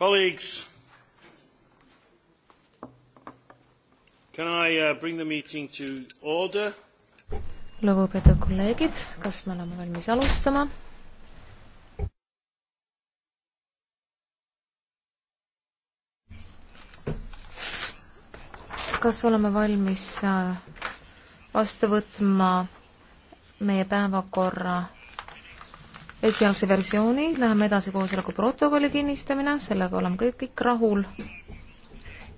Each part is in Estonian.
Colleagues, can I uh, bring the meeting to order? lugupeetud kolleegid, kas me oleme valmis alustama? kas oleme valmis äh, vastu võtma meie päevakorra esialgse versiooni, läheme edasi koosoleku protokolli kinnistamine, sellega oleme kõik, kõik rahul.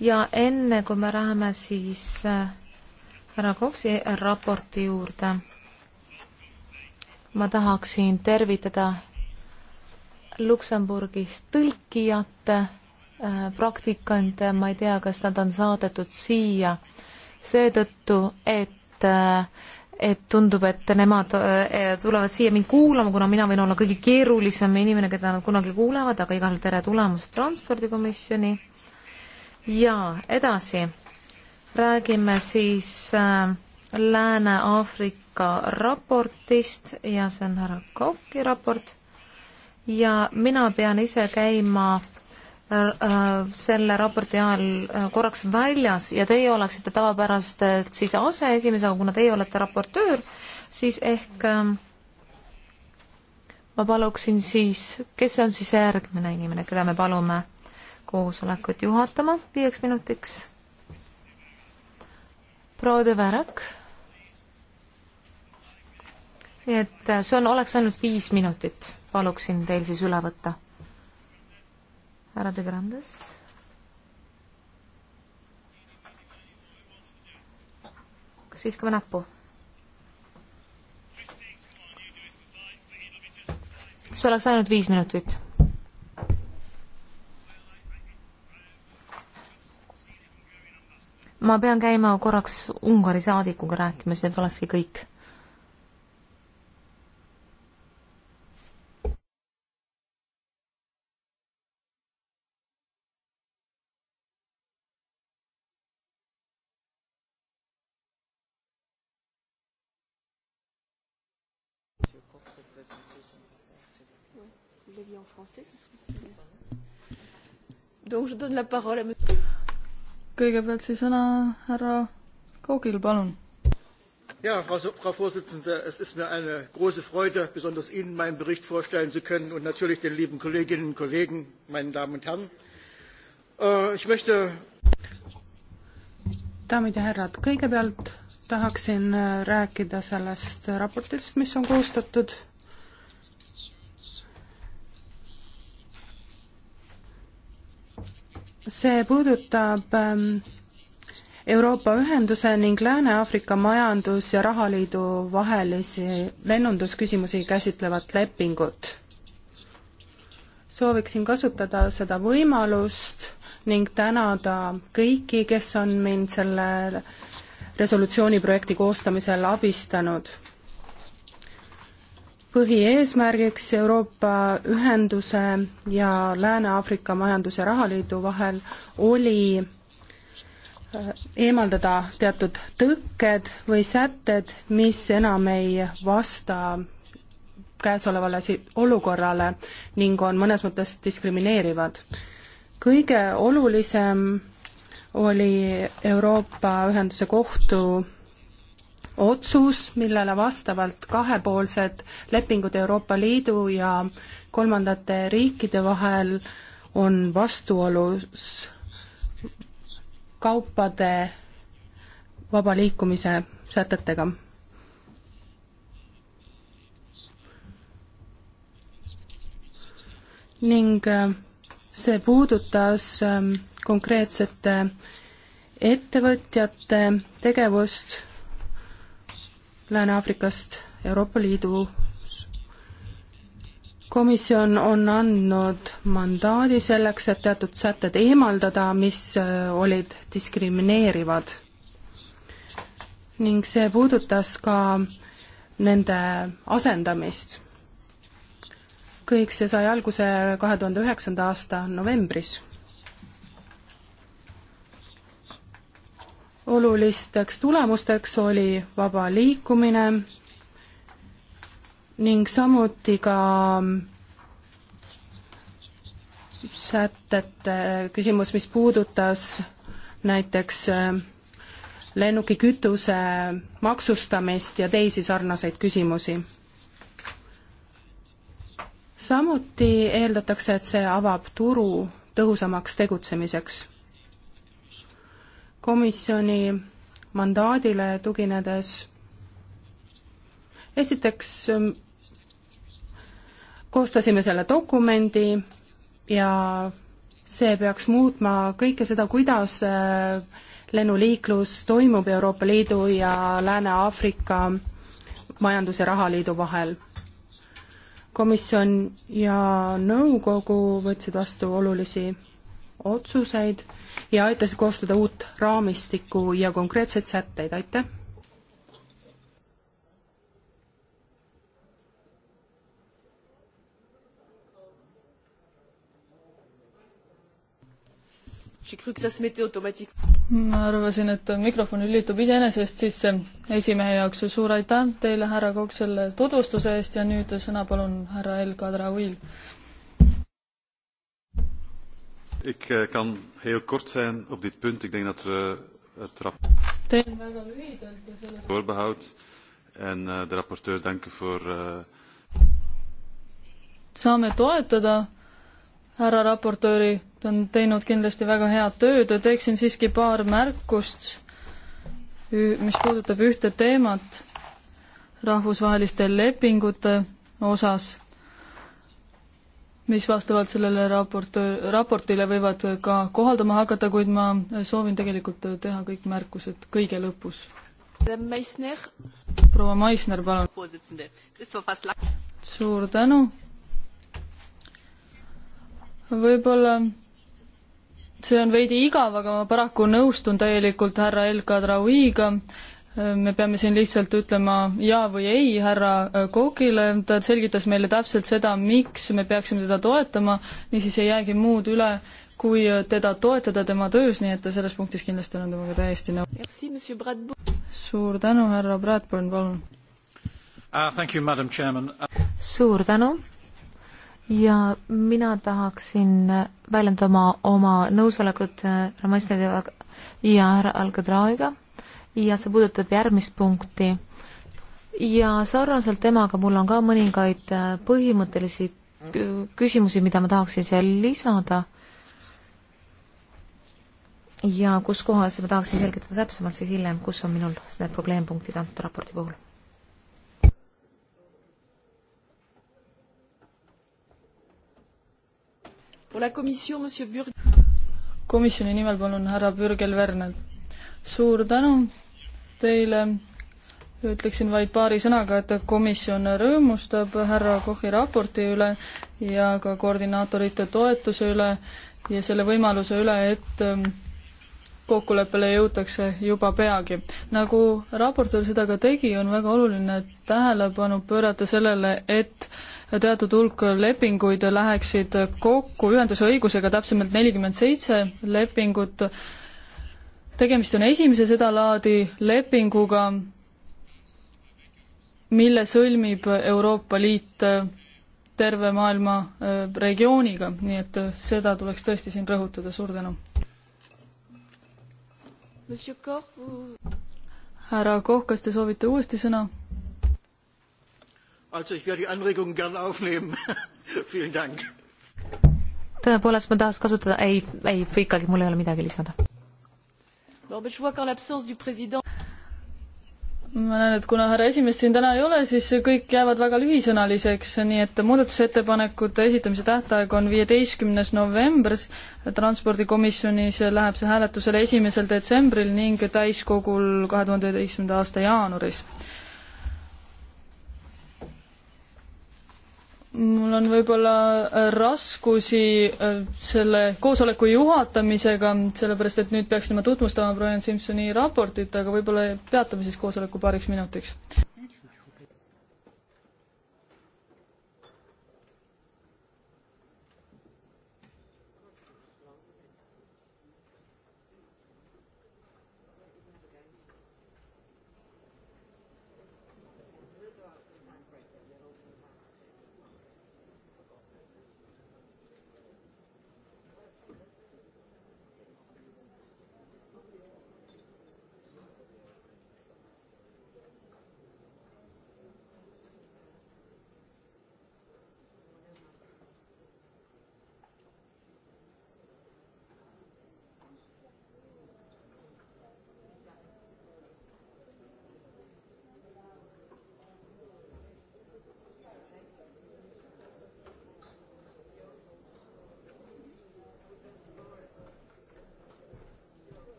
ja enne, kui me läheme siis äh, härra Kovsi raporti juurde, ma tahaksin tervitada Luksemburgis tõlkijate äh, praktikante, ma ei tea, kas nad on saadetud siia seetõttu, et äh, et tundub, et nemad eh, tulevad siia mind kuulama, kuna mina võin olla kõige keerulisem inimene, keda nad kunagi kuulevad, aga igal tere tulemast Transpordikomisjoni. ja edasi räägime siis äh, Lääne-Aafrika raportist ja see on härra Kauki raport ja mina pean ise käima Äh, selle raporti ajal äh, korraks väljas ja teie oleksite tavapärast äh, siis aseesimees, aga kuna teie olete raportöör, siis ehk ma paluksin siis, kes on siis järgmine inimene, keda me palume koosolekut juhatama viieks minutiks? proua De Värak. nii et see on, oleks ainult viis minutit, paluksin teil siis üle võtta härra De Grandes. kas viskame näppu? see oleks ainult viis minutit. ma pean käima korraks Ungari saadikuga rääkimas, need olekski kõik français, ce serait aussi bien. Donc je donne la parole à monsieur. kõigepealt siis sõna härra Koogil, palun. Ja, Frau, Frau Vorsitzende, es ist mir eine große Freude, besonders Ihnen meinen Bericht vorstellen zu können und natürlich den lieben Kolleginnen und Kollegen, meine Damen und Herren. Äh, ich möchte. Daamid ja härrad, kõigepealt tahaksin äh, rääkida sellest raportist, mis on koostatud see puudutab ähm, Euroopa Ühenduse ning Lääne-Aafrika Majandus- ja Rahaliidu vahelisi lennundusküsimusi käsitlevat lepingut. sooviksin kasutada seda võimalust ning tänada kõiki, kes on mind selle resolutsiooni projekti koostamisel abistanud põhieesmärgiks Euroopa Ühenduse ja Lääne-Aafrika Majandus- ja Rahaliidu vahel oli äh, eemaldada teatud tõkked või sätted, mis enam ei vasta käesolevale olukorrale ning on mõnes mõttes diskrimineerivad. kõige olulisem oli Euroopa Ühenduse Kohtu otsus, millele vastavalt kahepoolsed lepingud Euroopa Liidu ja kolmandate riikide vahel on vastuolus kaupade vaba liikumise sätetega. ning äh, see puudutas ähm, konkreetsete ettevõtjate tegevust Lääne-Aafrikast Euroopa Liidu komisjon on andnud mandaadi selleks, et teatud sätted eemaldada, mis äh, olid diskrimineerivad. ning see puudutas ka nende asendamist. kõik see sai alguse kahe tuhande üheksanda aasta novembris olulisteks tulemusteks oli vaba liikumine ning samuti ka sätete küsimus, mis puudutas näiteks äh, lennukikütuse maksustamist ja teisi sarnaseid küsimusi. samuti eeldatakse, et see avab turu tõhusamaks tegutsemiseks komisjoni mandaadile tuginedes esiteks ähm, koostasime selle dokumendi ja see peaks muutma kõike seda, kuidas äh, lennuliiklus toimub Euroopa Liidu ja Lääne-Aafrika Majandus- ja Rahaliidu vahel. komisjon ja nõukogu võtsid vastu olulisi otsuseid ja aitasid koostada uut raamistikku ja konkreetseid sätteid, aitäh! ma arvasin, et mikrofon lülitub iseenesest sisse esimehe jaoks ja suur aitäh teile, härra Kokk, selle tutvustuse eest ja nüüd sõna palun härra El Kadraouil Ik eh, kan heel kort zijn op dit punt. Ik denk dat we het rapport... Teen väga lühidalt ja sellest... ...voorbehoud en eh, de rapporteur danken voor... Eh, saame toetada härra raportööri, ta on teinud kindlasti väga head tööd ja teeksin siiski paar märkust, mis puudutab ühte teemat rahvusvaheliste lepingute osas mis vastavalt sellele raportöö, raportile võivad ka kohaldama hakata, kuid ma soovin tegelikult teha kõik märkused kõige lõpus. proua Maisner, palun. suur tänu. võib-olla see on veidi igav, aga ma paraku nõustun täielikult härra El Kadraoiga me peame siin lihtsalt ütlema jaa või ei härra äh, Kokile, ta selgitas meile täpselt seda, miks me peaksime teda toetama, niisiis ei jäägi muud üle, kui äh, teda toetada tema töös, nii et selles punktis kindlasti olen temaga täiesti nõus. suur tänu, härra Bradburn, palun uh,. uh suur tänu ja mina tahaksin äh, väljendada oma, oma nõusolekut härra Maistrile ja härra Algedraoiga ja see puudutab järgmist punkti. ja sarnaselt temaga mul on ka mõningaid äh, põhimõttelisi äh, küsimusi, mida ma tahaksin siia lisada ja kus kohas, ma tahaksin selgitada täpsemalt siis hiljem, kus on minul need probleempunktid antud raporti puhul. komisjoni nimel palun härra Bürgel Vernelt suur tänu teile. ütleksin vaid paari sõnaga, et komisjon rõõmustab härra Kochi raporti üle ja ka koordinaatorite toetuse üle ja selle võimaluse üle, et ähm, kokkuleppele jõutakse juba peagi. nagu raportöör seda ka tegi, on väga oluline tähelepanu pöörata sellele, et teatud hulk lepinguid läheksid kokku ühenduse õigusega, täpsemalt nelikümmend seitse lepingut tegemist on esimese sedalaadi lepinguga, mille sõlmib Euroopa Liit äh, terve maailma äh, regiooniga, nii et äh, seda tuleks tõesti siin rõhutada, suur tänu. härra Koh, kas te soovite uuesti sõna? tõepoolest, ma tahaks kasutada, ei, ei, ikkagi mul ei ole midagi lisada ma näen, et kuna härra esimeest siin täna ei ole, siis kõik jäävad väga lühisõnaliseks, nii et muudatusettepanekute esitamise tähtaeg on viieteistkümnes november, transpordikomisjonis läheb see hääletusele esimesel detsembril ning täiskogul kahe tuhande üheteistkümnenda aasta jaanuaris mul on võib-olla äh, raskusi äh, selle koosoleku juhatamisega, sellepärast et nüüd peaksin ma tutvustama Brian Simsoni raportit, aga võib-olla peatame siis koosoleku paariks minutiks.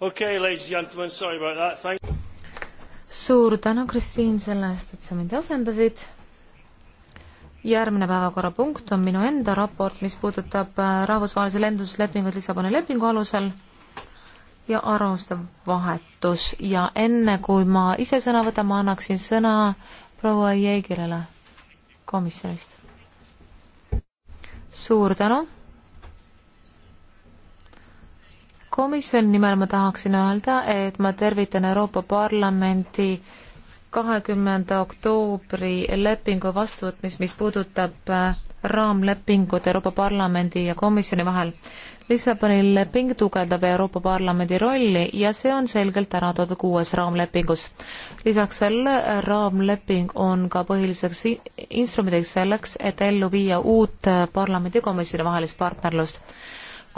okei okay,, ladies and gentlemen, sorry about that, thank you. suur tänu, Kristiin, selle eest, et sa mind asendasid. järgmine päevakorrapunkt on minu enda raport, mis puudutab äh, rahvusvahelise lenduslepingut Lissaboni lepingu alusel ja arvamuste vahetus ja enne, kui ma ise sõna võtan, ma annaksin sõna proua Jeegirele komisjonist. suur tänu komisjoni nimel ma tahaksin öelda, et ma tervitan Euroopa Parlamendi kahekümnenda oktoobri lepingu vastuvõtmist, mis puudutab äh, raamlepingut Euroopa Parlamendi ja komisjoni vahel. Lissaboni leping tugevdab Euroopa Parlamendi rolli ja see on selgelt ära toodud uues raamlepingus. lisaks selle raamleping on ka põhiliseks instrumendiks selleks, et ellu viia uut äh, parlamendi komisjoni vahelist partnerlust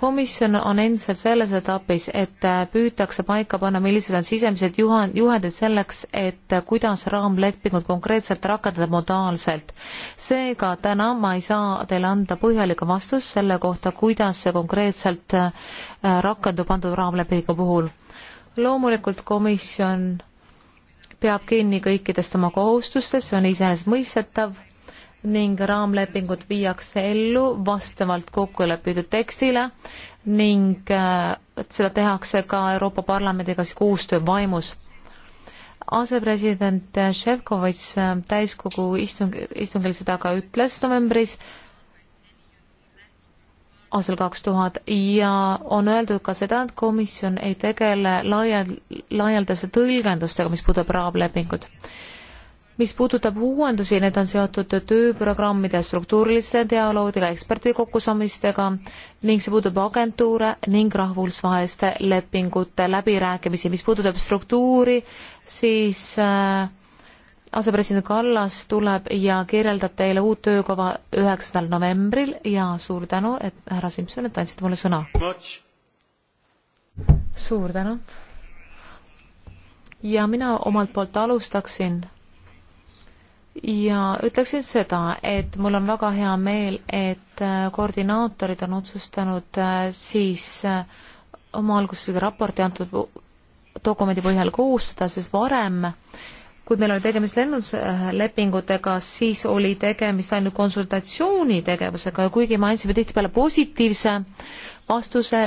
komisjon on endiselt selles etapis, et äh, püütakse paika panna, millised on sisemised juhend, juhendid selleks, et äh, kuidas raamlepingut konkreetselt rakendada modaalselt. seega täna ma ei saa teile anda põhjalikku vastust selle kohta, kuidas see konkreetselt äh, rakendub antud raamlepingu puhul. loomulikult komisjon peab kinni kõikidest oma kohustustest, see on iseenesestmõistetav ning raamlepingud viiakse ellu vastavalt kokkulepitud tekstile ning äh, seda tehakse ka Euroopa Parlamendiga siis koostöö vaimus asepresident Šefkovitš äh, täiskogu istung, istungil seda ka ütles novembris aastal kaks tuhat ja on öeldud ka seda, et komisjon ei tegele laial, laialdase tõlgendustega, mis puudutab raamlepingut mis puudutab uuendusi, need on seotud tööprogrammide struktuuriliste dialoogidega, ekspertide kokkusaamistega ning see puudutab agentuure ning rahvusvaheliste lepingute läbirääkimisi. mis puudutab struktuuri, siis äh, asepresident Kallas tuleb ja kirjeldab teile uut töökava üheksandal novembril ja suur tänu, et härra Simson, et andsite mulle sõna. suur tänu. ja mina omalt poolt alustaksin ja ütleksin seda, et mul on väga hea meel, et äh, koordinaatorid on otsustanud äh, siis äh, oma alguses seda raporti antud dokumendi põhjal koostada, sest varem kui meil oli tegemist lennunduslepingutega, siis oli tegemist ainult konsultatsioonitegevusega ja kuigi me andsime tihtipeale positiivse vastuse,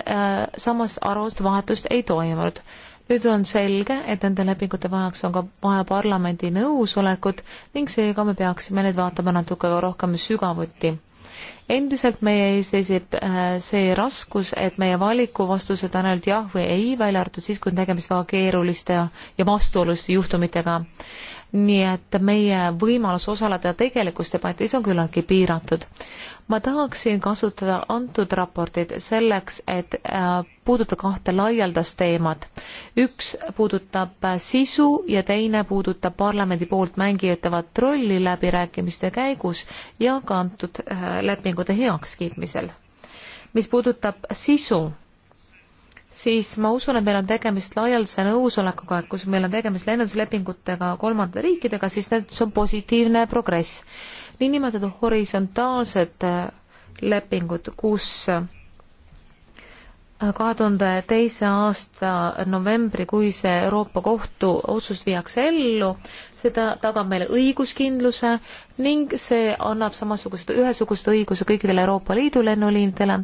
samas arvamuste vahetust ei toimunud nüüd on selge, et nende lepingute vaheks on ka vaja parlamendi nõusolekut ning seega me peaksime neid vaatama natuke rohkem sügavuti. endiselt meie ees seisib äh, see raskus, et meie valiku vastused on ainult jah või ei, välja arvatud siis, kui on tegemist väga keeruliste ja vastuoluliste juhtumitega nii et meie võimalus osaleda tegelikus debatis on küllaltki piiratud. ma tahaksin kasutada antud raportit selleks, et äh, puudutada kahte laialdast teemat. üks puudutab äh, sisu ja teine puudutab parlamendi poolt mängijatavat rolli läbirääkimiste käigus ja ka antud äh, lepingute heakskiitmisel. mis puudutab sisu, siis ma usun, et meil on tegemist laialdase nõusolekuga, et kus meil on tegemist lennunduslepingutega kolmandate riikidega, siis need, see on positiivne progress. niinimetatud horisontaalsed äh, lepingud, kus kahe tuhande teise aasta novembrikuise Euroopa Kohtu otsus viiakse ellu, seda tagab meile õiguskindluse ning see annab samasugused, ühesugused õiguse kõikidele Euroopa Liidu lennuliinidele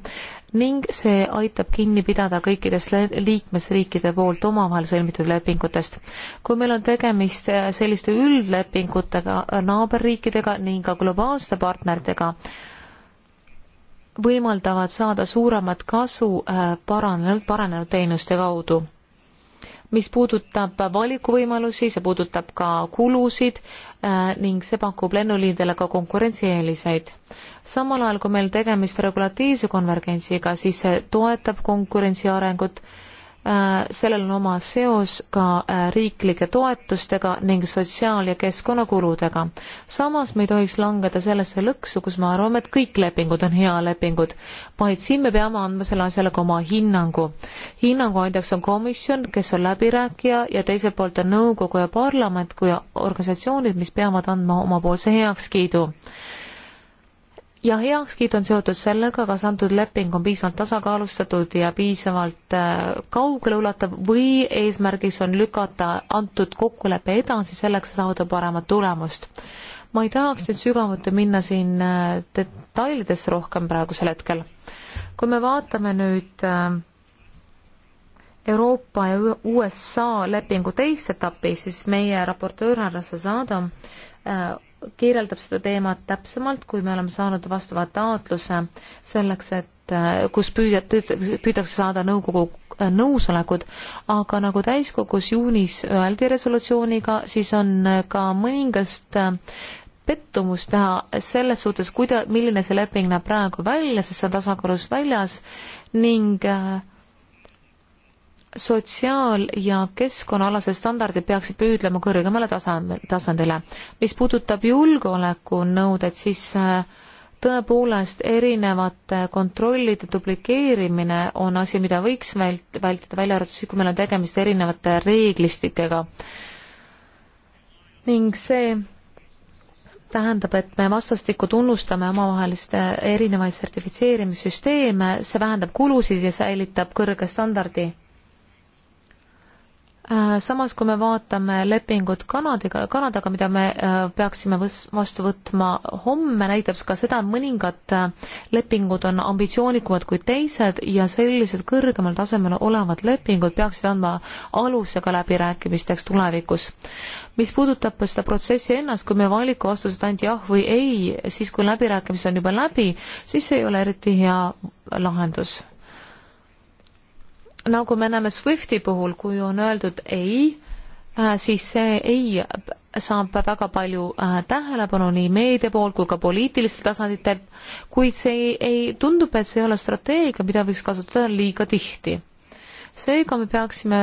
ning see aitab kinni pidada kõikidest liikmesriikide poolt omavahel sõlmitud lepingutest. kui meil on tegemist äh, selliste üldlepingutega naaberriikidega ning ka globaalsete partneritega, võimaldavad saada suuremat kasu äh, paranenud, paranenud teenuste kaudu. mis puudutab valikuvõimalusi, see puudutab ka kulusid äh, ning see pakub lennuliinidele ka konkurentsieeliseid. samal ajal, kui meil tegemist regulatiivse konvergentsiga, siis see toetab konkurentsi arengut Äh, sellel on oma seos ka äh, riiklike toetustega ning sotsiaal- ja keskkonnakuludega. samas me ei tohiks langeda sellesse lõksu, kus me arvame, et kõik lepingud on hea lepingud, vaid siin me peame andma selle asjale ka oma hinnangu. hinnangu andjaks on komisjon, kes on läbirääkija ja teiselt poolt on nõukogu ja parlament kui organisatsioonid, mis peavad andma omapoolse heakskiidu ja heakskiit on seotud sellega, kas antud leping on piisavalt tasakaalustatud ja piisavalt äh, kaugele ulatav või eesmärgiks on lükata antud kokkulepe edasi selleks, et saada paremat tulemust. ma ei tahaks nüüd sügavuti minna siin äh, detailidesse rohkem praegusel hetkel. kui me vaatame nüüd äh, Euroopa ja USA lepingu teist etappi, siis meie raportöör härra Sazada äh, kirjeldab seda teemat täpsemalt, kui me oleme saanud vastava taotluse selleks, et äh, kus püüda, püütakse saada nõukogu äh, nõusolekud, aga nagu täiskogus juunis öeldi resolutsiooniga, siis on äh, ka mõningast pettumust näha selles suhtes, kuida-, milline see leping näeb praegu välja, sest see on tasakaalust väljas ning äh, sotsiaal- ja keskkonnaalased standardid peaksid püüdlema kõrgemale tasandile. mis puudutab julgeolekunõudeid, siis äh, tõepoolest erinevate kontrollide duplikeerimine on asi, mida võiks vält-, vältida, välja arvatud siis, kui meil on tegemist erinevate reeglistikega. ning see tähendab, et me vastastikku tunnustame omavahelist erinevaid sertifitseerimissüsteeme, see vähendab kulusid ja säilitab kõrge standardi Äh, samas, kui me vaatame lepingut Kanadiga, Kanadaga, mida me äh, peaksime vastu võtma homme, näitab ka seda, et mõningad äh, lepingud on ambitsioonikumad kui teised ja sellised kõrgemal tasemel olevad lepingud peaksid andma aluse ka läbirääkimisteks tulevikus. mis puudutab seda protsessi ennast, kui me valiku vastused ainult jah või ei, siis kui läbirääkimised on juba läbi, siis see ei ole eriti hea lahendus nagu me näeme Swifti puhul, kui on öeldud ei, äh, siis see ei saab väga palju äh, tähelepanu nii meedia poolt kui ka poliitilistel tasanditel, kuid see ei, tundub, et see ei ole strateegia, mida võiks kasutada liiga tihti. seega me peaksime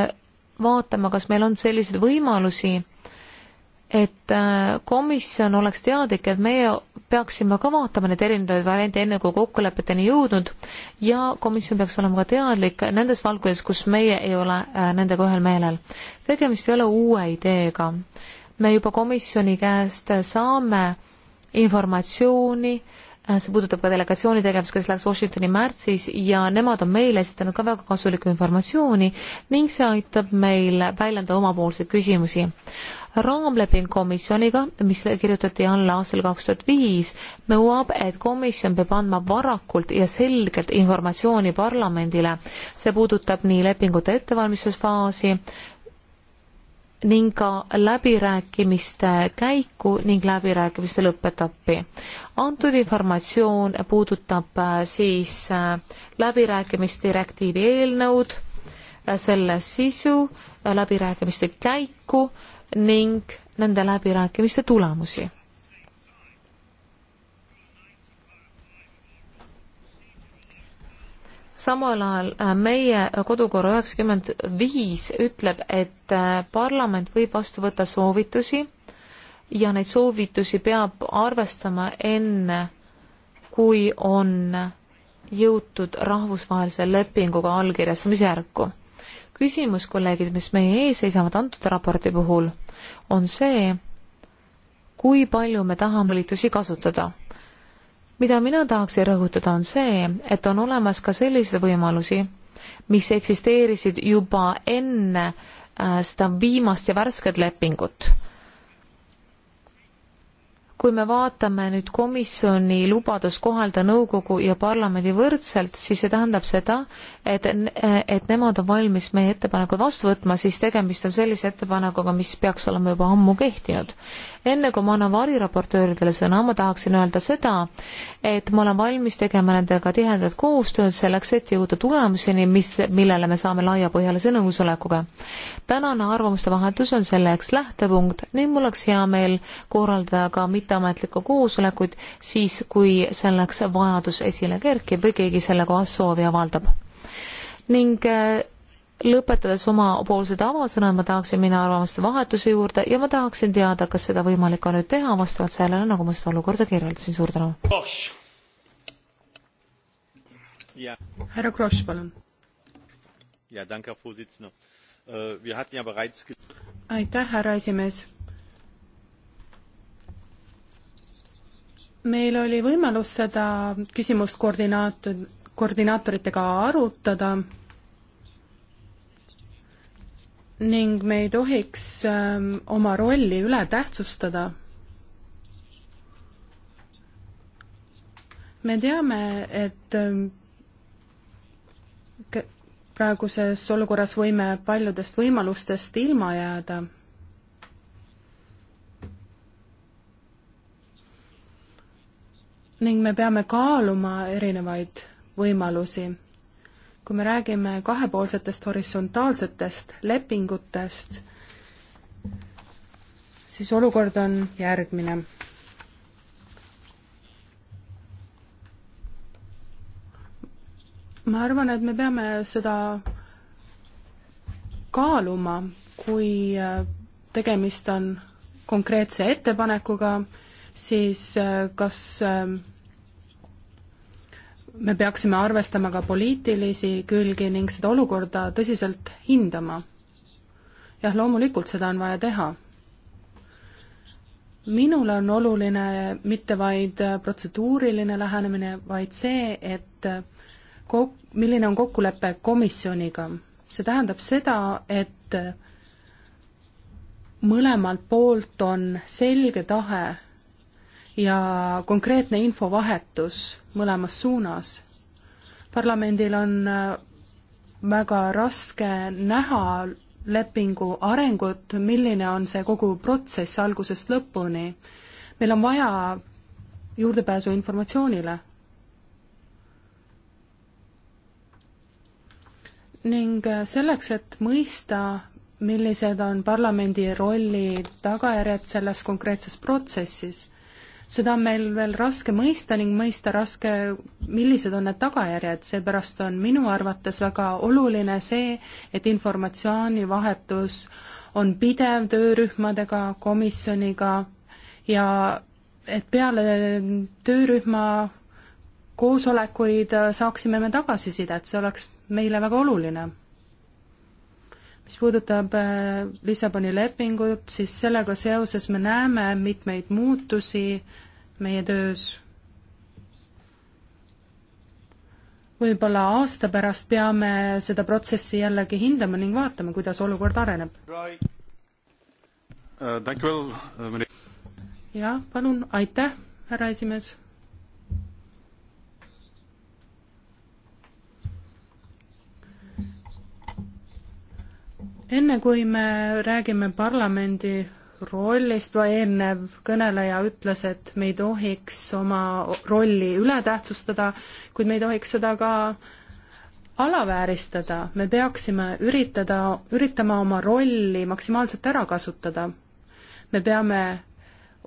vaatama, kas meil on selliseid võimalusi et äh, komisjon oleks teadlik, et meie peaksime ka vaatama neid erinevaid variante enne, kui kokkulepeteni jõudnud ja komisjon peaks olema ka teadlik nendes valdkondades, kus meie ei ole äh, nendega ühel meelel. tegemist ei ole uue ideega. me juba komisjoni käest saame informatsiooni äh, Äh, see puudutab ka delegatsiooni tegevust, kes läks Washingtoni märtsis ja nemad on meile esitanud ka väga kasulikku informatsiooni ning see aitab meil väljendada omapoolseid küsimusi. raamleping komisjoniga, mis kirjutati alla aastal kaks tuhat viis, nõuab, et komisjon peab andma varakult ja selgelt informatsiooni parlamendile. see puudutab nii lepingute ettevalmistusfaasi, ning ka läbirääkimiste käiku ning läbirääkimiste lõppetappi. antud informatsioon puudutab äh, siis äh, läbirääkimisdirektiivi eelnõud, äh, selle sisu, läbirääkimiste käiku ning nende läbirääkimiste tulemusi samal ajal äh, meie kodukorra üheksakümmend viis ütleb, et äh, parlament võib vastu võtta soovitusi ja neid soovitusi peab arvestama enne, kui on jõutud rahvusvahelise lepinguga allkirjastamise järku. küsimus, kolleegid, mis meie ees seisavad antud raporti puhul, on see, kui palju me tahame liitusi kasutada mida mina tahaksin rõhutada, on see, et on olemas ka selliseid võimalusi, mis eksisteerisid juba enne äh, seda viimast ja värsket lepingut kui me vaatame nüüd komisjoni lubadust kohalda nõukogu ja parlamendi võrdselt, siis see tähendab seda, et, et nemad on valmis meie ettepanekud vastu võtma, siis tegemist on sellise ettepanekuga, mis peaks olema juba ammu kehtinud. enne kui ma annan variraportööridele sõna, ma tahaksin öelda seda, et ma olen valmis tegema nendega tihedat koostööd selleks, et jõuda tulemuseni, mis, millele me saame laiapõhjalise nõusolekuga. tänane arvamuste vahetus on selleks lähtepunkt ning mul oleks hea meel korraldada ka mitte mitteametlikku koosolekut siis, kui selleks vajadus esile kerkib või keegi selle kohast soovi avaldab. ning äh, lõpetades omapoolsed avasõnad, ma tahaksin minna arvamuste vahetuse juurde ja ma tahaksin teada, kas seda võimalik on nüüd teha vastavalt sellele, nagu ma seda olukorda kirjeldasin, suur tänu. härra Kross, palun. Äh, aitäh, härra esimees meil oli võimalus seda küsimust koordinaat-, koordinaatoritega arutada ning me ei tohiks ähm, oma rolli üle tähtsustada. me teame, et ähm, praeguses olukorras võime paljudest võimalustest ilma jääda ning me peame kaaluma erinevaid võimalusi. kui me räägime kahepoolsetest horisontaalsetest lepingutest, siis olukord on järgmine. ma arvan, et me peame seda kaaluma, kui tegemist on konkreetse ettepanekuga, siis äh, kas ähm, me peaksime arvestama ka poliitilisi külgi ning seda olukorda tõsiselt hindama. jah, loomulikult seda on vaja teha. minule on oluline mitte vaid äh, protseduuriline lähenemine, vaid see, et äh, kok-, milline on kokkulepe komisjoniga. see tähendab seda, et mõlemalt poolt on selge tahe ja konkreetne infovahetus mõlemas suunas. parlamendil on äh, väga raske näha lepingu arengut, milline on see kogu protsess algusest lõpuni. meil on vaja juurdepääsu informatsioonile. ning äh, selleks, et mõista, millised on parlamendi rolli tagajärjed selles konkreetses protsessis seda on meil veel raske mõista ning mõista raske, millised on need tagajärjed, seepärast on minu arvates väga oluline see, et informatsioonivahetus on pidev töörühmadega, komisjoniga ja et peale töörühma koosolekuid saaksime me tagasisidet, see oleks meile väga oluline mis puudutab äh, Lissaboni lepingut, siis sellega seoses me näeme mitmeid muutusi meie töös. võib-olla aasta pärast peame seda protsessi jällegi hindama ning vaatama, kuidas olukord areneb. Uh, uh, jah, palun, aitäh, härra esimees enne kui me räägime parlamendi rollist, eelnev kõneleja ütles, et me ei tohiks oma rolli üle tähtsustada, kuid me ei tohiks seda ka alavääristada, me peaksime üritada, üritama oma rolli maksimaalselt ära kasutada. me peame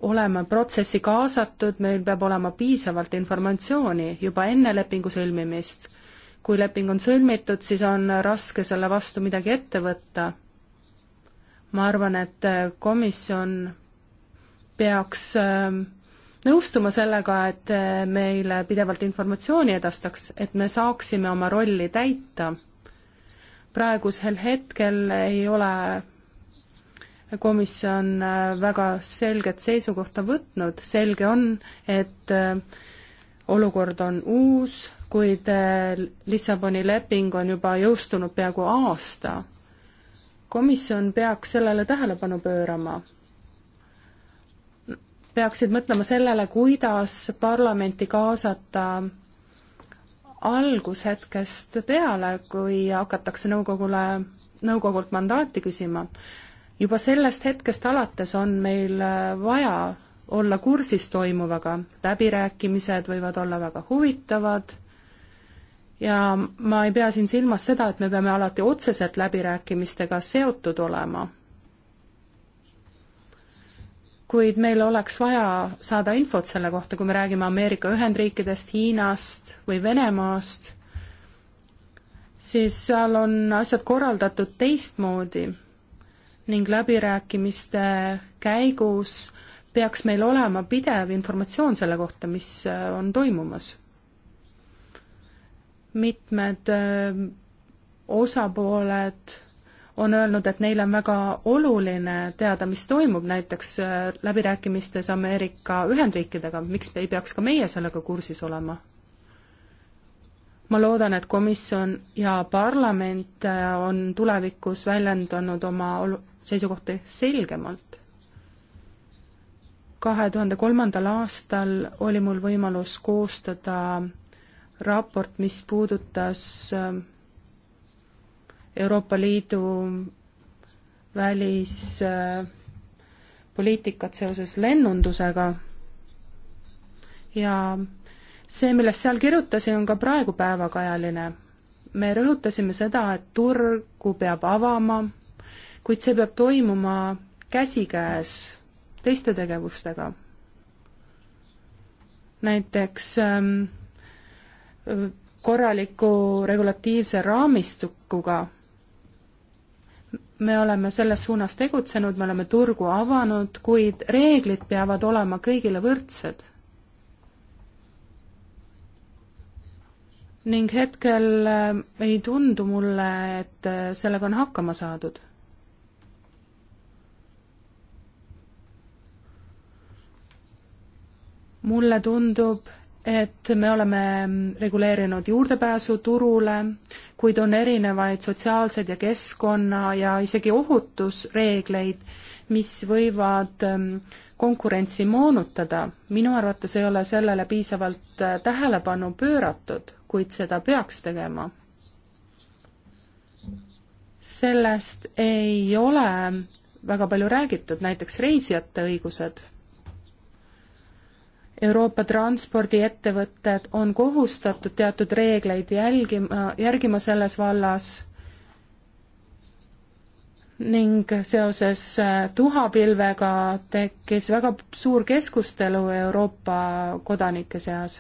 olema protsessi kaasatud, meil peab olema piisavalt informatsiooni juba enne lepingu sõlmimist kui leping on sõlmitud, siis on raske selle vastu midagi ette võtta. ma arvan, et äh, komisjon peaks ähm, nõustuma sellega, et äh, meile pidevalt informatsiooni edastaks, et me saaksime oma rolli täita. praegusel hetkel ei ole komisjon äh, väga selget seisukohta võtnud, selge on, et olukord on uus, kuid eh, Lissaboni leping on juba jõustunud peaaegu aasta. komisjon peaks sellele tähelepanu pöörama. peaksid mõtlema sellele, kuidas parlamenti kaasata algushetkest peale, kui hakatakse nõukogule, nõukogult mandaati küsima. juba sellest hetkest alates on meil eh, vaja olla kursis toimuvaga, läbirääkimised võivad olla väga huvitavad, ja ma ei pea siin silmas seda, et me peame alati otseselt läbirääkimistega seotud olema. kuid meil oleks vaja saada infot selle kohta, kui me räägime Ameerika Ühendriikidest, Hiinast või Venemaast, siis seal on asjad korraldatud teistmoodi ning läbirääkimiste käigus peaks meil olema pidev informatsioon selle kohta, mis äh, on toimumas mitmed äh, osapooled on öelnud, et neile on väga oluline teada, mis toimub näiteks äh, läbirääkimistes Ameerika Ühendriikidega, miks ei peaks ka meie sellega kursis olema? ma loodan, et komisjon ja parlament äh, on tulevikus väljendanud oma olu-, seisukohti selgemalt. kahe tuhande kolmandal aastal oli mul võimalus koostada raport, mis puudutas ähm, Euroopa Liidu välispoliitikat äh, seoses lennundusega ja see, millest seal kirjutasin, on ka praegu päevakajaline. me rõhutasime seda, et turgu peab avama, kuid see peab toimuma käsikäes teiste tegevustega. näiteks ähm, korraliku regulatiivse raamistikuga. me oleme selles suunas tegutsenud, me oleme turgu avanud, kuid reeglid peavad olema kõigile võrdsed. ning hetkel eh, ei tundu mulle, et eh, sellega on hakkama saadud mulle tundub, et me oleme reguleerinud juurdepääsu turule, kuid on erinevaid sotsiaalseid ja keskkonna ja isegi ohutusreegleid, mis võivad ähm, konkurentsi moonutada. minu arvates ei ole sellele piisavalt äh, tähelepanu pööratud, kuid seda peaks tegema. sellest ei ole väga palju räägitud, näiteks reisijate õigused Euroopa transpordiettevõtted on kohustatud teatud reegleid jälgima, järgima selles vallas ning seoses äh, tuhapilvega tekkis väga suur keskustelu Euroopa kodanike seas.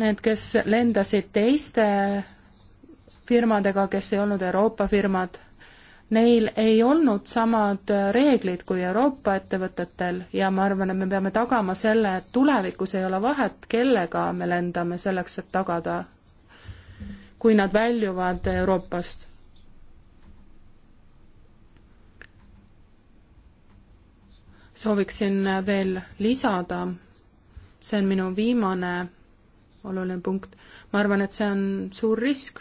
Need, kes lendasid teiste firmadega, kes ei olnud Euroopa firmad neil ei olnud samad äh, reeglid kui Euroopa ettevõtetel ja ma arvan, et me peame tagama selle, et tulevikus ei ole vahet, kellega me lendame, selleks et tagada, kui nad väljuvad Euroopast. sooviksin äh, veel lisada, see on minu viimane oluline punkt, ma arvan, et see on suur risk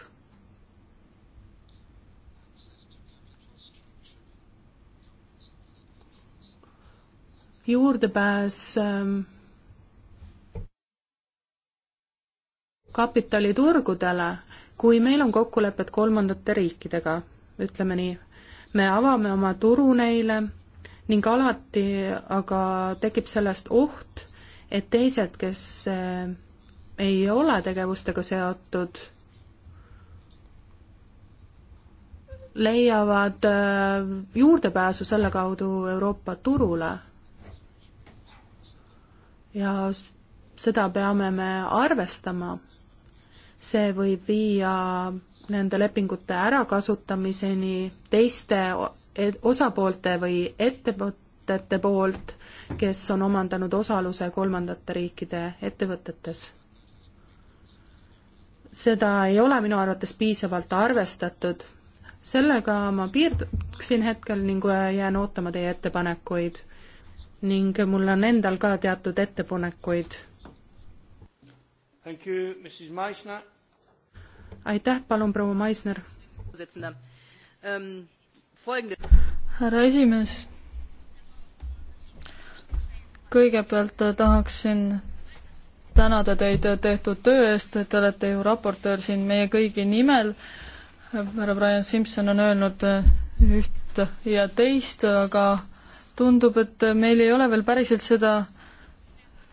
juurdepääs ähm, kapitaliturgudele, kui meil on kokkulepped kolmandate riikidega, ütleme nii, me avame oma turu neile ning alati aga tekib sellest oht, et teised, kes äh, ei ole tegevustega seotud, leiavad äh, juurdepääsu selle kaudu Euroopa turule ja seda peame me arvestama. see võib viia nende lepingute ärakasutamiseni teiste osapoolte või ettevõtete poolt, kes on omandanud osaluse kolmandate riikide ettevõtetes seda ei ole minu arvates piisavalt arvestatud. sellega ma piirduksin hetkel ning jään ootama teie ettepanekuid ning mul on endal ka teatud ettepanekuid. aitäh, palun proua Maisner. Ähm, härra esimees, kõigepealt tahaksin tänada teid tehtud töö eest, te olete ju raportöör siin meie kõigi nimel. härra Brian Simson on öelnud üht ja teist, aga tundub, et meil ei ole veel päriselt seda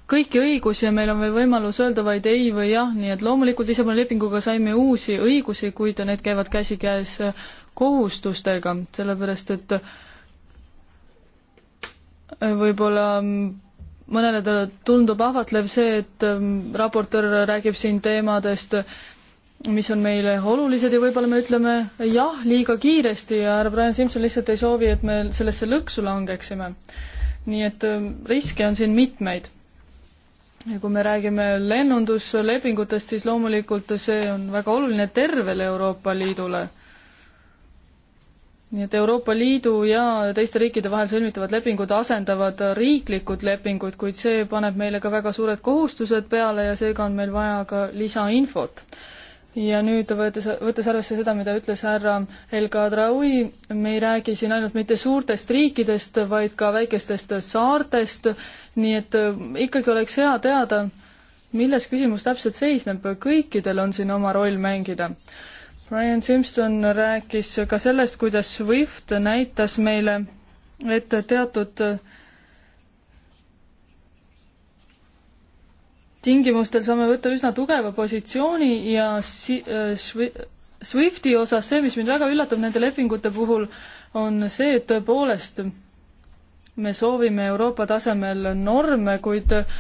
kõiki õigusi ja meil on veel võimalus öelda vaid ei või jah, nii et loomulikult Lissaboni lepinguga saime uusi õigusi, kuid need käivad käsikäes kohustustega, sellepärast et võib-olla mõnele tundub ahvatlev see, et raportöör räägib siin teemadest, mis on meile olulised ja võib-olla me ütleme jah liiga kiiresti ja härra Brian Simson lihtsalt ei soovi, et me sellesse lõksu langeksime. nii et ähm, riske on siin mitmeid. ja kui me räägime lennunduslepingutest, siis loomulikult see on väga oluline tervele Euroopa Liidule. nii et Euroopa Liidu ja teiste riikide vahel sõlmitavad lepingud asendavad riiklikud lepingud, kuid see paneb meile ka väga suured kohustused peale ja seega on meil vaja ka lisainfot ja nüüd võttes, võttes arvesse seda, mida ütles härra El Kadraoui, me ei räägi siin ainult mitte suurtest riikidest, vaid ka väikestest saartest, nii et äh, ikkagi oleks hea teada, milles küsimus täpselt seisneb, kõikidel on siin oma roll mängida. Brian Simpson rääkis ka sellest, kuidas SWIFT näitas meile, et teatud äh, tingimustel saame võtta üsna tugeva positsiooni ja si-, äh, SWIFTi osas see, mis mind väga üllatab nende lepingute puhul, on see, et tõepoolest me soovime Euroopa tasemel norme, kuid äh,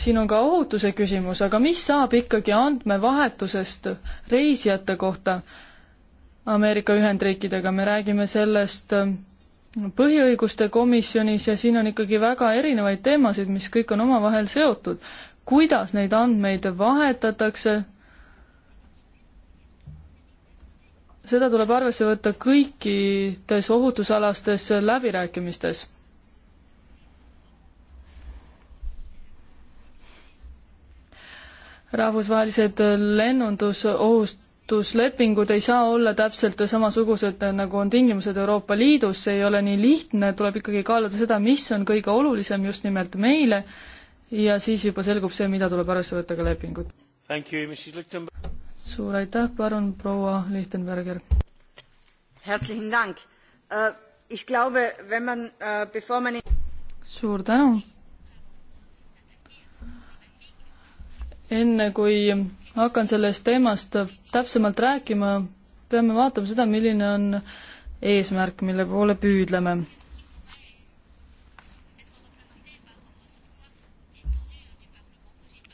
siin on ka ohutuse küsimus, aga mis saab ikkagi andmevahetusest reisijate kohta Ameerika Ühendriikidega, me räägime sellest äh, põhiõiguste komisjonis ja siin on ikkagi väga erinevaid teemasid, mis kõik on omavahel seotud kuidas neid andmeid vahetatakse. seda tuleb arvesse võtta kõikides ohutusalastes läbirääkimistes rahvusvahelised lennundusohutuslepingud ei saa olla täpselt samasugused, nagu on tingimused Euroopa Liidus, see ei ole nii lihtne, tuleb ikkagi kaaluda seda, mis on kõige olulisem just nimelt meile ja siis juba selgub see, mida tuleb arvesse võtta ka lepingut. suur aitäh, palun proua Lichtenberger. Äh, äh, suur tänu. enne kui hakkan sellest teemast täpsemalt rääkima, peame vaatama seda, milline on eesmärk, mille poole püüdleme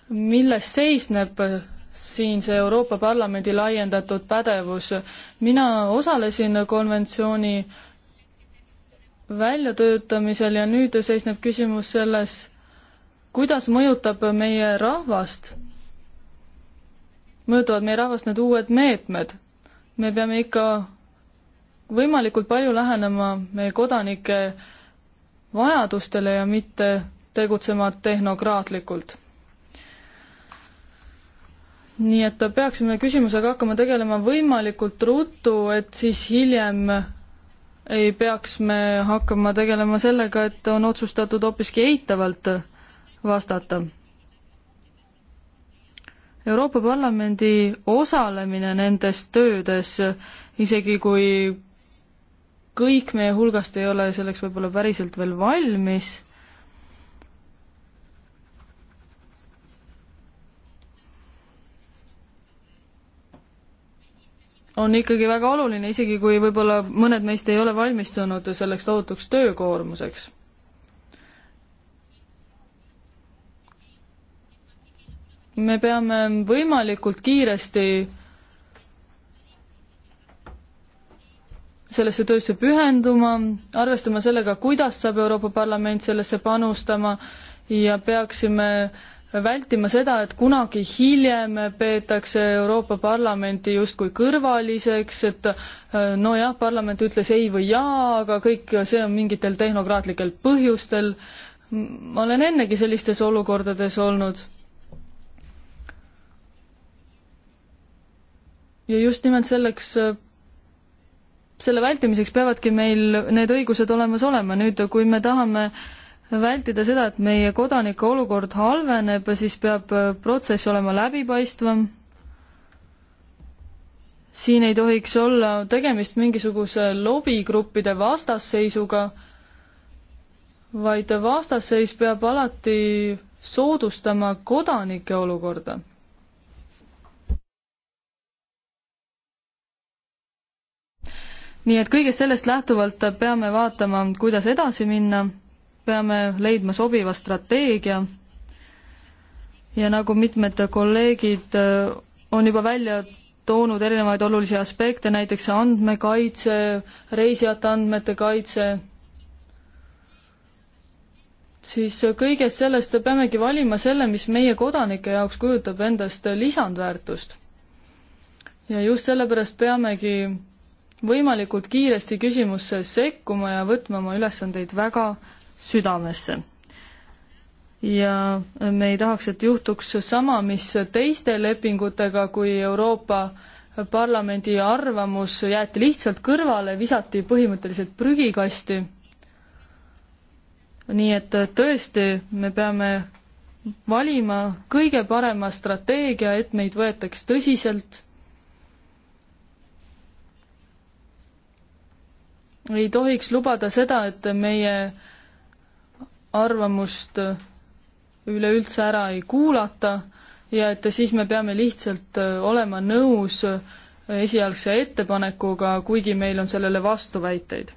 milles seisneb siin see Euroopa Parlamendi laiendatud pädevus. mina osalesin konventsiooni väljatöötamisel ja nüüd seisneb küsimus selles, kuidas mõjutab meie rahvast, mõjutavad meie rahvast need uued meetmed. me peame ikka võimalikult palju lähenema meie kodanike vajadustele ja mitte tegutsema tehnokraatlikult nii et peaksime küsimusega hakkama tegelema võimalikult ruttu, et siis hiljem ei peaks me hakkama tegelema sellega, et on otsustatud hoopiski eitavalt vastata. Euroopa Parlamendi osalemine nendes töödes, isegi kui kõik meie hulgast ei ole selleks võib-olla päriselt veel valmis on ikkagi väga oluline, isegi kui võib-olla mõned meist ei ole valmistunud selleks tohutuks töökoormuseks. me peame võimalikult kiiresti sellesse töösse pühenduma, arvestama sellega, kuidas saab Euroopa Parlament sellesse panustama ja peaksime äh, vältima seda, et kunagi hiljem peetakse Euroopa Parlamenti justkui kõrvaliseks, et äh, nojah, parlament ütles ei või jaa, aga kõik see on mingitel tehnokraatlikel põhjustel. ma olen ennegi sellistes olukordades olnud. ja just nimelt selleks äh, selle vältimiseks peavadki meil need õigused olemas olema, nüüd kui me tahame äh, vältida seda, et meie kodanike olukord halveneb, siis peab äh, protsess olema läbipaistvam. siin ei tohiks olla tegemist mingisuguse lobigruppide vastasseisuga, vaid vastasseis peab alati soodustama kodanike olukorda. nii et kõigest sellest lähtuvalt peame vaatama, kuidas edasi minna peame leidma sobiva strateegia ja nagu mitmed kolleegid äh, on juba välja toonud erinevaid olulisi aspekte, näiteks andmekaitse, reisijate andmete kaitse, siis kõigest sellest peamegi valima selle, mis meie kodanike jaoks kujutab endast lisandväärtust. ja just sellepärast peamegi võimalikult kiiresti küsimusse sekkuma ja võtma oma ülesandeid väga südamesse. ja me ei tahaks, et juhtuks sama, mis teiste lepingutega, kui Euroopa Parlamendi arvamus jäeti lihtsalt kõrvale, visati põhimõtteliselt prügikasti. nii et tõesti, me peame valima kõige parema strateegia, et meid võetaks tõsiselt ei tohiks lubada seda, et meie arvamust üleüldse ära ei kuulata ja et siis me peame lihtsalt äh, olema nõus äh, esialgse ettepanekuga, kuigi meil on sellele vastuväiteid.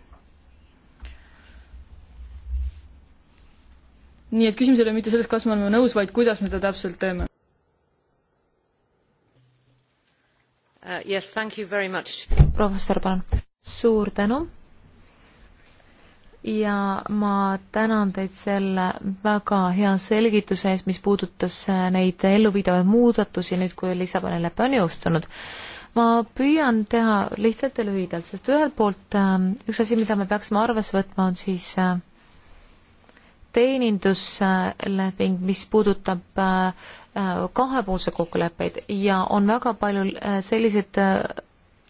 nii et küsimus ei ole mitte selles, kas me oleme nõus, vaid kuidas me seda täpselt teeme. Uh, yes, proua Vester, palun. suur tänu ja ma tänan teid selle väga hea selgituse eest, mis puudutas neid elluviidavaid muudatusi nüüd, kui Lissaboni lepe on jõustunud. ma püüan teha lihtsalt ja lühidalt, sest ühelt poolt ähm, üks asi, mida me peaksime arvesse võtma, on siis äh, teenindusleping, mis puudutab äh, äh, kahepoolseid kokkuleppeid ja on väga palju selliseid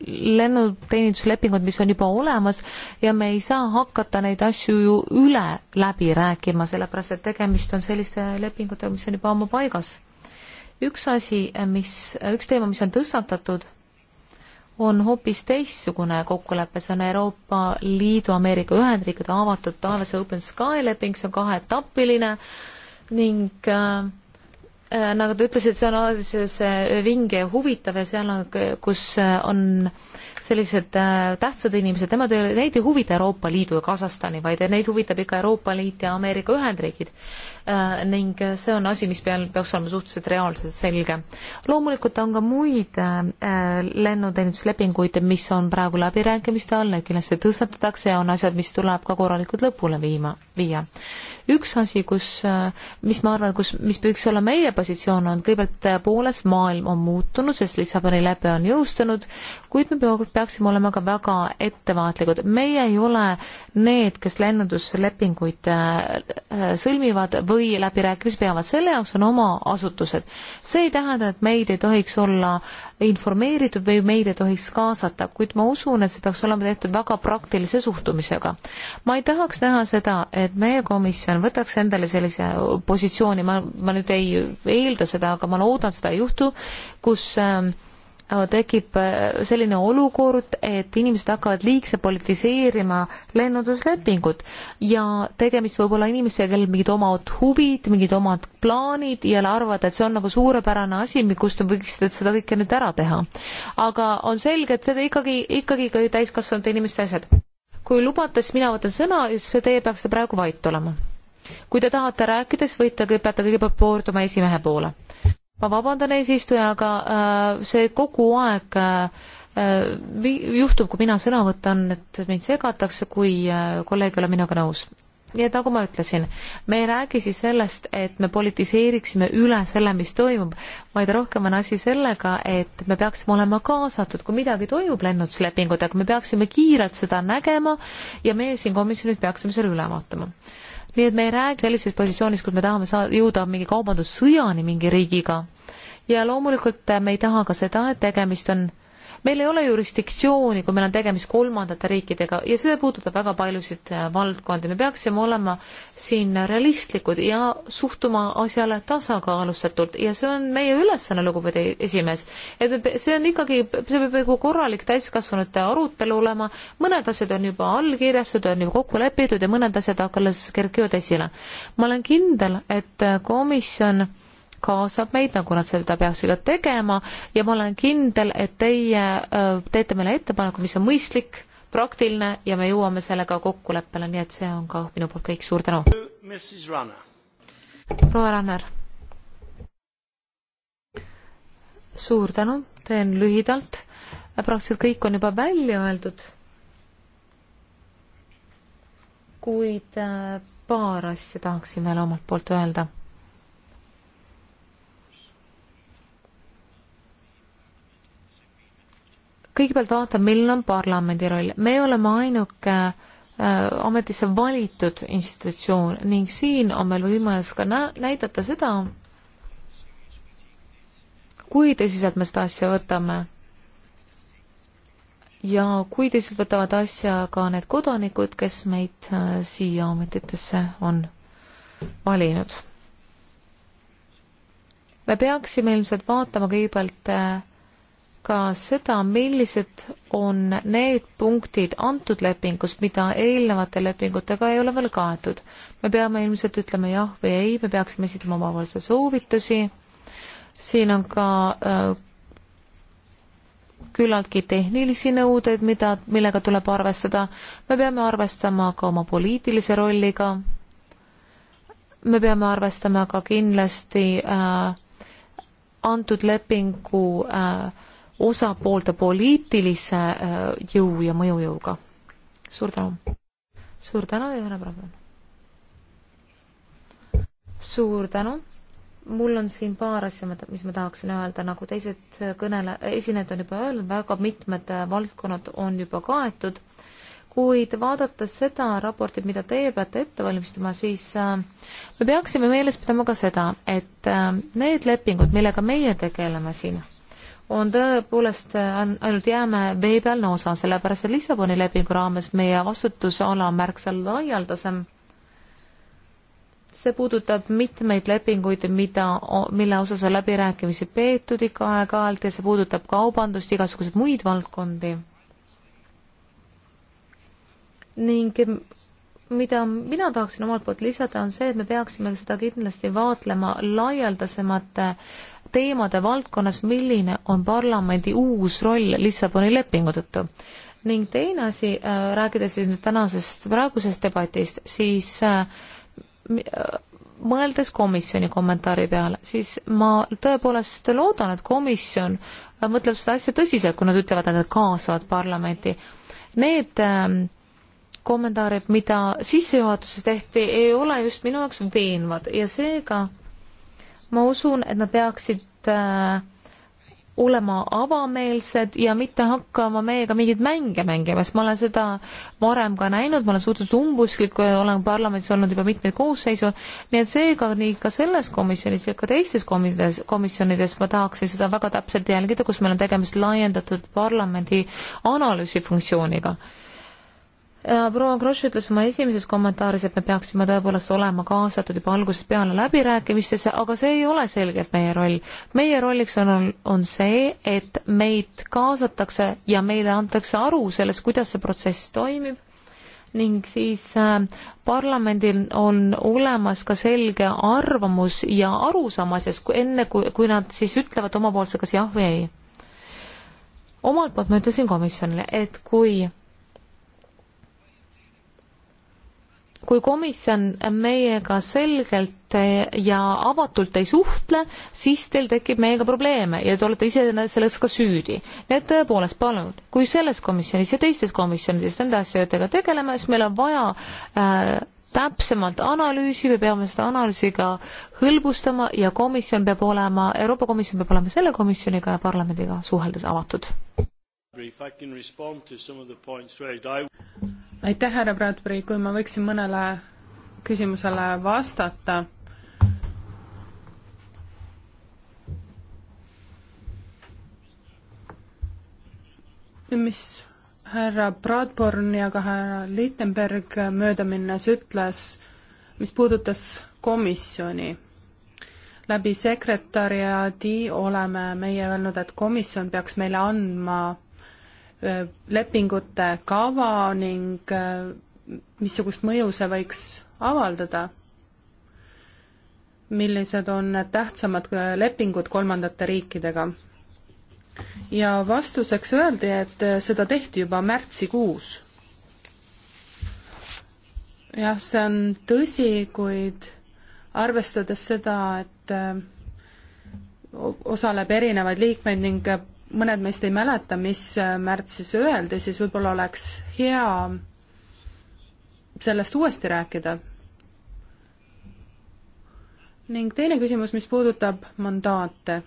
lennuteeninduslepingud, mis on juba olemas ja me ei saa hakata neid asju ju üle läbi rääkima, sellepärast et tegemist on selliste lepingutega, mis on juba ammu paigas. üks asi, mis, üks teema, mis on tõstatatud, on hoopis teistsugune kokkulepe, see on Euroopa Liidu Ameerika Ühendriikide avatud taevas Open Sky leping, see on kaheetapiline ning äh, Äh, nagu te ütlesite, see on alati selline vinge ja huvitav ja seal, kus äh, on äh, sellised äh, tähtsad inimesed, nemad, neid ei huvita Euroopa Liidu ja Kasahstani, vaid neid huvitab ikka Euroopa Liit ja Ameerika Ühendriigid. Äh, ning see on asi, mis peal, peaks olema suhteliselt reaalselt selge. loomulikult on ka muid äh, lennuteeninduslepinguid, mis on praegu läbirääkimiste all, need kindlasti tõstatatakse ja on asjad, mis tuleb ka korralikult lõpule viima, viia. üks asi, kus, mis ma arvan, kus, mis võiks olla meie positsioon, on kõigepealt tõepoolest maailm on muutunud, sest Lissaboni lepe on jõustunud, kuid me peame peaksime olema ka väga ettevaatlikud. meie ei ole need, kes lennunduslepinguid äh, äh, sõlmivad või läbirääkimisi peavad, selle jaoks on oma asutused. see ei tähenda, et meid ei tohiks olla informeeritud või meid ei tohiks kaasata, kuid ma usun, et see peaks olema tehtud väga praktilise suhtumisega. ma ei tahaks näha seda, et meie komisjon võtaks endale sellise positsiooni, ma, ma nüüd ei eelda seda, aga ma loodan, seda ei juhtu, kus äh, tekib äh, selline olukord, et inimesed hakkavad liigse politiseerima lennunduslepingut ja tegemist võib olla inimestega, kellel mingid omad huvid, mingid omad plaanid ja arvavad, et see on nagu suurepärane asi, kust võiks seda kõike nüüd ära teha. aga on selge, et seda ikkagi, ikkagi ka ju täiskasvanute inimeste asjad. kui lubate, siis mina võtan sõna ja siis teie peaksite praegu vait olema. kui te tahate rääkida, siis võite, peate kõigepealt pöörduma esimehe poole ma vabandan eesistuja, aga äh, see kogu aeg äh, äh juhtub, kui mina sõna võtan, et mind segatakse, kui äh, kolleeg ei ole minuga nõus. nii et nagu ma ütlesin, me ei räägi siis sellest, et me politiseeriksime üle selle, mis toimub, vaid rohkem on asi sellega, et me peaksime olema kaasatud, kui midagi toimub lennunduslepingutega, me peaksime kiirelt seda nägema ja meie siin komisjonis peaksime selle üle vaatama nii et me ei räägi sellises positsioonis, kus me tahame saa-, jõuda mingi kaubandussõjani mingi riigiga. ja loomulikult äh, me ei taha ka seda, et tegemist on äh, meil ei ole jurisdiktsiooni, kui meil on tegemist kolmandate riikidega ja see puudutab väga paljusid äh, valdkondi, me peaksime olema siin realistlikud ja suhtuma asjale tasakaalustatult ja see on meie ülesanne, lugupeetud esimees. et see on ikkagi, see peab nagu korralik täiskasvanute arutelu olema, mõned asjad on juba allkirjastatud, on juba kokku lepitud ja mõned asjad alles kerkivad esile. ma olen kindel, et äh, komisjon kaasab meid, nagu nad seda peaksid ka tegema ja ma olen kindel, et teie teete meile ettepaneku, mis on mõistlik, praktiline ja me jõuame sellega kokkuleppele, nii et see on ka minu poolt kõik, suur tänu. proua Ranner. suur tänu, teen lühidalt, praktiliselt kõik on juba välja öeldud kuid äh, paar asja tahaksin veel omalt poolt öelda. kõigepealt vaatan, milline on parlamendi roll. me oleme ainuke äh, ametisse valitud institutsioon ning siin on meil võimalus ka nä näidata seda, kui tõsiselt me seda asja võtame. ja kui tõsiselt võtavad asja ka need kodanikud, kes meid äh, siia ametitesse on valinud. me peaksime ilmselt vaatama kõigepealt äh, ka seda, millised on need punktid antud lepingus, mida eelnevate lepingutega ei ole veel kaetud. me peame ilmselt ütlema jah või ei, me peaksime esitama omavalitsuse soovitusi, siin on ka äh, küllaltki tehnilisi nõudeid, mida, millega tuleb arvestada, me peame arvestama ka oma poliitilise rolliga, me peame arvestama ka kindlasti äh, antud lepingu äh, osapoolte poliitilise äh, jõu ja mõjujõuga. suur tänu! suur tänu ja härra Brahman! suur tänu! mul on siin paar asja, mis ma tahaksin öelda, nagu teised kõnele, esinejad on juba öelnud, väga mitmed äh, valdkonnad on juba kaetud, kuid vaadates seda raportit, mida teie peate ette valmistama, siis äh, me peaksime meeles pidama ka seda, et need lepingud, millega meie tegeleme siin, on tõepoolest ainult jäämäe veepealne osa, sellepärast et Lissaboni lepingu raames meie vastutusala märksa laialdasem. see puudutab mitmeid lepinguid, mida, mille osas on läbirääkimisi peetud ikka aeg-ajalt ja see puudutab kaubandust, igasuguseid muid valdkondi. ning mida mina tahaksin omalt poolt lisada, on see, et me peaksime seda kindlasti vaatlema laialdasemate teemade valdkonnas, milline on parlamendi uus roll Lissaboni lepingu tõttu. ning teine asi äh,, rääkides siis nüüd tänasest, praegusest debatist, siis äh, äh mõeldes komisjoni kommentaari peale, siis ma tõepoolest loodan, et komisjon äh, mõtleb seda asja tõsiselt, kui nad ütlevad, et nad kaasavad parlamenti. Need äh, kommentaarid, mida sissejuhatuses tehti, ei ole just minu jaoks veenvad ja seega ma usun, et nad peaksid äh, olema avameelsed ja mitte hakkama meiega mingeid mänge mängima, sest ma olen seda varem ka näinud, ma olen suhteliselt umbusklik, olen parlamendis olnud juba mitmeid koosseisu, nii et seega nii ka selles komisjonis ja ka teistes komisjonides, komisjonides ma tahaksin seda väga täpselt jälgida, kus meil on tegemist laiendatud parlamendi analüüsifunktsiooniga Äh, proua Kross ütles oma esimeses kommentaaris, et me peaksime tõepoolest olema kaasatud juba algusest peale läbirääkimistesse, aga see ei ole selgelt meie roll. meie rolliks on, on see, et meid kaasatakse ja meile antakse aru sellest, kuidas see protsess toimib ning siis äh, parlamendil on olemas ka selge arvamus ja arusaam asjast, enne kui, kui nad siis ütlevad omapoolse kas jah või ei. omalt poolt ma ütlesin komisjonile, et kui kui komisjon meiega selgelt ja avatult ei suhtle, siis teil tekib meiega probleeme ja te olete ise selles ka süüdi. nii et tõepoolest, palun, kui selles komisjonis ja teistes komisjonides nende asjadega tegeleme, siis meil on vaja äh, täpsemalt analüüsi, me peame seda analüüsi ka hõlbustama ja komisjon peab olema, Euroopa Komisjon peab olema selle komisjoniga ja parlamendiga suheldes avatud aitäh, härra Bradbury, kui ma võiksin mõnele küsimusele vastata. mis härra Bradburn ja ka härra Littenberg mööda minnes ütles, mis puudutas komisjoni. läbi sekretäriaadi oleme meie öelnud, et komisjon peaks meile andma Äh, lepingute kava ning äh, missugust mõju see võiks avaldada? millised on need tähtsamad äh, lepingud kolmandate riikidega? ja vastuseks öeldi, et seda tehti juba märtsikuus. jah, see on tõsi, kuid arvestades seda, et osaleb erinevaid liikmeid ning mõned meist ei mäleta, mis märtsis öeldi, siis võib-olla oleks hea sellest uuesti rääkida. ning teine küsimus, mis puudutab mandaate.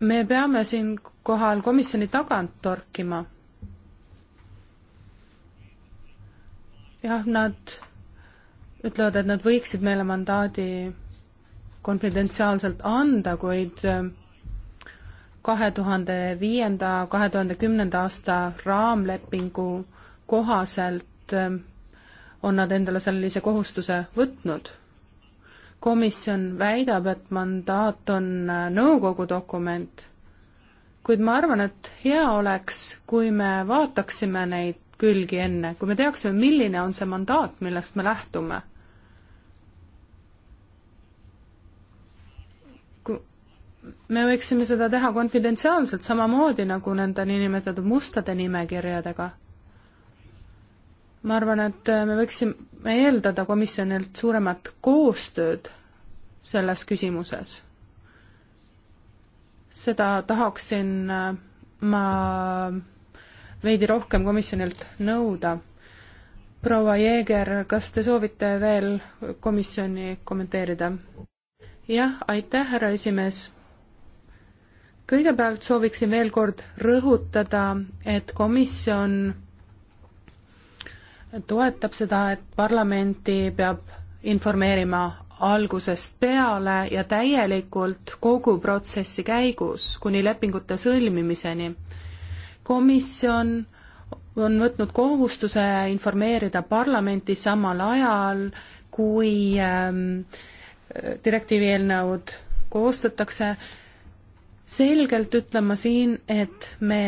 me peame siinkohal komisjoni tagant torkima. jah, nad ütlevad, et nad võiksid meile mandaadi konfidentsiaalselt anda, kuid kahe tuhande viienda, kahe tuhande kümnenda aasta raamlepingu kohaselt ähm, on nad endale sellise kohustuse võtnud. komisjon väidab, et mandaat on äh, nõukogu dokument, kuid ma arvan, et hea oleks, kui me vaataksime neid külgi enne, kui me teaksime, milline on see mandaat, millest me lähtume me võiksime seda teha konfidentsiaalselt, samamoodi nagu nende niinimetatud mustade nimekirjadega. ma arvan, et me võiksime eeldada komisjonilt suuremat koostööd selles küsimuses. seda tahaksin äh, ma veidi rohkem komisjonilt nõuda. proua Jeeger, kas te soovite veel komisjoni kommenteerida? jah, aitäh, härra esimees kõigepealt sooviksin veel kord rõhutada, et komisjon toetab seda, et parlamenti peab informeerima algusest peale ja täielikult kogu protsessi käigus kuni lepingute sõlmimiseni. komisjon on võtnud kohustuse informeerida parlamenti samal ajal, kui ähm, direktiivi eelnõud koostatakse selgelt ütlema siin, et me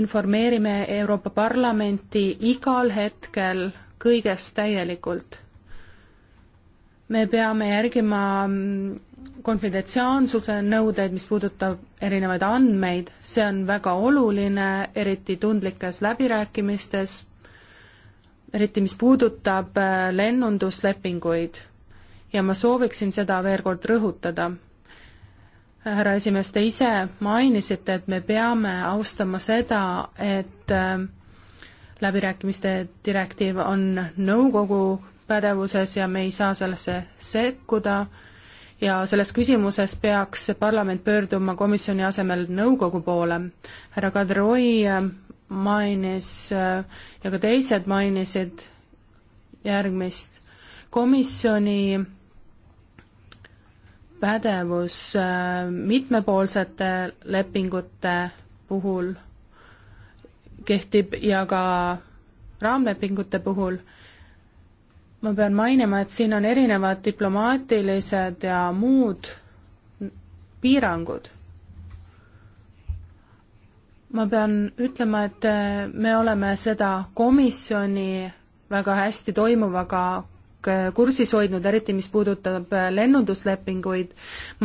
informeerime Euroopa Parlamenti igal hetkel kõigest täielikult. me peame järgima mm, konfidentsiaalsuse nõudeid, mis puudutab erinevaid andmeid, see on väga oluline, eriti tundlikes läbirääkimistes, eriti mis puudutab äh, lennunduslepinguid. ja ma sooviksin seda veel kord rõhutada härra esimees, te ise mainisite, et me peame austama seda, et äh, läbirääkimiste direktiiv on nõukogu pädevuses ja me ei saa sellesse sekkuda ja selles küsimuses peaks parlament pöörduma komisjoni asemel nõukogu poole. härra Kadri äh, mainis äh, ja ka teised mainisid järgmist. komisjoni pädevus äh, mitmepoolsete lepingute puhul kehtib ja ka raamlepingute puhul ma pean mainima, et siin on erinevad diplomaatilised ja muud piirangud. ma pean ütlema, et me oleme seda komisjoni väga hästi toimuvaga Äh, kursis hoidnud, eriti mis puudutab äh, lennunduslepinguid.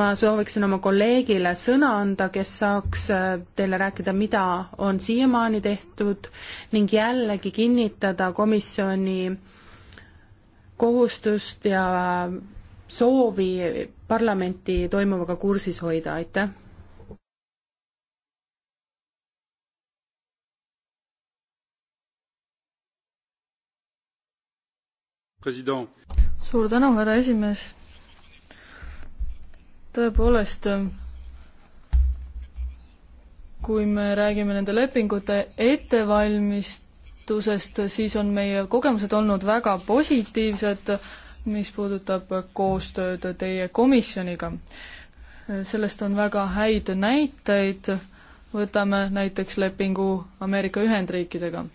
ma sooviksin oma kolleegile sõna anda, kes saaks äh, teile rääkida, mida on siiamaani tehtud ning jällegi kinnitada komisjoni kohustust ja soovi parlamenti toimuvaga kursis hoida, aitäh! suur tänu, härra esimees. tõepoolest, kui me räägime nende lepingute ettevalmistusest, siis on meie kogemused olnud väga positiivsed, mis puudutab koostööd teie komisjoniga. sellest on väga häid näiteid, võtame näiteks lepingu Ameerika Ühendriikidega.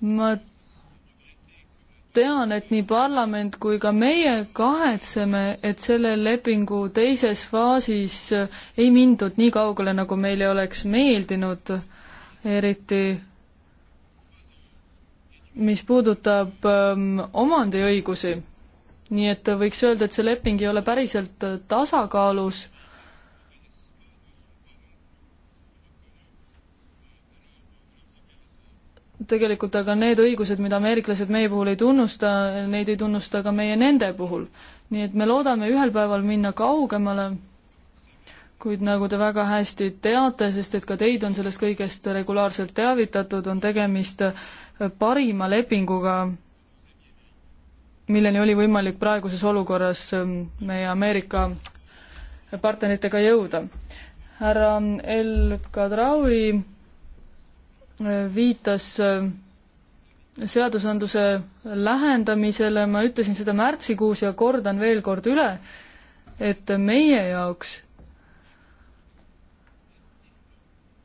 ma tean, et nii parlament kui ka meie kahetseme, et selle lepingu teises faasis ei mindud nii kaugele, nagu meile oleks meeldinud, eriti mis puudutab öö, ähm, omandiõigusi. nii et võiks öelda, et see leping ei ole päriselt tasakaalus tegelikult aga need õigused, mida ameeriklased meie puhul ei tunnusta, neid ei tunnusta ka meie nende puhul. nii et me loodame ühel päeval minna kaugemale, kuid nagu te väga hästi teate, sest et ka teid on sellest kõigest regulaarselt teavitatud, on tegemist parima lepinguga, milleni oli võimalik praeguses olukorras ähm, meie Ameerika partneritega jõuda. härra El Kadraoui viitas äh, seadusandluse lähendamisele, ma ütlesin seda märtsikuus ja kordan veel kord üle, et meie jaoks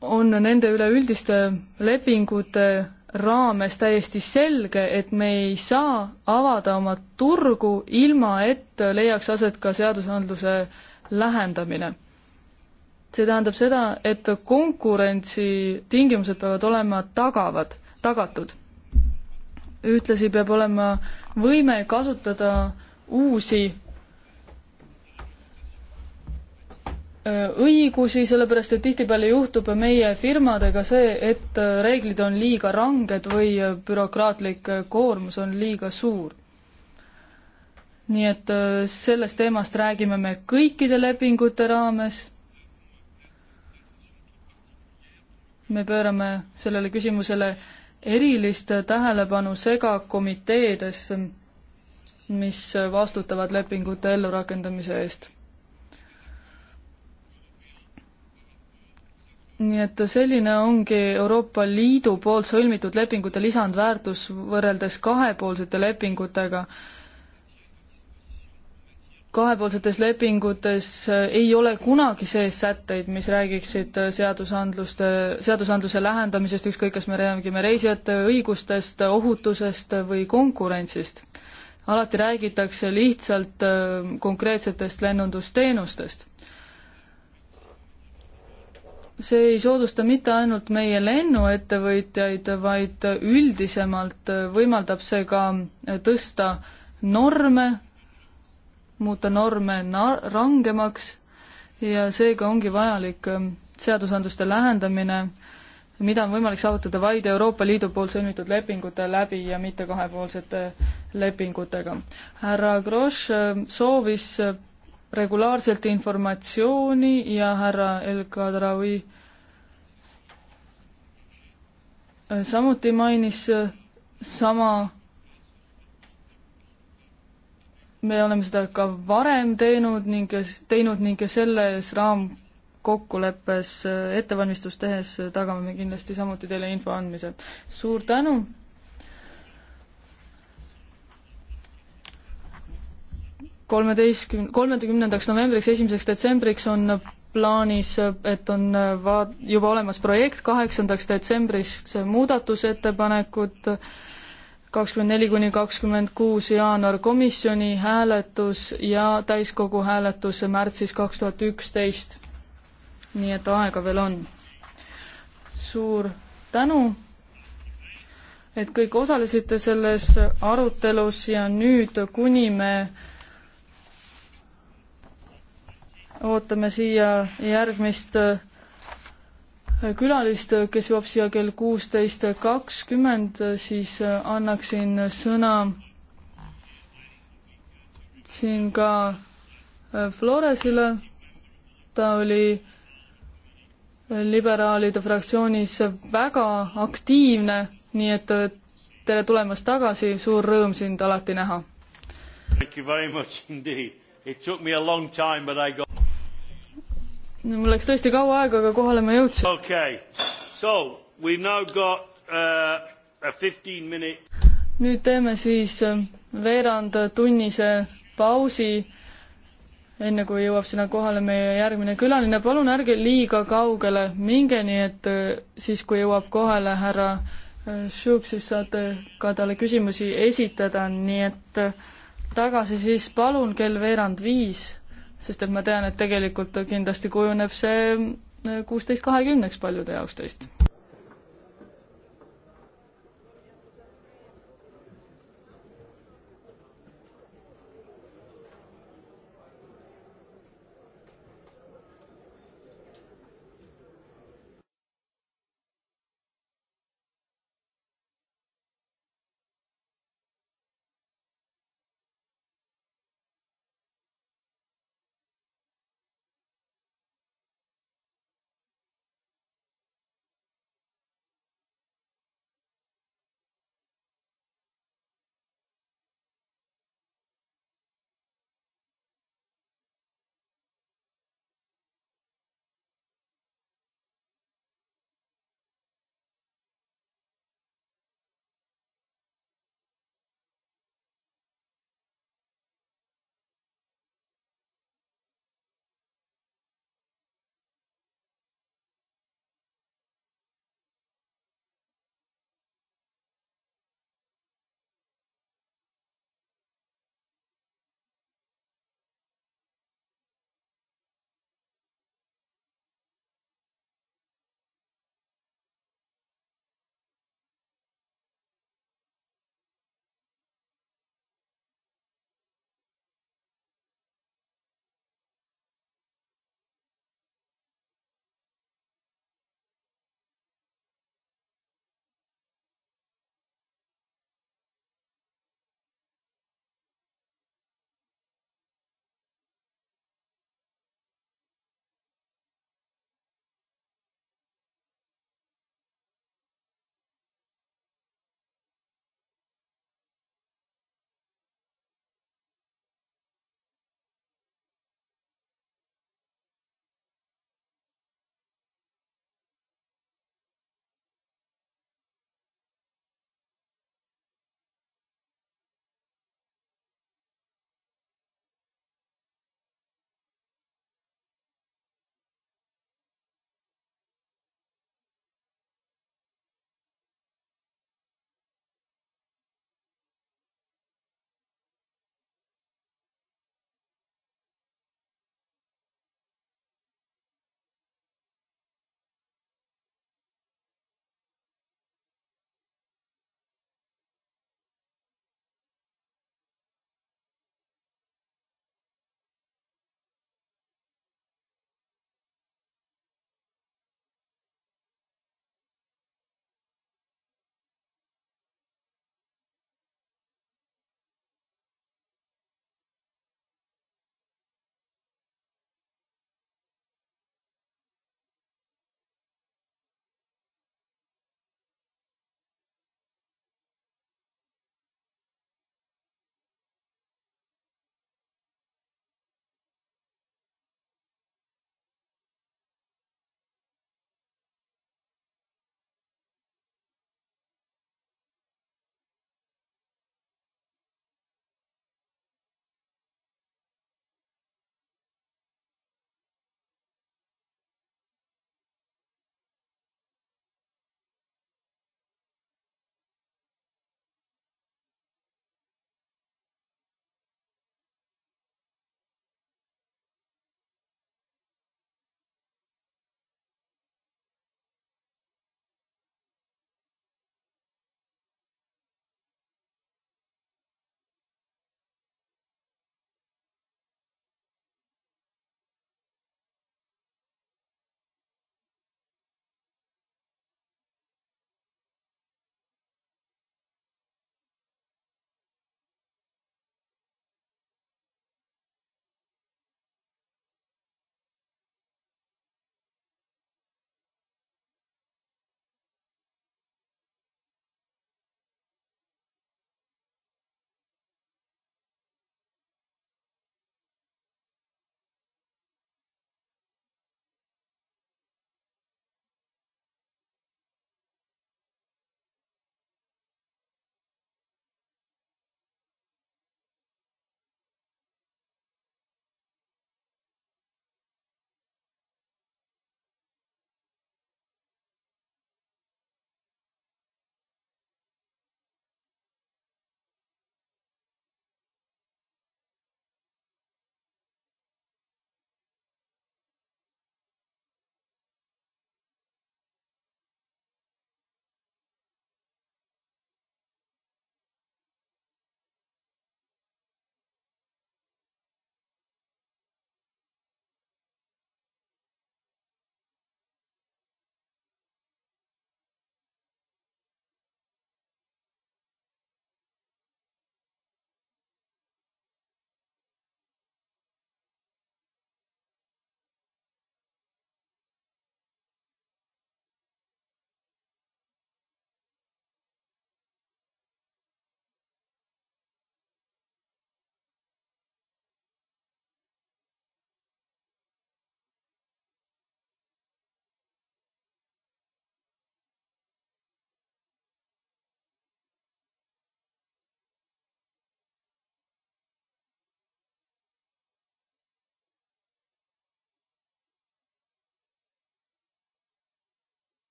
on nende üleüldiste lepingute raames täiesti selge, et me ei saa avada oma turgu ilma, et leiaks aset ka seadusandluse lähendamine see tähendab seda, et konkurentsitingimused peavad olema tagavad, tagatud. ühtlasi peab olema võime kasutada uusi äh, õigusi, sellepärast et tihtipeale juhtub meie firmadega see, et äh, reeglid on liiga ranged või äh, bürokraatlik koormus on liiga suur. nii et sellest teemast räägime me kõikide lepingute raames me pöörame sellele küsimusele erilist tähelepanu segakomiteedes, mis vastutavad lepingute ellurakendamise eest. nii et selline ongi Euroopa Liidu poolt sõlmitud lepingute lisandväärtus võrreldes kahepoolsete lepingutega kahepoolsetes lepingutes äh, ei ole kunagi sees sätteid, mis räägiksid äh, seadusandluste, äh, seadusandluse lähendamisest, ükskõik kas me räägime reisijate õigustest, ohutusest või konkurentsist. alati räägitakse lihtsalt konkreetsetest lennundusteenustest. see ei soodusta mitte ainult meie lennuettevõtjaid, vaid üldisemalt võimaldab see ka tõsta norme muuta norme na-, rangemaks ja seega ongi vajalik ähm, seadusandluste lähendamine, mida on võimalik saavutada vaid Euroopa Liidu poolt sõlmitud lepingute läbi ja mitte kahepoolsete äh, lepingutega. härra Grosch ähm, soovis äh, regulaarselt informatsiooni ja härra El Kadraoui äh, samuti mainis sama me oleme seda ka varem teinud ning, teinud ning selles raamkokkuleppes äh, ettevalmistust tehes tagame me kindlasti samuti teile info andmise. suur tänu! kolmeteistkümne, kolmekümnendaks novembriks, esimeseks detsembriks on plaanis, et on äh, va-, juba olemas projekt, kaheksandaks detsembriks muudatusettepanekud, kakskümmend neli kuni kakskümmend kuus jaanuar komisjoni hääletus ja täiskogu hääletus märtsis kaks tuhat üksteist. nii et aega veel on. suur tänu, et kõik osalesite selles arutelus ja nüüd, kuni me ootame siia järgmist külalist, kes jõuab siia kell kuusteist kakskümmend, siis äh, annaksin sõna siin ka äh, Floresile. ta oli äh, liberaalide fraktsioonis väga aktiivne, nii et tere tulemast tagasi, suur rõõm sind alati näha. Thank you very much indeed. It took me a long time but I got mul läks tõesti kaua aega, aga kohale ma jõudsin. okei okay., so we have now got uh, a fifteen minute. nüüd teeme siis äh, veerand tunnise pausi, enne kui jõuab sinna kohale meie järgmine külaline. palun ärge liiga kaugele minge, nii et äh, siis, kui jõuab kohale härra Šuk, äh, siis saate ka talle küsimusi esitada, nii et tagasi siis palun kell veerand viis sest et ma tean, et tegelikult kindlasti kujuneb see kuusteist kahekümneks paljude jaoks teist.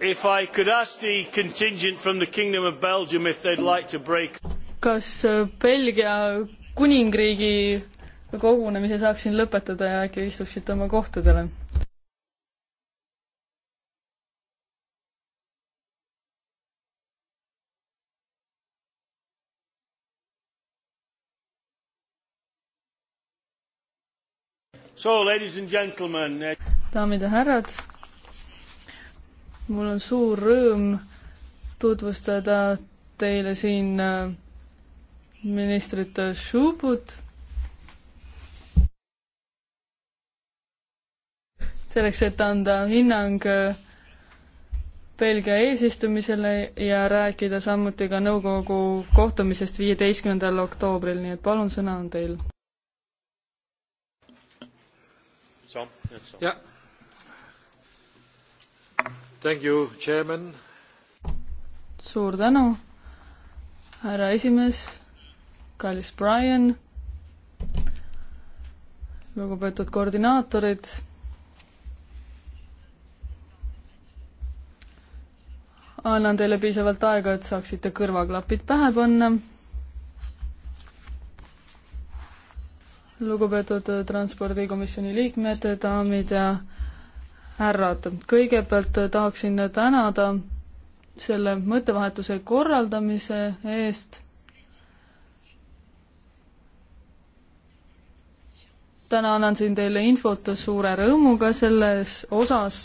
If I could ask the contingent from the Kingdom of Belgium if they'd like to break. kas äh, Belgia kuningriigi kogunemise saaksin lõpetada ja äkki istuksite oma kohtadele? So, ladies and gentlemen. Uh, daamid ja härrad mul on suur rõõm tutvustada teile siin äh, ministrit Šubut. selleks, et anda hinnang äh, Belgia eesistumisele ja rääkida samuti ka nõukogu kohtumisest viieteistkümnendal oktoobril, nii et palun, sõna on teil. jah suur tänu, härra esimees, kallis Brian, lugupeetud koordinaatorid annan teile piisavalt aega, et saaksite kõrvaklapid pähe panna. lugupeetud transpordikomisjoni liikmed, daamid ja härrad, kõigepealt tahaksin tänada selle mõttevahetuse korraldamise eest. täna annan siin teile infot suure rõõmuga selles osas,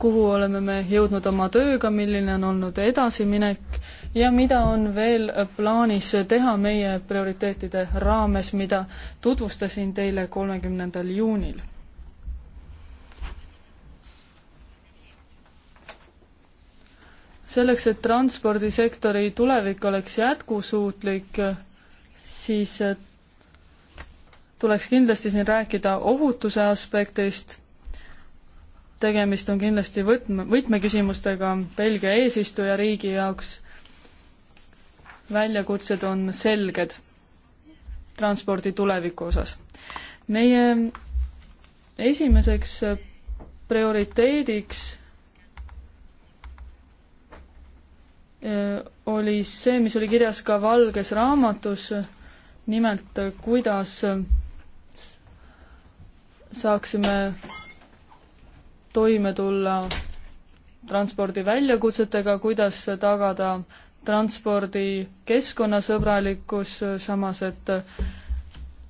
kuhu oleme me jõudnud oma tööga, milline on olnud edasiminek ja mida on veel plaanis teha meie prioriteetide raames, mida tutvustasin teile kolmekümnendal juunil selleks, et transpordisektori tulevik oleks jätkusuutlik, siis äh, tuleks kindlasti siin rääkida ohutuse aspektist. tegemist on kindlasti võtme, võtmeküsimustega Belgia eesistujariigi jaoks. väljakutsed on selged transpordi tuleviku osas. meie esimeseks prioriteediks Äh, oli see, mis oli kirjas ka Valges Raamatus, nimelt äh, kuidas äh, saaksime toime tulla transpordi väljakutsetega, kuidas tagada transpordi keskkonnasõbralikkus, samas et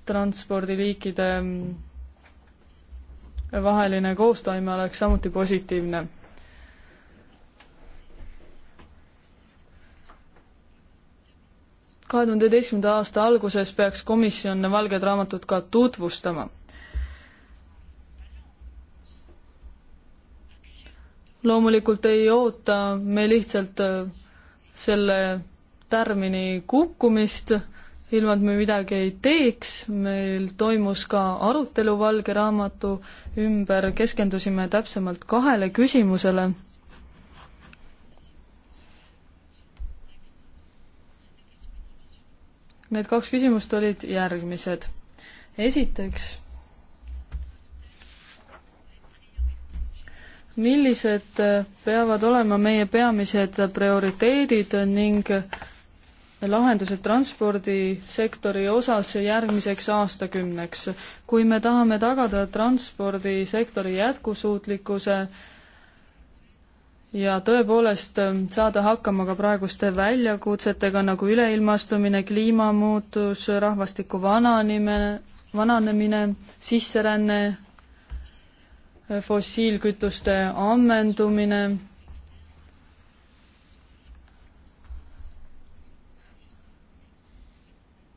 transpordiliikide mm, vaheline koostoime oleks samuti positiivne kahe tuhande üheteistkümnenda aasta alguses peaks komisjon valged raamatud ka tutvustama. loomulikult ei oota me lihtsalt äh, selle tärmini kukkumist, ilma et me midagi ei teeks, meil toimus ka arutelu valge raamatu ümber, keskendusime täpsemalt kahele küsimusele Need kaks küsimust olid järgmised. esiteks, millised peavad olema meie peamised prioriteedid ning lahendused transpordisektori osas järgmiseks aastakümneks. kui me tahame tagada transpordisektori jätkusuutlikkuse, ja tõepoolest ähm, saada hakkama ka praeguste väljakutsetega nagu üleilmastumine, kliimamuutus, rahvastiku vananimine, vananemine, sisseränne, äh, fossiilkütuste ammendumine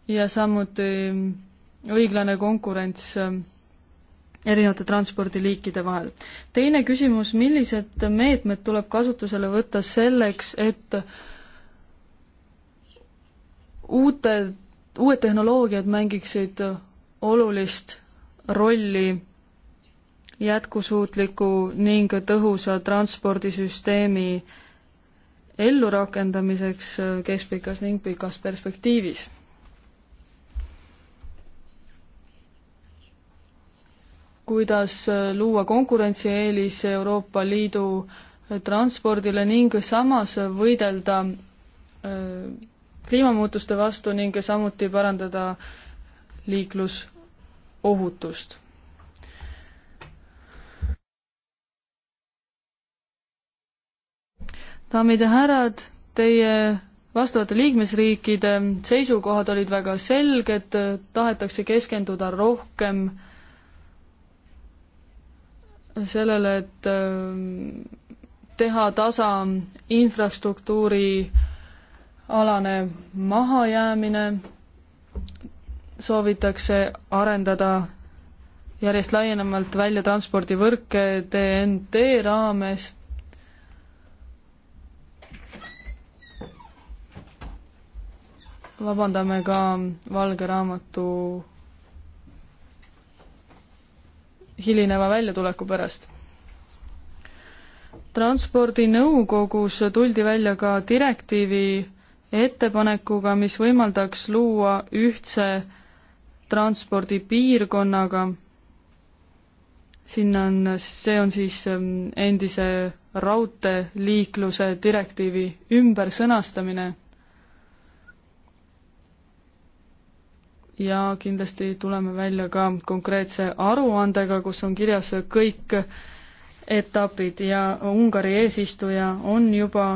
ja samuti ähm, õiglane konkurents ähm, erinevate transpordiliikide vahel. teine küsimus, millised meetmed tuleb kasutusele võtta selleks, et uute, uued tehnoloogiad mängiksid olulist rolli jätkusuutliku ning tõhusa transpordisüsteemi ellurakendamiseks keskpikas ning pikas perspektiivis. kuidas äh, luua konkurentsieelis Euroopa Liidu äh, transpordile ning samas võidelda äh, kliimamuutuste vastu ning samuti parandada liiklusohutust. daamid ja härrad, teie vastavate liikmesriikide seisukohad olid väga selged, tahetakse keskenduda rohkem äh, sellele, et ähm, teha tasa infrastruktuuri alane mahajäämine, soovitakse arendada järjest laienevalt välja transpordivõrke TNT raames. vabandame ka valge raamatu hilineva väljatuleku pärast. transpordinõukogus tuldi välja ka direktiivi ettepanekuga, mis võimaldaks luua ühtse transpordipiirkonnaga, sinna on, see on siis ähm, endise raudteeliikluse direktiivi ümbersõnastamine ja kindlasti tuleme välja ka konkreetse aruandega, kus on kirjas kõik etapid ja Ungari eesistuja on juba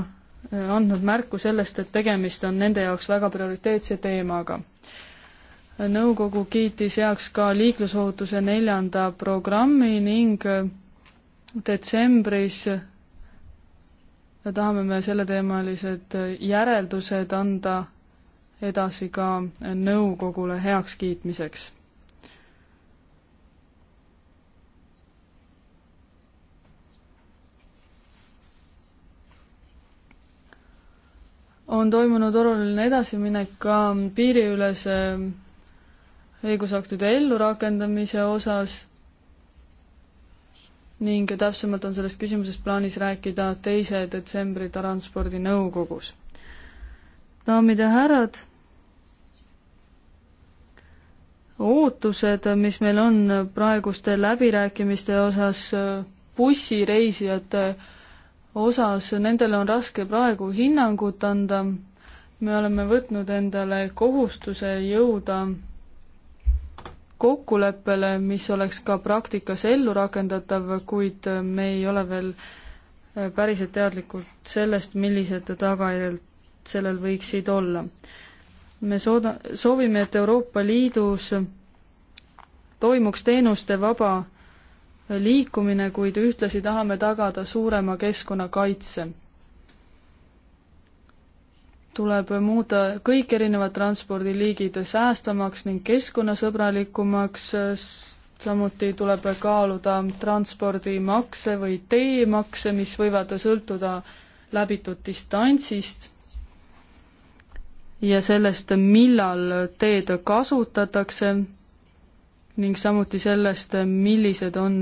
eh, andnud märku sellest, et tegemist on nende jaoks väga prioriteetse teemaga. nõukogu kiitis heaks ka liiklusohutuse neljanda programmi ning detsembris tahame me selleteemalised järeldused anda edasi ka nõukogule heakskiitmiseks. on toimunud oluline edasiminek ka piiriülese õigusaktide ellurakendamise osas ning täpsemalt on sellest küsimusest plaanis rääkida teise detsembri transpordinõukogus. daamid ja härrad ootused, mis meil on praeguste läbirääkimiste osas äh, bussireisijate osas, nendele on raske praegu hinnangut anda. me oleme võtnud endale kohustuse jõuda kokkuleppele, mis oleks ka praktikas ellu rakendatav, kuid me ei ole veel äh, päriselt teadlikud sellest, millised tagajärjed sellel võiksid olla me sooda-, soovime, et Euroopa Liidus toimuks teenuste vaba liikumine, kuid ühtlasi tahame tagada suurema keskkonnakaitse. tuleb muuta kõik erinevad transpordiliigid säästvamaks ning keskkonnasõbralikumaks, samuti tuleb kaaluda transpordimakse või teemakse, mis võivad sõltuda läbitud distantsist ja sellest, millal teed kasutatakse ning samuti sellest, millised on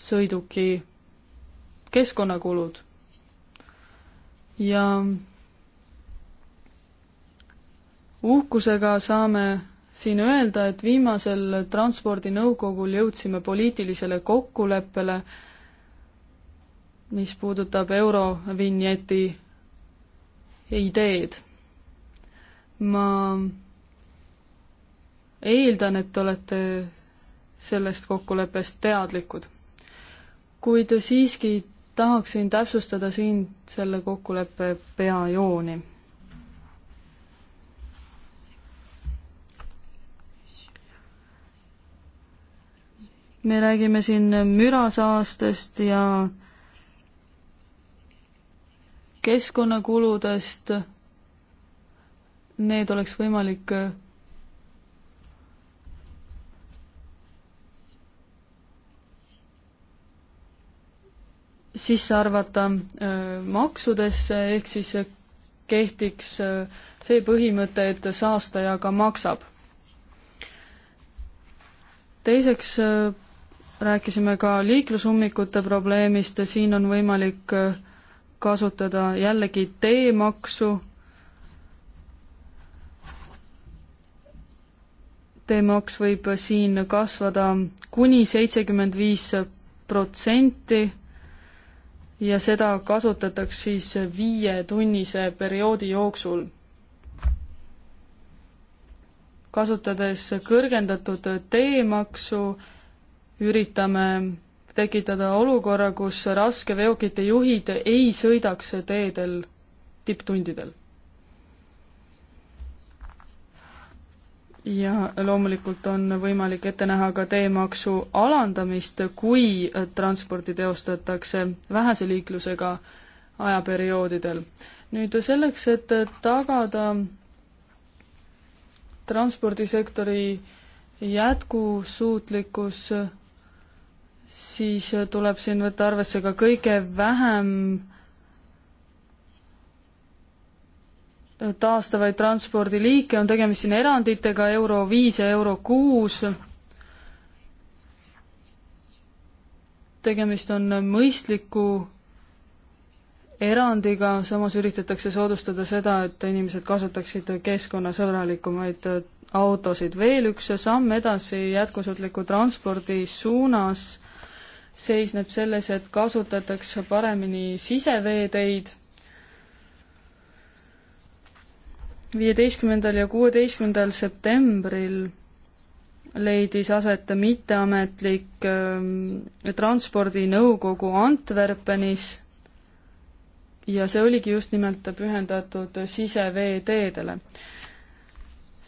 sõiduki keskkonnakulud. ja uhkusega saame siin öelda, et viimasel transpordinõukogul jõudsime poliitilisele kokkuleppele, mis puudutab Eurovinjeti ideed ma eeldan, et te olete sellest kokkuleppest teadlikud. kuid siiski tahaksin täpsustada siin selle kokkuleppe peajooni. me räägime siin mürasaastest ja keskkonnakuludest need oleks võimalik äh, sisse arvata äh, maksudesse, ehk siis äh, kehtiks see põhimõte, et saastaja ka maksab. teiseks rääkisime ka liiklusummikute probleemist ja siin on võimalik kasutada jällegi teemaksu teemaks võib siin kasvada kuni seitsekümmend viis protsenti ja seda kasutatakse siis viietunnise perioodi jooksul. kasutades kõrgendatud teemaksu, üritame tekitada olukorra, kus raskeveokite juhid ei sõidaks teedel tipptundidel. ja loomulikult on võimalik ette näha ka teemaksu alandamist, kui transporti teostatakse vähese liiklusega ajaperioodidel. nüüd selleks, et tagada transpordisektori jätkusuutlikkus, siis tuleb siin võtta arvesse ka kõige vähem taastavaid transpordiliike, on tegemist siin eranditega euro viis ja euro kuus. tegemist on mõistliku erandiga, samas üritatakse soodustada seda, et inimesed kasutaksid keskkonnasõbralikumaid autosid. veel üks samm edasi jätkusuutliku transpordi suunas seisneb selles, et kasutatakse paremini siseveeteid viieteistkümnendal ja kuueteistkümnendal septembril leidis aset mitteametlik äh, transpordinõukogu Antwerpenis ja see oligi just nimelt pühendatud siseveeteedele.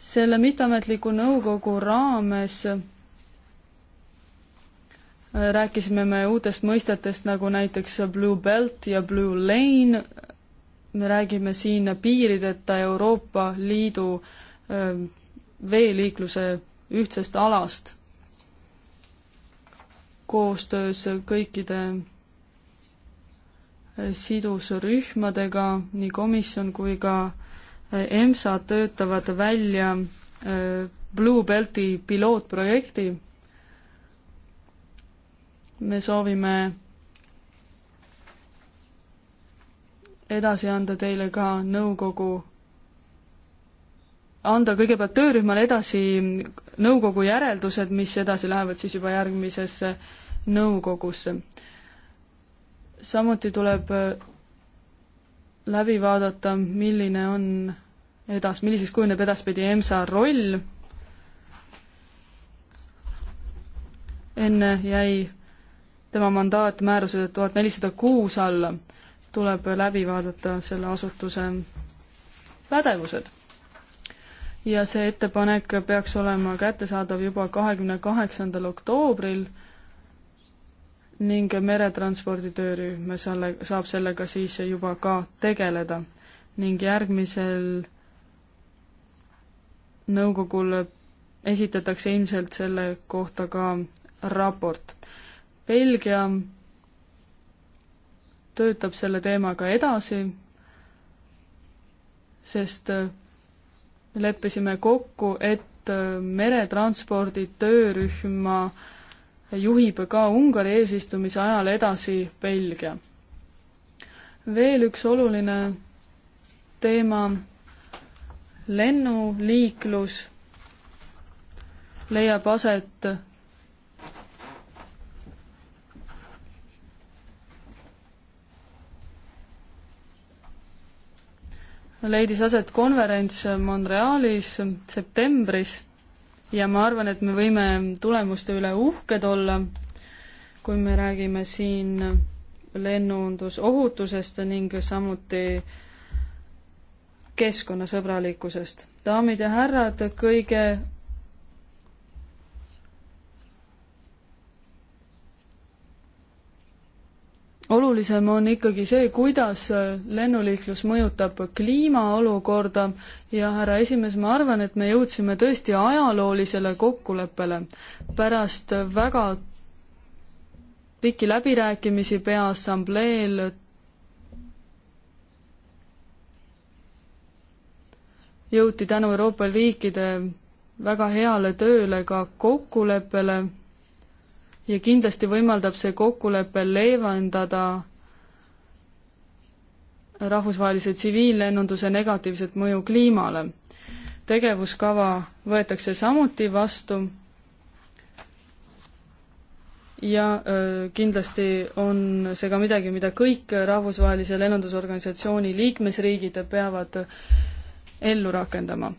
selle mitteametliku nõukogu raames äh, rääkisime me uutest mõistetest nagu näiteks Blue Belt ja Blue Lane, me räägime siin piirideta Euroopa Liidu veeliikluse ühtsest alast koostöös kõikide sidusrühmadega, nii komisjon kui ka EMSA töötavad välja Blue Belti pilootprojekti. me soovime edasi anda teile ka nõukogu, anda kõigepealt töörühmale edasi nõukogu järeldused, mis edasi lähevad siis juba järgmisesse nõukogusse. samuti tuleb äh, läbi vaadata, milline on edas-, milliseks kujuneb edaspidi EMSA roll. enne jäi tema mandaat määruse tuhat nelisada kuus alla tuleb läbi vaadata selle asutuse pädevused. ja see ettepanek peaks olema kättesaadav juba kahekümne kaheksandal oktoobril ning meretranspordi töörühm selle, saab sellega siis juba ka tegeleda ning järgmisel nõukogul esitatakse ilmselt selle kohta ka raport. Belgia töötab selle teemaga edasi, sest äh, leppisime kokku, et äh, meretranspordi töörühma juhib ka Ungari eesistumise ajal edasi Belgia. veel üks oluline teema, lennuliiklus leiab aset leidis aset konverents Montrealis septembris ja ma arvan, et me võime tulemuste üle uhked olla, kui me räägime siin lennundusohutusest ning samuti keskkonnasõbralikkusest. daamid ja härrad, kõige olulisem on ikkagi see, kuidas äh, lennuliiklus mõjutab kliimaolukorda ja härra esimees, ma arvan, et me jõudsime tõesti ajaloolisele kokkuleppele pärast väga pikki läbirääkimisi Peaassambleel jõuti tänu Euroopa riikide väga heale tööle ka kokkuleppele ja kindlasti võimaldab see kokkulepe leevendada rahvusvahelise tsiviillennunduse negatiivset mõju kliimale. tegevuskava võetakse samuti vastu ja öö, kindlasti on see ka midagi, mida kõik rahvusvahelise lennundusorganisatsiooni liikmesriigid peavad ellu rakendama.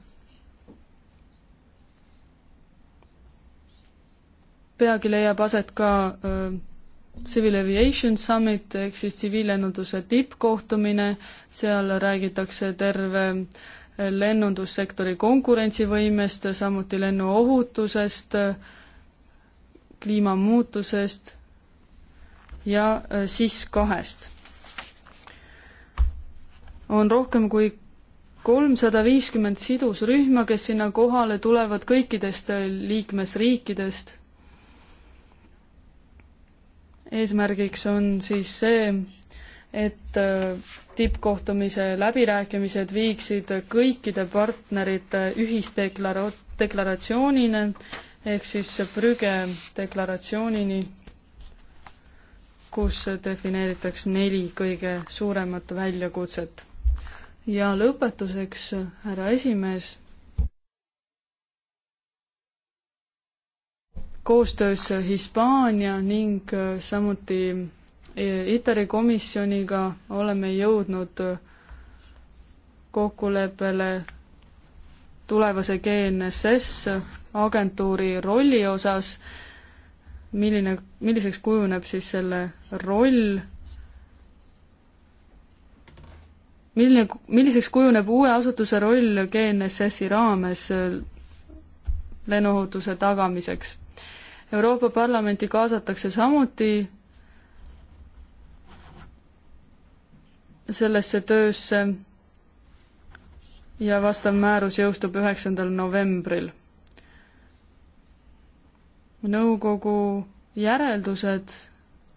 peagi leiab aset ka äh, Civil Aviation Summit ehk siis tsiviillennunduse tippkohtumine, seal räägitakse terve äh, lennundussektori konkurentsivõimest, samuti lennuohutusest, kliimamuutusest ja äh, siis kahest. on rohkem kui kolmsada viiskümmend sidusrühma, kes sinna kohale tulevad kõikidest liikmesriikidest eesmärgiks on siis see, et äh, tippkohtumise läbirääkimised viiksid kõikide partnerite ühisdeklara-, deklaratsioonini ehk siis Brügge deklaratsioonini, kus defineeritakse neli kõige suuremat väljakutset. ja lõpetuseks, härra esimees koostöös Hispaania ning äh, samuti äh, ITER-i komisjoniga oleme jõudnud äh, kokkuleppele tulevase GNSS agentuuri rolli osas, milline, milliseks kujuneb siis selle roll, milline, milliseks kujuneb uue asutuse roll GNSS-i raames lennuohutuse tagamiseks Euroopa Parlamenti kaasatakse samuti sellesse töösse ja vastav määrus jõustub üheksandal novembril. nõukogu järeldused,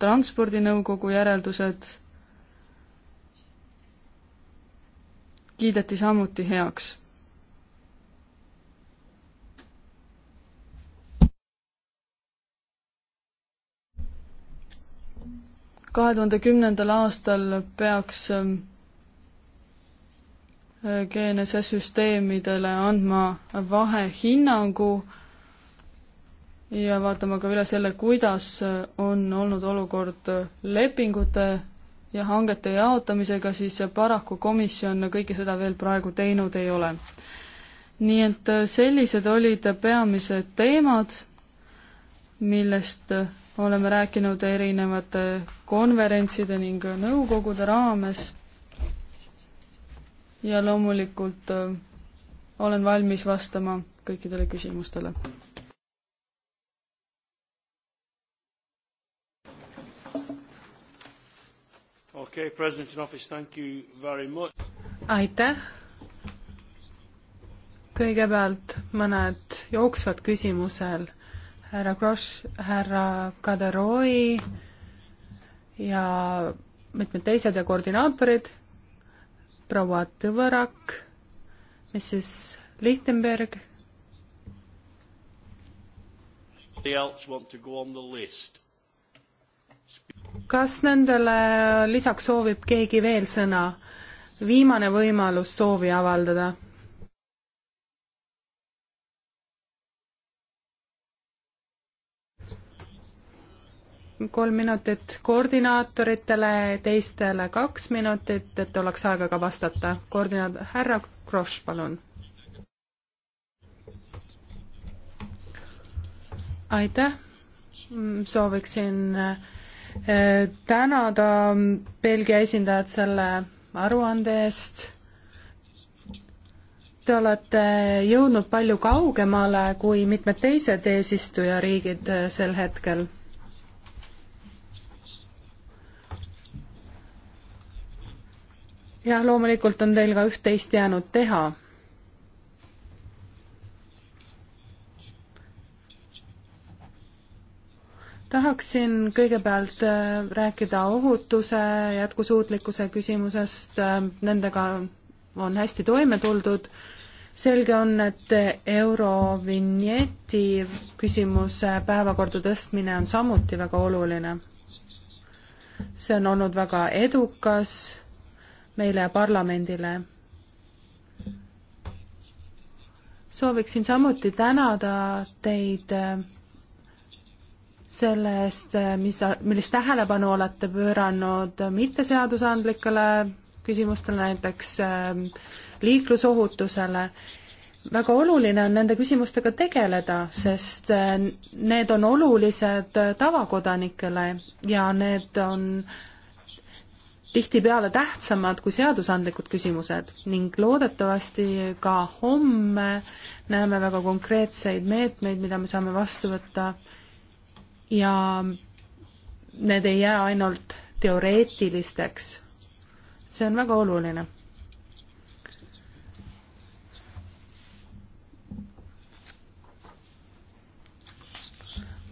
transpordinõukogu järeldused kiideti samuti heaks kahe tuhande kümnendal aastal peaks ähm, äh, GNSS süsteemidele andma vahehinnangu ja vaatama ka üle selle, kuidas äh, on olnud olukord äh, lepingute ja hangete jaotamisega, siis paraku komisjon kõike seda veel praegu teinud ei ole. nii et sellised olid peamised teemad, millest oleme rääkinud erinevate konverentside ning nõukogude raames ja loomulikult äh, olen valmis vastama kõikidele küsimustele. Okay, president in office, thank you very much. aitäh. kõigepealt mõned jooksvad küsimusel härra Gross, härra Kaderoi ja mitmed teised ja koordinaatorid, proua Tõvõrak, Mrs Lichtenberg. kas nendele lisaks soovib keegi veel sõna? viimane võimalus soovi avaldada kolm minutit koordinaatoritele, teistele kaks minutit, et oleks aega ka vastata. koordinaat-, härra Kross, palun. aitäh, sooviksin äh, tänada Belgia esindajat selle aruande eest. Te olete jõudnud palju kaugemale kui mitmed teised eesistujariigid äh, sel hetkel jah, loomulikult on teil ka üht-teist jäänud teha. tahaksin kõigepealt äh, rääkida ohutuse jätkusuutlikkuse küsimusest, äh, nendega on hästi toime tuldud. selge on, et Eurovinjeti küsimuse päevakorda tõstmine on samuti väga oluline. see on olnud väga edukas meile ja parlamendile. sooviksin samuti tänada teid selle eest, mis, millist tähelepanu olete pööranud mitteseadusandlikele küsimustele, näiteks liiklusohutusele väga oluline on nende küsimustega tegeleda, sest need on olulised tavakodanikele ja need on tihtipeale tähtsamad kui seadusandlikud küsimused ning loodetavasti ka homme näeme väga konkreetseid meetmeid, mida me saame vastu võtta ja need ei jää ainult teoreetilisteks. see on väga oluline.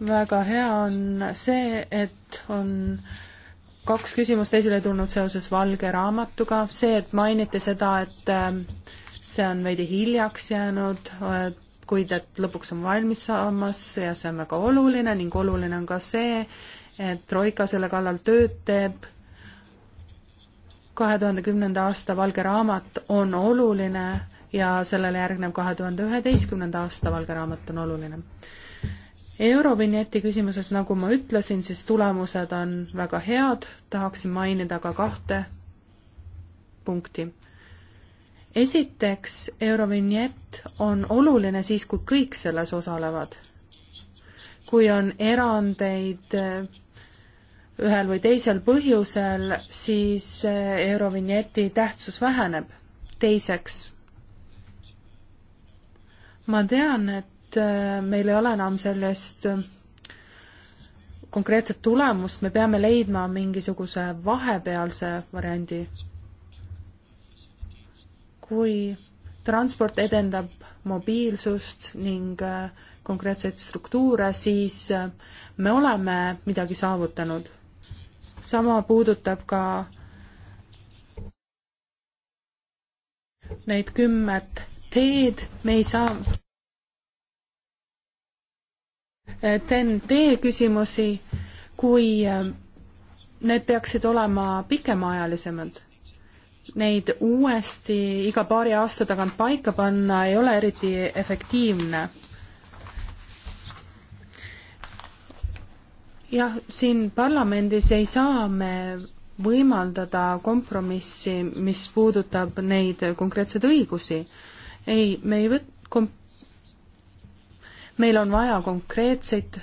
väga hea on see, et on äh, kaks küsimust esile tulnud seoses Valge raamatuga, see, et mainiti seda, et ähm, see on veidi hiljaks jäänud, kuid et lõpuks on valmis saamas ja see on väga oluline ning oluline on ka see, et Troika selle kallal tööd teeb. kahe tuhande kümnenda aasta valge raamat on oluline ja sellele järgnev kahe tuhande üheteistkümnenda aasta valge raamat on oluline. Eurovinjeti küsimuses, nagu ma ütlesin, siis tulemused on väga head, tahaksin mainida ka kahte punkti. esiteks, Eurovinjett on oluline siis, kui kõik selles osalevad. kui on erandeid eh, ühel või teisel põhjusel, siis eh, Eurovinjeti tähtsus väheneb. teiseks, ma tean, et Äh, meil ei ole enam sellest äh, konkreetset tulemust, me peame leidma mingisuguse vahepealse variandi. kui transport edendab mobiilsust ning äh, konkreetseid struktuure, siis me oleme midagi saavutanud. sama puudutab ka neid kümmet teed, me ei saa TEN-T küsimusi, kui äh, need peaksid olema pikemaajalisemad. Neid uuesti iga paari aasta tagant paika panna ei ole eriti efektiivne. jah, siin parlamendis ei saa me võimaldada kompromissi, mis puudutab neid konkreetseid õigusi. ei, me ei võt-, kom-, meil on vaja konkreetseid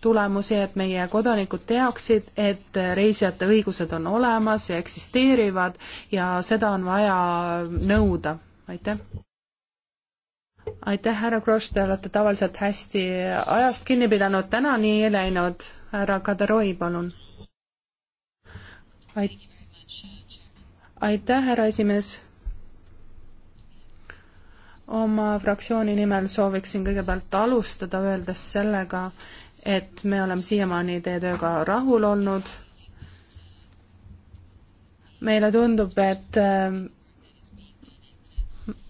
tulemusi, et meie kodanikud teaksid, et reisijate õigused on olemas ja eksisteerivad ja seda on vaja nõuda. aitäh! aitäh, härra Kross, te olete tavaliselt hästi ajast kinni pidanud, täna nii ei läinud. härra Kadaroi, palun. aitäh, härra esimees oma fraktsiooni nimel sooviksin kõigepealt alustada, öeldes sellega, et me oleme siiamaani teie tööga rahul olnud. meile tundub, et äh,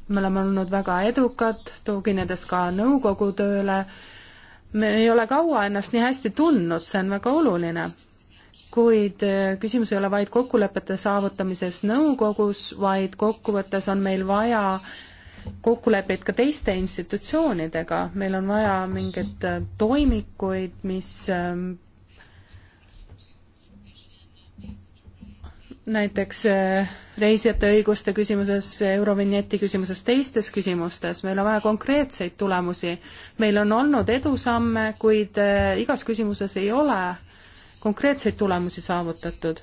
me oleme olnud väga edukad, tuginedes ka nõukogu tööle. me ei ole kaua ennast nii hästi tundnud, see on väga oluline. kuid äh, küsimus ei ole vaid kokkulepete saavutamises nõukogus, vaid kokkuvõttes on meil vaja kokkuleppeid ka teiste institutsioonidega, meil on vaja mingeid äh, toimikuid, mis ähm, näiteks äh, reisijate õiguste küsimuses, Eurovinjeti küsimuses, teistes küsimustes, meil on vaja konkreetseid tulemusi. meil on olnud edusamme, kuid äh, igas küsimuses ei ole konkreetseid tulemusi saavutatud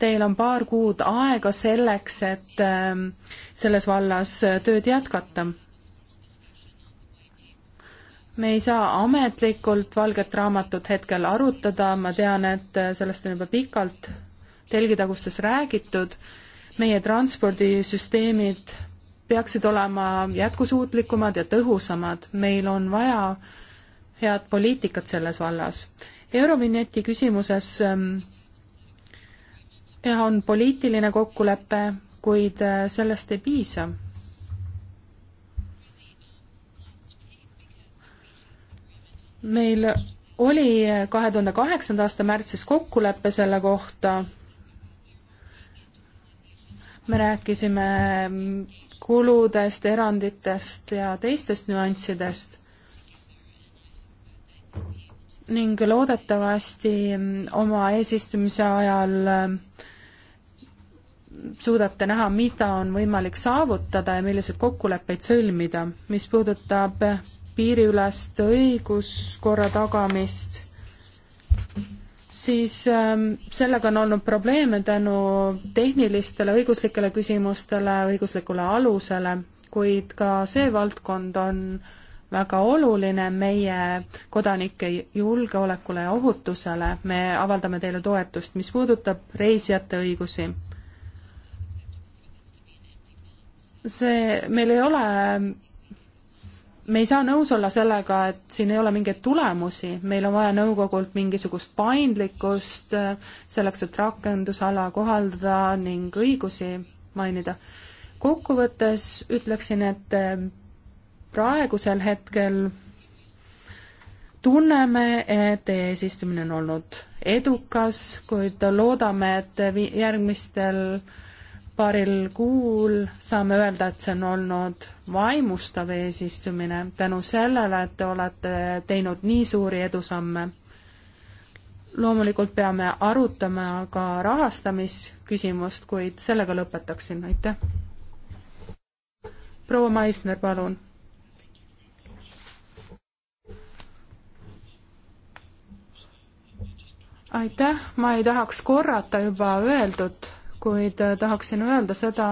Teil on paar kuud aega selleks, et ähm, selles vallas tööd jätkata. me ei saa ametlikult Valget Raamatut hetkel arutada, ma tean, et äh, sellest on juba pikalt telgitagustes räägitud, meie transpordisüsteemid peaksid olema jätkusuutlikumad ja tõhusamad, meil on vaja head poliitikat selles vallas. Eurovinjeti küsimuses ähm, on poliitiline kokkulepe, kuid äh, sellest ei piisa meil oli äh, kahe tuhande kaheksanda aasta märtsis kokkulepe selle kohta, me rääkisime mm, kuludest, eranditest ja teistest nüanssidest ning loodetavasti mm, oma eesistumise ajal mm, suudate näha, mida on võimalik saavutada ja milliseid kokkuleppeid sõlmida. mis puudutab piiriülest õiguskorra tagamist, siis ähm, sellega on olnud probleeme tänu tehnilistele õiguslikele küsimustele, õiguslikule alusele, kuid ka see valdkond on väga oluline meie kodanike julgeolekule ja ohutusele, me avaldame teile toetust, mis puudutab reisijate õigusi see, meil ei ole, me ei saa nõus olla sellega, et siin ei ole mingeid tulemusi, meil on vaja nõukogult mingisugust paindlikkust äh, selleks, et rakendusala kohaldada ning õigusi mainida. kokkuvõttes ütleksin, et äh, praegusel hetkel tunneme, et teie eesistumine on olnud edukas, kuid loodame, et järgmistel paaril kuul saame öelda, et see on olnud vaimustav eesistumine tänu sellele, et te olete teinud nii suuri edusamme. loomulikult peame arutama ka rahastamisküsimust, kuid sellega lõpetaksin, aitäh. proua Maisner, palun. aitäh, ma ei tahaks korrata juba öeldut kuid äh, tahaksin öelda seda,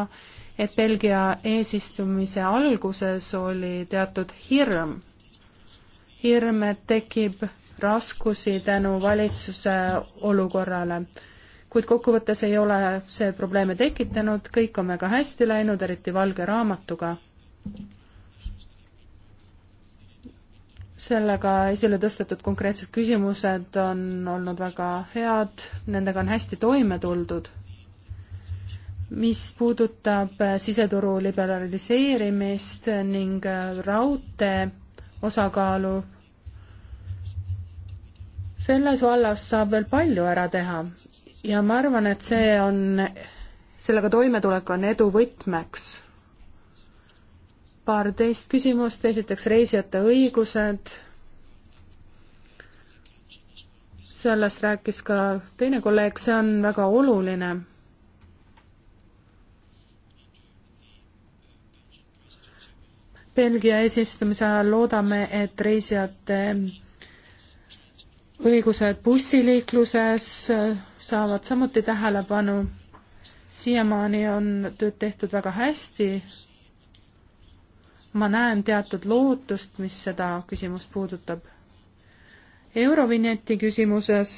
et Belgia eesistumise alguses oli teatud hirm. hirm, et tekib raskusi tänu valitsuse olukorrale. kuid kokkuvõttes ei ole see probleeme tekitanud, kõik on väga hästi läinud, eriti valge raamatuga. sellega esile tõstetud konkreetsed küsimused on olnud väga head, nendega on hästi toime tuldud mis puudutab siseturu liberaliseerimist ning raudtee osakaalu, selles vallas saab veel palju ära teha ja ma arvan, et see on, sellega toimetulek on edu võtmeks. paar teist küsimust, esiteks reisijate õigused, sellest rääkis ka teine kolleeg, see on väga oluline Belgia eesistumise ajal loodame, et reisijate õigused bussiliikluses saavad samuti tähelepanu. siiamaani on tööd tehtud väga hästi. ma näen teatud lootust, mis seda küsimust puudutab. Eurovinjeti küsimuses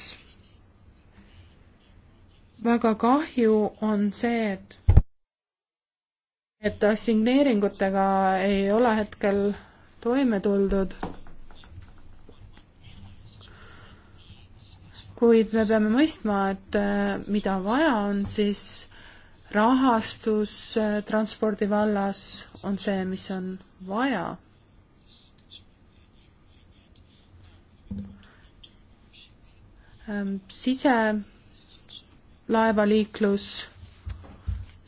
väga kahju on see, et et assigneeringutega ei ole hetkel toime tuldud. kuid me peame mõistma, et äh, mida vaja on, siis rahastus äh, transpordi vallas on see, mis on vaja. Ähm, siselaevaliiklus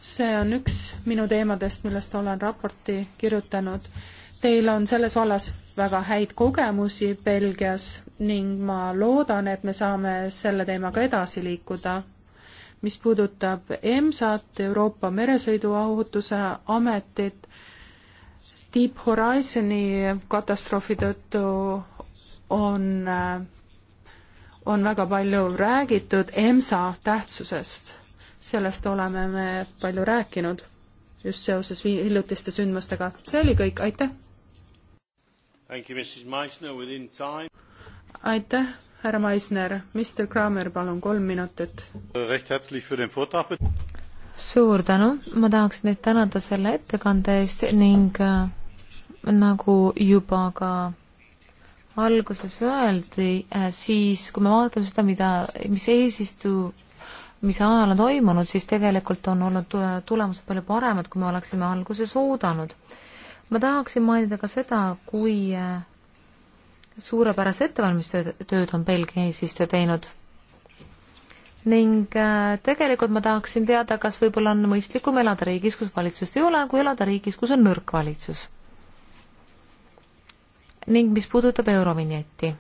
see on üks minu teemadest, millest olen raporti kirjutanud. Teil on selles vallas väga häid kogemusi Belgias ning ma loodan, et me saame selle teemaga edasi liikuda. mis puudutab EMSA-t, Euroopa Meresõiduohutuse Ametit, Deep Horizoni katastroofi tõttu on, äh, on väga palju räägitud EMSA tähtsusest sellest oleme me palju rääkinud just seoses hiljutiste sündmustega. see oli kõik, aitäh! aitäh, härra Meissner, Mr Kramer, palun kolm minutit. suur tänu, ma tahaks teid tänada selle ettekande eest ning äh, nagu juba ka alguses öeldi, äh, siis kui me vaatame seda, mida, mis eesistuja mis ajal on toimunud, siis tegelikult on olnud tulemused palju paremad, kui me oleksime alguses oodanud. ma tahaksin mainida ka seda, kui äh, suurepärase ettevalmistööd on Belgia eesistuja teinud. ning äh, tegelikult ma tahaksin teada, kas võib-olla on mõistlikum elada riigis, kus valitsust ei ole, kui elada riigis, kus on nõrk valitsus. ning mis puudutab Eurovinjetti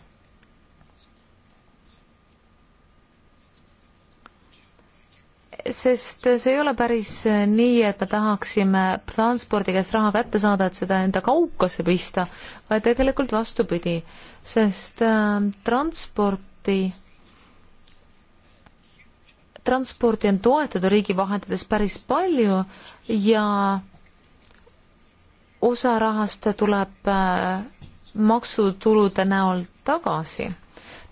sest see ei ole päris nii, et me tahaksime transpordi käest raha kätte saada, et seda enda kaukasse pista, vaid tegelikult vastupidi, sest ähm, transporti transporti on toetatud riigi vahenditest päris palju ja osa rahast tuleb äh, maksutulude näol tagasi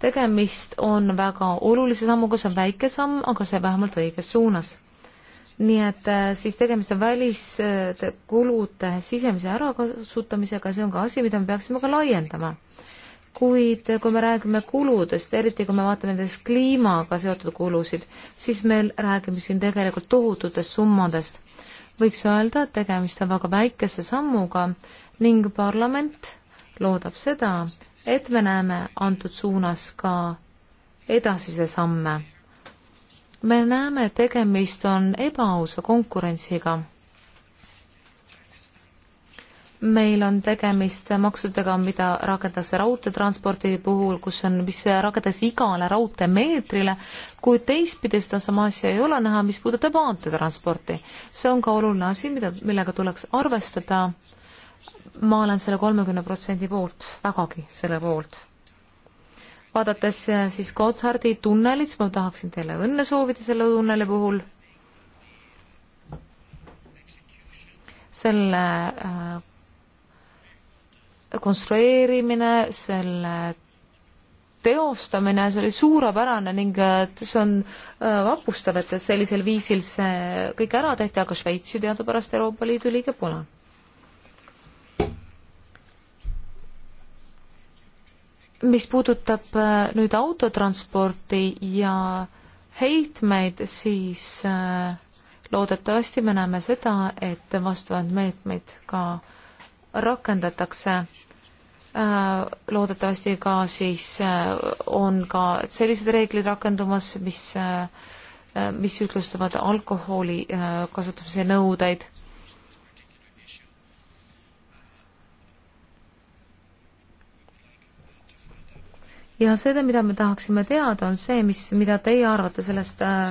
tegemist on väga olulise sammuga, see on väike samm, aga see vähemalt õiges suunas. nii et äh, siis tegemist on väliskulude äh, sisemise ärakasutamisega, see on ka asi, mida me peaksime ka laiendama. kuid äh, kui me räägime kuludest, eriti kui me vaatame näiteks kliimaga seotud kulusid, siis me räägime siin tegelikult tohututest summadest. võiks öelda, et tegemist on väga väikese sammuga ning parlament loodab seda, et me näeme antud suunas ka edasise samme. me näeme, et tegemist on ebaausa konkurentsiga. meil on tegemist maksudega, mida rakendatakse raudteetranspordi puhul, kus on, mis rakendatakse igale raudteemeetrile, kuid teistpidi seda sama asja ei ole näha, mis puudutab maanteetransporti. see on ka oluline asi, mida, millega tuleks arvestada äh, ma olen selle kolmekümne protsendi poolt, vägagi selle poolt. vaadates äh, siis Gotthardi tunnelit, siis ma tahaksin teile õnne soovida selle tunneli puhul. selle äh, konstrueerimine, selle teostamine, see oli suurepärane ning äh, see on vapustav, et sellisel viisil see kõik ära tehti, aga Šveits ju teadupärast Euroopa Liidu liige pole mis puudutab äh, nüüd autotransporti ja heitmeid, siis äh, loodetavasti me näeme seda, et vastavad meetmeid ka rakendatakse. Äh, loodetavasti ka siis on ka sellised reeglid rakendumas, mis, mis ühtlustavad alkoholi kasutamise nõudeid ja seda, mida me tahaksime teada, on see, mis, mida teie arvate sellest äh,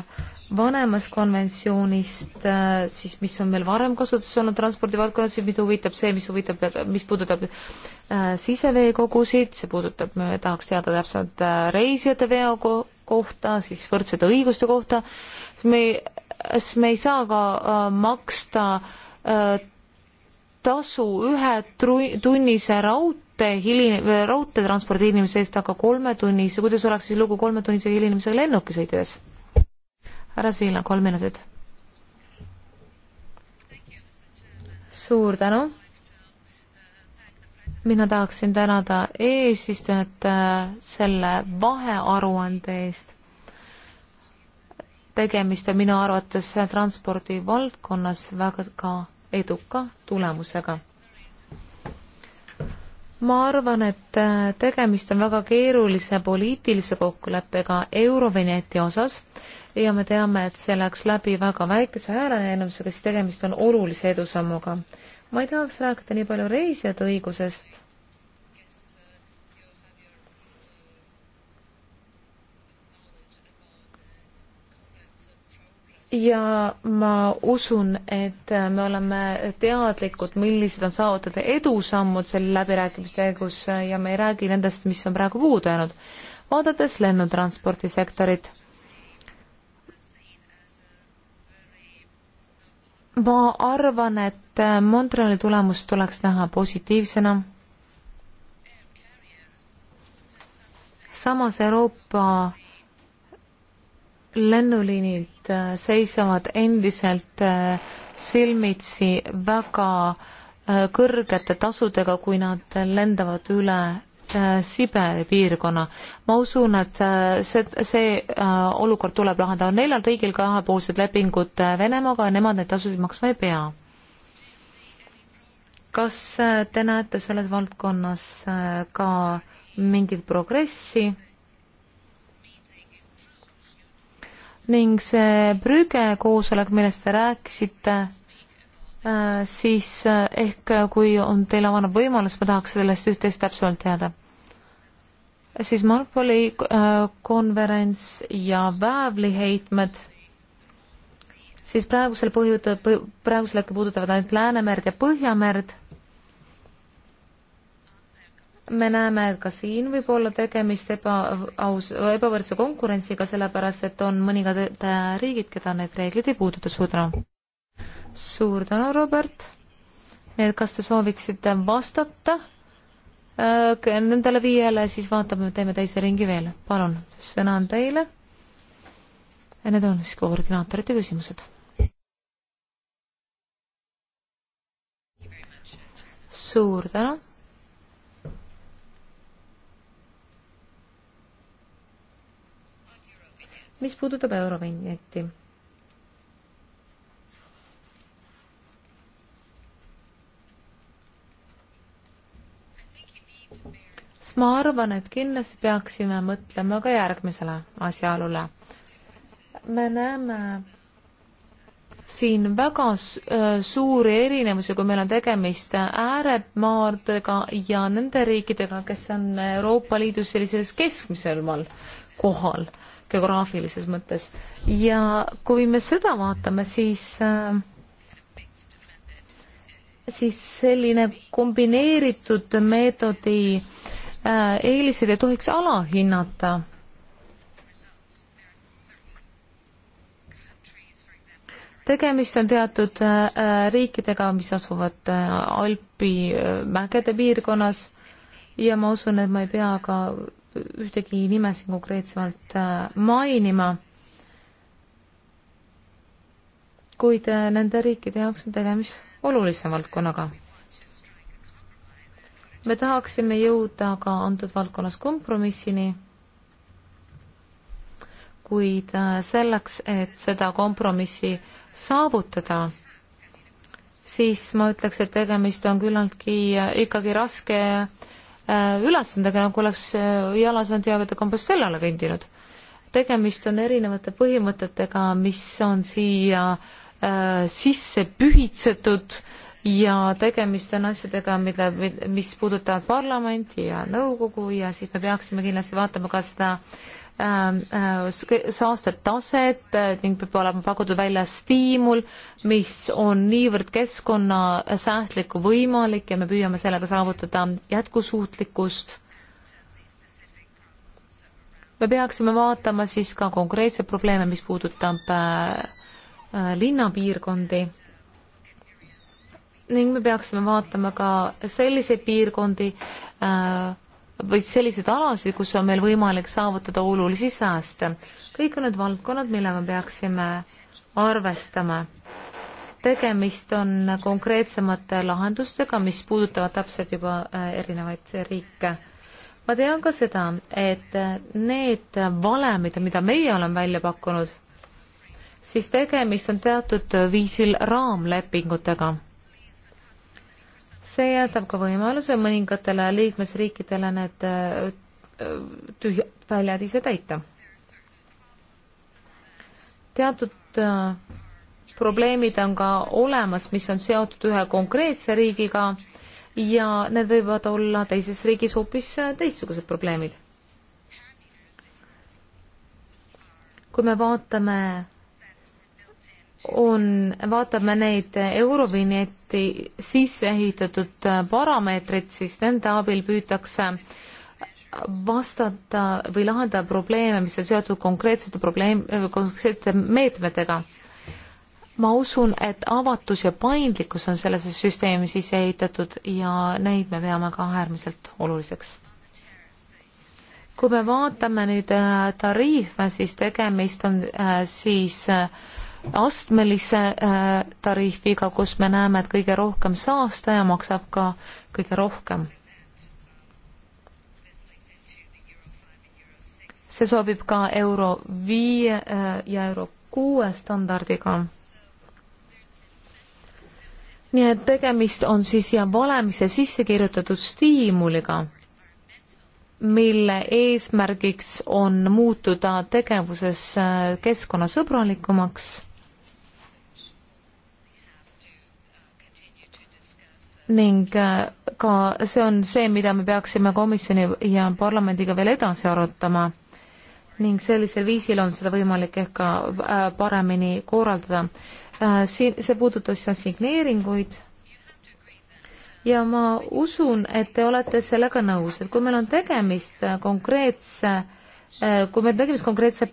vanemast konventsioonist, äh, siis mis on meil varem kasutuses olnud transpordivaldkonnas, siis mind huvitab see, mis huvitab, mis puudutab äh, siseveekogusid, see puudutab, me tahaks teada täpsemalt äh, reisijate veo ko kohta, siis võrdsete õiguste kohta, me, kas me ei saa ka äh, maksta äh, tasu ühe tunnise raud-, raudtee hili-, raudteetranspordi inimese eest, aga kolmetunnise, kuidas oleks siis lugu kolmetunnise hilinemisega lennuki sõites? härra Siila, kolm minutit. suur tänu. mina tahaksin tänada eesistujat äh, selle vahearuande eest tegemist on minu arvates transpordivaldkonnas väga ka eduka tulemusega ma arvan, et äh, tegemist on väga keerulise poliitilise kokkuleppega Eurovinjeti osas ja me teame, et see läks läbi väga väikese häälenemisega, siis tegemist on olulise edusammuga. ma ei tahaks rääkida nii palju reisijate õigusest ja ma usun, et me oleme teadlikud, millised on saavutada edusammud selle läbirääkimiste käigus ja me ei räägi nendest, mis on praegu puudu jäänud. vaadates lennutranspordisektorit, ma arvan, et Montreali tulemust tuleks näha positiivsena. samas Euroopa lennuliinid Äh, seisavad endiselt äh, silmitsi väga äh, kõrgete tasudega, kui nad lendavad üle Siberi piirkonna. ma usun, et see, see olukord tuleb lahendada. neljal riigil kahepoolsed lepingud Venemaaga ja nemad neid tasusid maksma ei pea. kas te näete selles valdkonnas ka mingit progressi? ning see prüge koosolek, millest te rääkisite, äh, siis äh, ehk äh, kui on, teil avaneb võimalus, ma tahaks sellest üht-teist täpsemalt teada. siis Marpoli konverents ja väävliheitmed, siis praegusel põhjuta-, praegusel hetkel puudutavad ainult Läänemerd ja Põhjamerd me näeme, et ka siin võib olla tegemist ebaaus, ebavõrdse konkurentsiga, sellepärast et on mõningad äh, riigid, keda need reeglid ei puuduta. suur tänu! suur tänu, Robert! kas te sooviksite vastata äh, nendele viiele, siis vaatame, teeme teise ringi veel. palun, sõna on teile. ja need on siis koordinaatorite küsimused. suur tänu mis puudutab Eurovinjetti. siis ma arvan, et kindlasti peaksime mõtlema ka järgmisele asjaolule. me näeme siin väga äh, suuri erinevusi, kui meil on tegemist ääremaardega ja nende riikidega, kes on Euroopa Liidus sellises keskmisel maal kohal geograafilises mõttes. ja kui me seda vaatame, siis äh, siis selline kombineeritud meetodi äh, eeliseid ei tohiks alahinnata. tegemist on teatud äh, riikidega, mis asuvad Alpi mägede piirkonnas ja ma usun, et ma ei pea ka ühtegi nime siin konkreetsemalt äh, mainima, kuid äh, nende riikide jaoks on tegemist olulise valdkonnaga. me tahaksime jõuda ka antud valdkonnas kompromissini, kuid äh, selleks, et seda kompromissi saavutada, siis ma ütleks, et tegemist on küllaltki ikkagi raske Äh, ülesandega, nagu oleks äh, jala Santiago de Compostelale kõndinud. tegemist on erinevate põhimõtetega, mis on siia äh, sisse pühitsetud ja tegemist on asjadega, mida, mis puudutavad parlamenti ja nõukogu ja siis me peaksime kindlasti vaatama ka seda äh, Ähm, äh, saastetaset äh, ning peab olema pakutud välja stiimul, mis on niivõrd keskkonnasäästlik kui võimalik ja me püüame sellega saavutada jätkusuutlikkust. me peaksime vaatama siis ka konkreetseid probleeme, mis puudutab äh, linnapiirkondi ning me peaksime vaatama ka selliseid piirkondi, või selliseid alasid, kus on meil võimalik saavutada olulisi sääste. kõik on need valdkonnad, millega peaksime arvestama. tegemist on konkreetsemate lahendustega, mis puudutavad täpselt juba äh, erinevaid riike. ma tean ka seda, et need valemid, mida meie oleme välja pakkunud, siis tegemist on teatud viisil raamlepingutega see jätab ka võimaluse mõningatele liikmesriikidele need äh, tühjad väljad ise täita. teatud äh, probleemid on ka olemas, mis on seotud ühe konkreetse riigiga ja need võivad olla teises riigis hoopis äh, teistsugused probleemid. kui me vaatame on, vaatame neid Eurovinjeti sisse ehitatud parameetreid, siis nende abil püütakse vastata või lahendada probleeme, mis on seotud konkreetsete probleem, konkreetsete meetmetega. ma usun, et avatus ja paindlikkus on sellesse süsteemi sisse ehitatud ja neid me peame ka äärmiselt oluliseks. kui me vaatame nüüd äh, tariife, siis tegemist on äh, siis äh, astmelise äh, tariifiga, kus me näeme, et kõige rohkem saastaja maksab ka kõige rohkem. see sobib ka euro viie äh, ja euro kuue standardiga. nii et tegemist on siis ja valemisse sisse kirjutatud stiimuliga mille eesmärgiks on muutuda tegevuses äh, keskkonnasõbralikumaks ning äh, ka see on see, mida me peaksime komisjoni ja parlamendiga veel edasi arutama ning sellisel viisil on seda võimalik ehk ka äh, paremini korraldada. Äh, siin, see puudutas assigneeringuid ja ma usun, et te olete sellega nõus, et kui meil on tegemist konkreetse, kui meil on tegemist konkreetse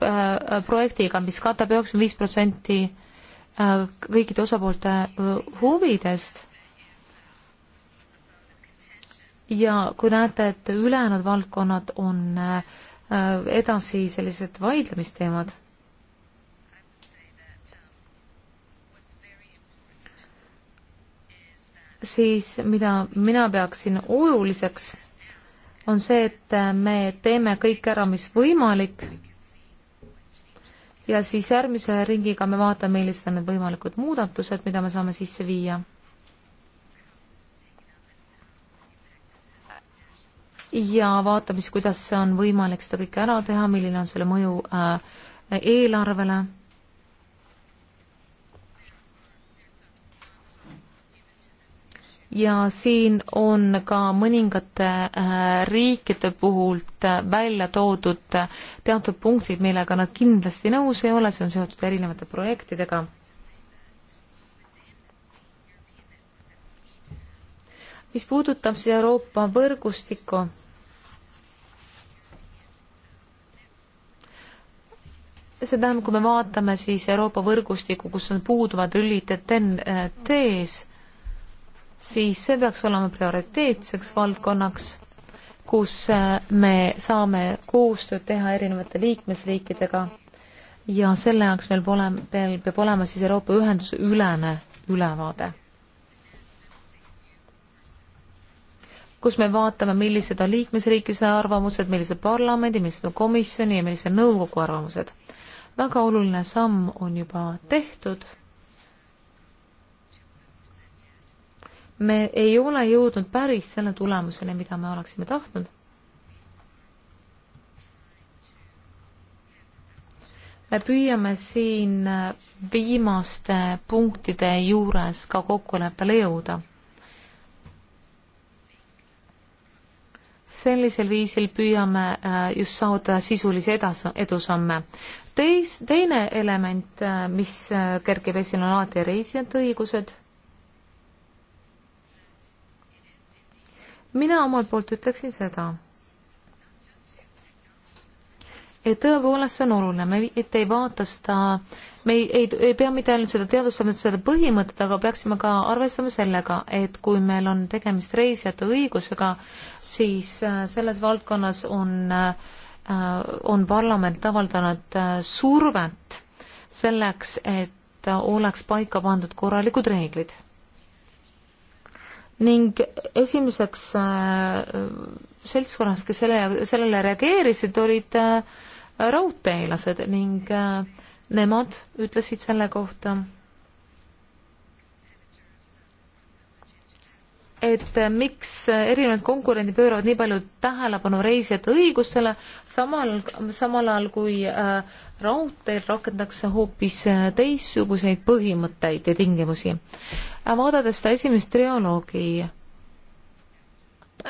projektiga, mis katab üheksakümmend viis protsenti kõikide osapoolte huvidest, ja kui näete, et ülejäänud valdkonnad on äh, edasi sellised vaidlemisteemad, siis mida mina peaksin oluliseks, on see, et me teeme kõik ära, mis võimalik ja siis järgmise ringiga me vaatame, millised on need võimalikud muudatused, mida me saame sisse viia ja vaatame siis, kuidas on võimalik seda kõike ära teha, milline on selle mõju äh, eelarvele. ja siin on ka mõningate äh, riikide puhult äh, välja toodud teatud punktid, millega nad kindlasti nõus ei ole, see on seotud erinevate projektidega mis puudutab siis Euroopa võrgustikku, see tähendab, kui me vaatame siis Euroopa võrgustikku, kus on puuduvad lülid TEN-T-s, äh, siis see peaks olema prioriteetseks valdkonnaks, kus äh, me saame koostööd teha erinevate liikmesriikidega ja selle jaoks meil pole, meil peab olema siis Euroopa ühenduse ülene ülevaade kus me vaatame, millised on liikmesriikide arvamused, millised parlamendi, millised on komisjoni ja millised nõukogu arvamused. väga oluline samm on juba tehtud. me ei ole jõudnud päris selle tulemuseni, mida me oleksime tahtnud. me püüame siin viimaste punktide juures ka kokkuleppele jõuda sellisel viisil püüame äh, just saada sisulisi edas-, edusamme. Teis-, teine element, äh, mis äh, kerkib esile, on alati reisijate õigused. mina omalt poolt ütleksin seda, et tõepoolest see on oluline, me mitte ei vaata seda äh, me ei, ei, ei pea mitte ainult seda teadvustama, seda põhimõtet, aga peaksime ka arvestama sellega, et kui meil on tegemist reisijate õigusega, siis äh, selles valdkonnas on, äh, on parlament avaldanud äh, survet selleks, et oleks paika pandud korralikud reeglid. ning esimeseks seltskonnaks, kes selle, sellele reageerisid, olid raudteelased ning äh, Nemad ütlesid selle kohta, et miks erinevad konkurendid pööravad nii palju tähelepanu reisijate õigustele, samal, samal ajal kui äh, raudteel rakendatakse hoopis äh, teistsuguseid põhimõtteid ja tingimusi. Äh, vaadates seda esimest trioloogi,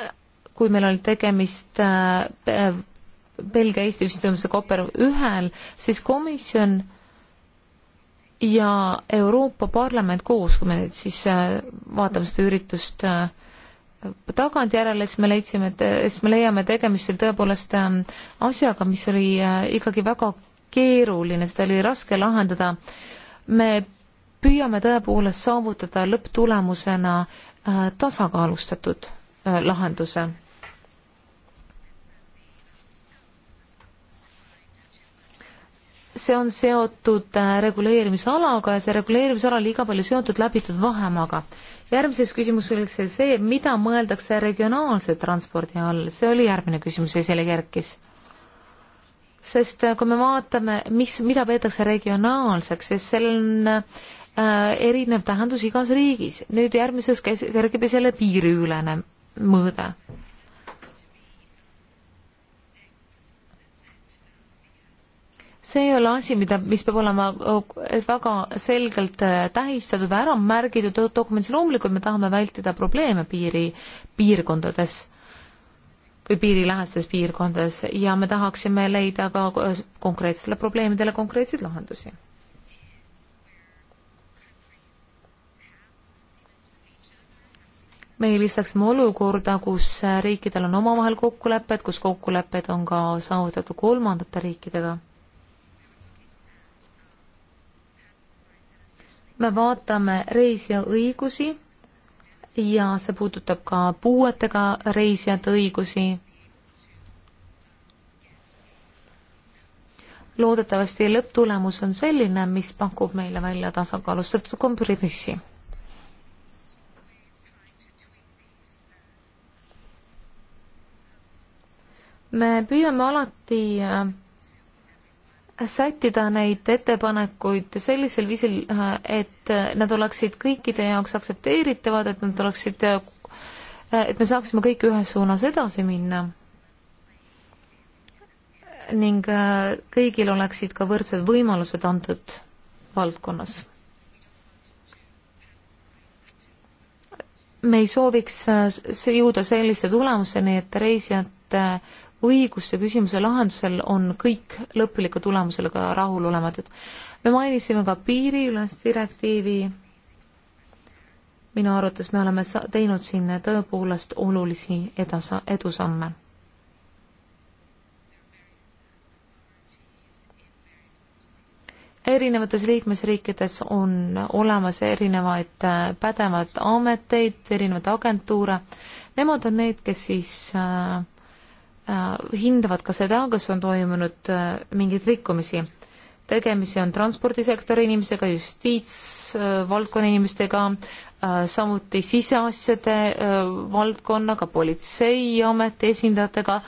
äh, kui meil oli tegemist äh, Belgia Eesti ühistumise koper ühel, siis komisjon ja Euroopa Parlament koos, kui me nüüd siis äh, vaatame seda üritust äh, tagantjärele, siis me leidsime, et, äh, siis me leiame, tegemist oli tõepoolest asjaga, mis oli ikkagi väga keeruline, seda oli raske lahendada. me püüame tõepoolest saavutada lõpptulemusena tasakaalustatud lahenduse see on seotud äh, reguleerimisalaga ja see reguleerimisala liiga palju seotud läbitud vahemaaga. järgmises küsimus oli see, mida mõeldakse regionaalse transpordi all, see oli järgmine küsimus, esile kerkis. sest äh, kui me vaatame, mis, mida peetakse regionaalseks, siis sellel on äh, erinev tähendus igas riigis. nüüd järgmises kerkib esile piiriülene mõõde see ei ole asi, mida, mis peab olema äh, väga selgelt äh, tähistatud või ära märgitud dokumendis, loomulikult me tahame vältida probleeme piiri, piirkondades või piirilähestes piirkondades ja me tahaksime leida ka äh, konkreetsetele probleemidele konkreetseid lahendusi. me eelistaksime olukorda, kus riikidel on omavahel kokkulepped, kus kokkulepped on ka saavutatud kolmandate riikidega me vaatame reisija õigusi ja see puudutab ka puuetega reisijate õigusi. loodetavasti lõpptulemus on selline, mis pakub meile välja tasakaalustatud kompromissi. me püüame alati äh, sättida neid ettepanekuid sellisel viisil, äh, et nad oleksid kõikide jaoks aktsepteeritavad, et nad oleksid, äh, et me saaksime kõik ühes suunas edasi minna. ning äh, kõigil oleksid ka võrdsed võimalused antud valdkonnas. me ei sooviks jõuda selliste tulemuseni, et reisijate õiguste küsimuse lahendusel on kõik lõpliku tulemusega rahulolematud. me mainisime ka piiriülest direktiivi, minu arvates me oleme teinud siin tõepoolest olulisi edasa, edusamme. erinevates liikmesriikides on olemas erinevaid äh, pädevad ameteid, erinevaid agentuure, nemad on need, kes siis äh, Äh, hindavad ka seda, kas on toimunud äh, mingeid rikkumisi. tegemisi on transpordisektori inimesega, justiitsvaldkonna inimestega, äh, samuti siseasjade valdkonnaga, politseiameti esindajatega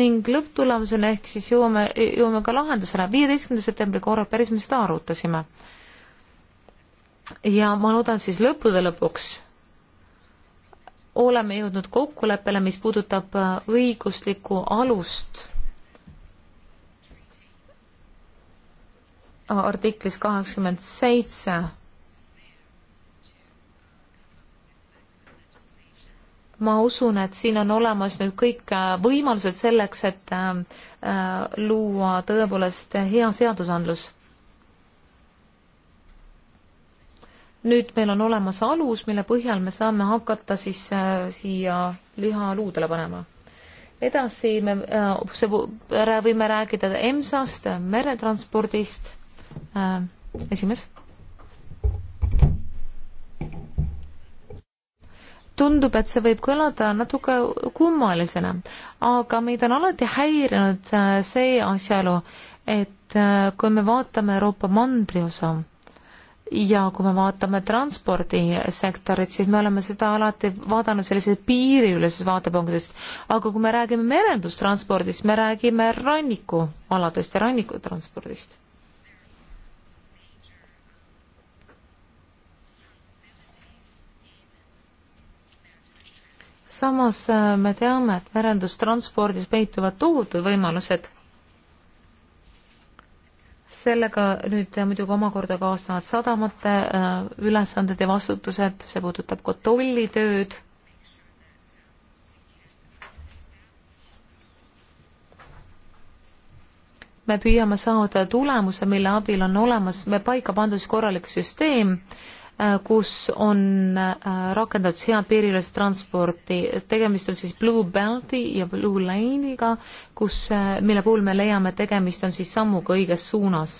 ning lõpptulemusena ehk siis jõuame, jõuame ka lahendusele. viieteistkümnenda septembri korrapäris me seda arutasime. ja ma loodan siis lõppude lõpuks oleme jõudnud kokkuleppele, mis puudutab äh, õiguslikku alust artiklis kaheksakümmend seitse ma usun, et siin on olemas nüüd kõik äh, võimalused selleks, et äh, luua tõepoolest hea seadusandlus nüüd meil on olemas alus, mille põhjal me saame hakata siis äh, siia liha luudele panema. edasi me äh,, see, võime rääkida EMSA-st, meretranspordist äh,. esimees? tundub, et see võib kõlada natuke kummalisena, aga meid on alati häirinud äh, see asjaolu, et äh, kui me vaatame Euroopa mandriosa, ja kui me vaatame transpordisektorit, siis me oleme seda alati vaadanud sellisest piiriülesest vaatepunktist, aga kui me räägime merendustranspordist, me räägime rannikualadest ja rannikutranspordist. samas äh, me teame, et merendustranspordis peituvad tohutud võimalused sellega nüüd muidugi omakorda kaasnevad sadamate äh, ülesanded ja vastutused, see puudutab ka tollitööd. me püüame saada tulemuse, mille abil on olemas paika pandud siis korralik süsteem Äh, kus on äh, rakendatud seapiirilist transporti. tegemist on siis Blue Belti ja Blue Lane'iga, kus, äh, mille puhul me leiame, tegemist on siis sammuga õiges suunas.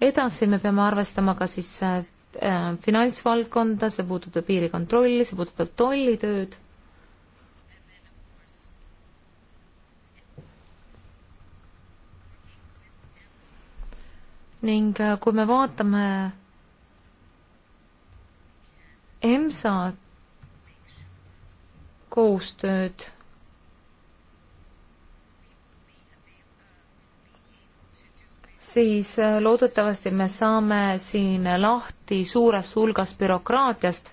edasi me peame arvestama ka siis äh, finantsvaldkonda, see puudutab piirikontrolli, see puudutab tollitööd ning kui me vaatame EMSA koostööd siis äh, loodetavasti me saame siin lahti suurest hulgast bürokraatiast,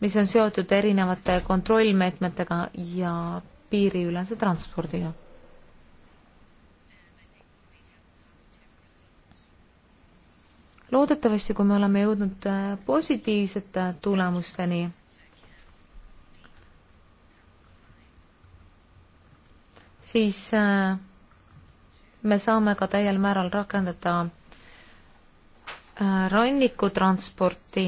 mis on seotud erinevate kontrollmeetmetega ja piiriülese transpordiga loodetavasti, kui me oleme jõudnud äh, positiivsete tulemusteni, siis äh, me saame ka täiel määral rakendada äh, rannikutransporti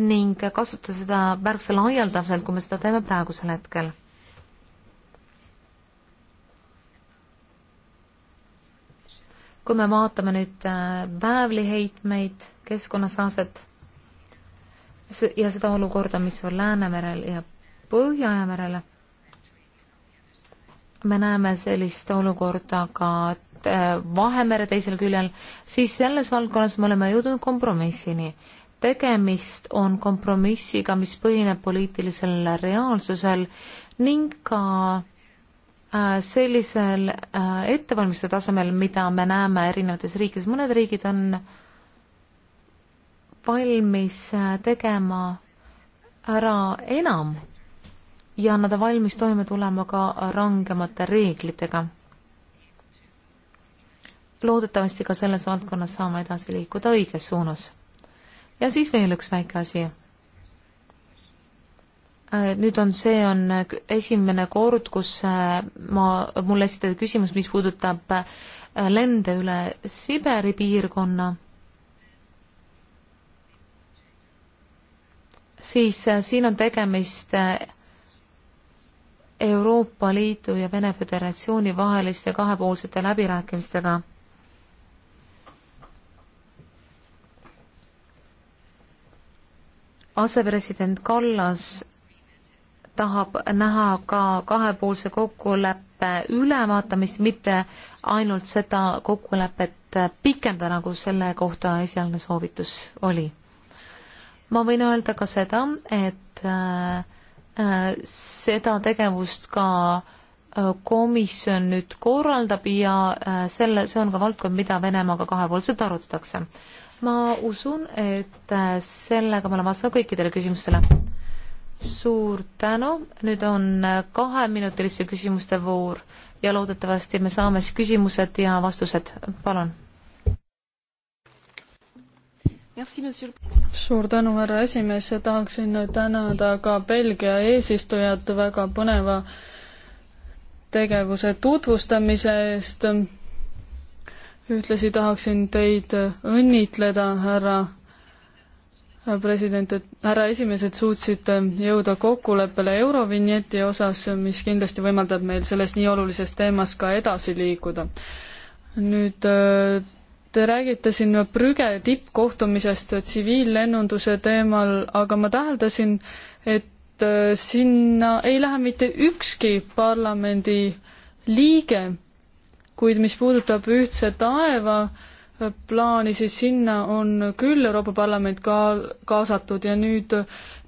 ning kasutada seda märksa laialdaselt, kui me seda teeme praegusel hetkel kui me vaatame nüüd äh, väävliheitmeid, keskkonnasaastet ja seda olukorda, mis on Läänemerel ja Põhja-Jäämerel, me näeme sellist olukorda ka äh, Vahemere teisel küljel, siis selles valdkonnas me oleme jõudnud kompromissini. tegemist on kompromissiga, mis põhineb poliitilisel reaalsusel ning ka Äh, sellisel äh, ettevalmistuse tasemel, mida me näeme erinevates riikides, mõned riigid on valmis äh, tegema ära enam ja nad on valmis toime tulema ka rangemate reeglitega. loodetavasti ka selles valdkonnas saame edasi liikuda õiges suunas. ja siis veel üks väike asi Äh, nüüd on, see on äh, esimene kord, kus äh, ma, mulle esitati küsimus, mis puudutab lende üle Siberi piirkonna, siis siin on tegemist Euroopa Liidu ja Vene Föderatsiooni vaheliste kahepoolsete läbirääkimistega asepresident Kallas tahab näha ka kahepoolse kokkuleppe ülevaatamist, mitte ainult seda kokkulepet pikendada, nagu selle kohta esialgne soovitus oli. ma võin öelda ka seda, et äh, äh, seda tegevust ka äh, komisjon nüüd korraldab ja selle, see on ka valdkond, mida Venemaaga kahepoolselt arutatakse. ma usun, et sellega me oleme vastanud kõikidele küsimustele suur tänu, nüüd on äh, kaheminutiliste küsimuste voor ja loodetavasti me saame siis küsimused ja vastused, palun. suur tänu, härra esimees, tahaksin tänada ka Belgia eesistujat väga põneva tegevuse tutvustamise eest. ühtlasi tahaksin teid õnnitleda, härra president, et härra esimees, et suutsite jõuda kokkuleppele Eurovinjeti osas, mis kindlasti võimaldab meil selles nii olulises teemas ka edasi liikuda. nüüd äh, te räägite siin prüge tippkohtumisest tsiviillennunduse teemal, aga ma täheldasin, et äh, sinna ei lähe mitte ükski parlamendi liige, kuid mis puudutab ühtset taeva, plaani, siis sinna on küll Euroopa Parlament ka kaasatud ja nüüd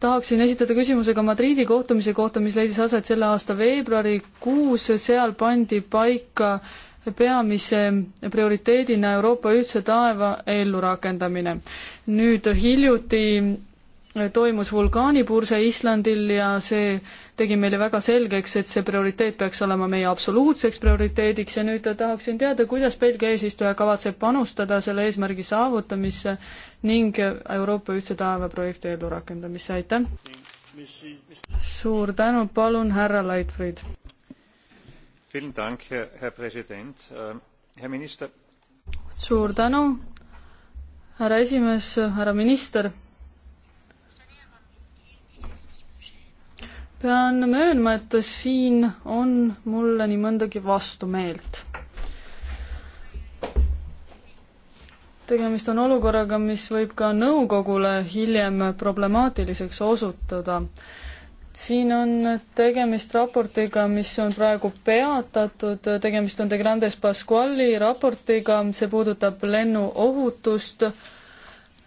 tahaksin esitada küsimuse ka Madriidi kohtumise kohta, mis leidis aset selle aasta veebruarikuus, seal pandi paika peamise prioriteedina Euroopa ühtse taeva ellurakendamine. nüüd hiljuti toimus vulkaanipurse Islandil ja see tegi meile väga selgeks, et see prioriteet peaks olema meie absoluutseks prioriteediks ja nüüd tahaksin teada, kuidas Belgia eesistuja kavatseb panustada selle eesmärgi saavutamisse ning Euroopa ühtse taeva projekti ellurakendamisse, aitäh! suur tänu, palun, härra Leitfried! Ähm, suur tänu, härra esimees, härra minister pean möönma, et siin on mulle nii mõndagi vastumeelt. tegemist on olukorraga, mis võib ka nõukogule hiljem problemaatiliseks osutuda. siin on tegemist raportiga, mis on praegu peatatud, tegemist on De Grandes Pascuali raportiga, see puudutab lennuohutust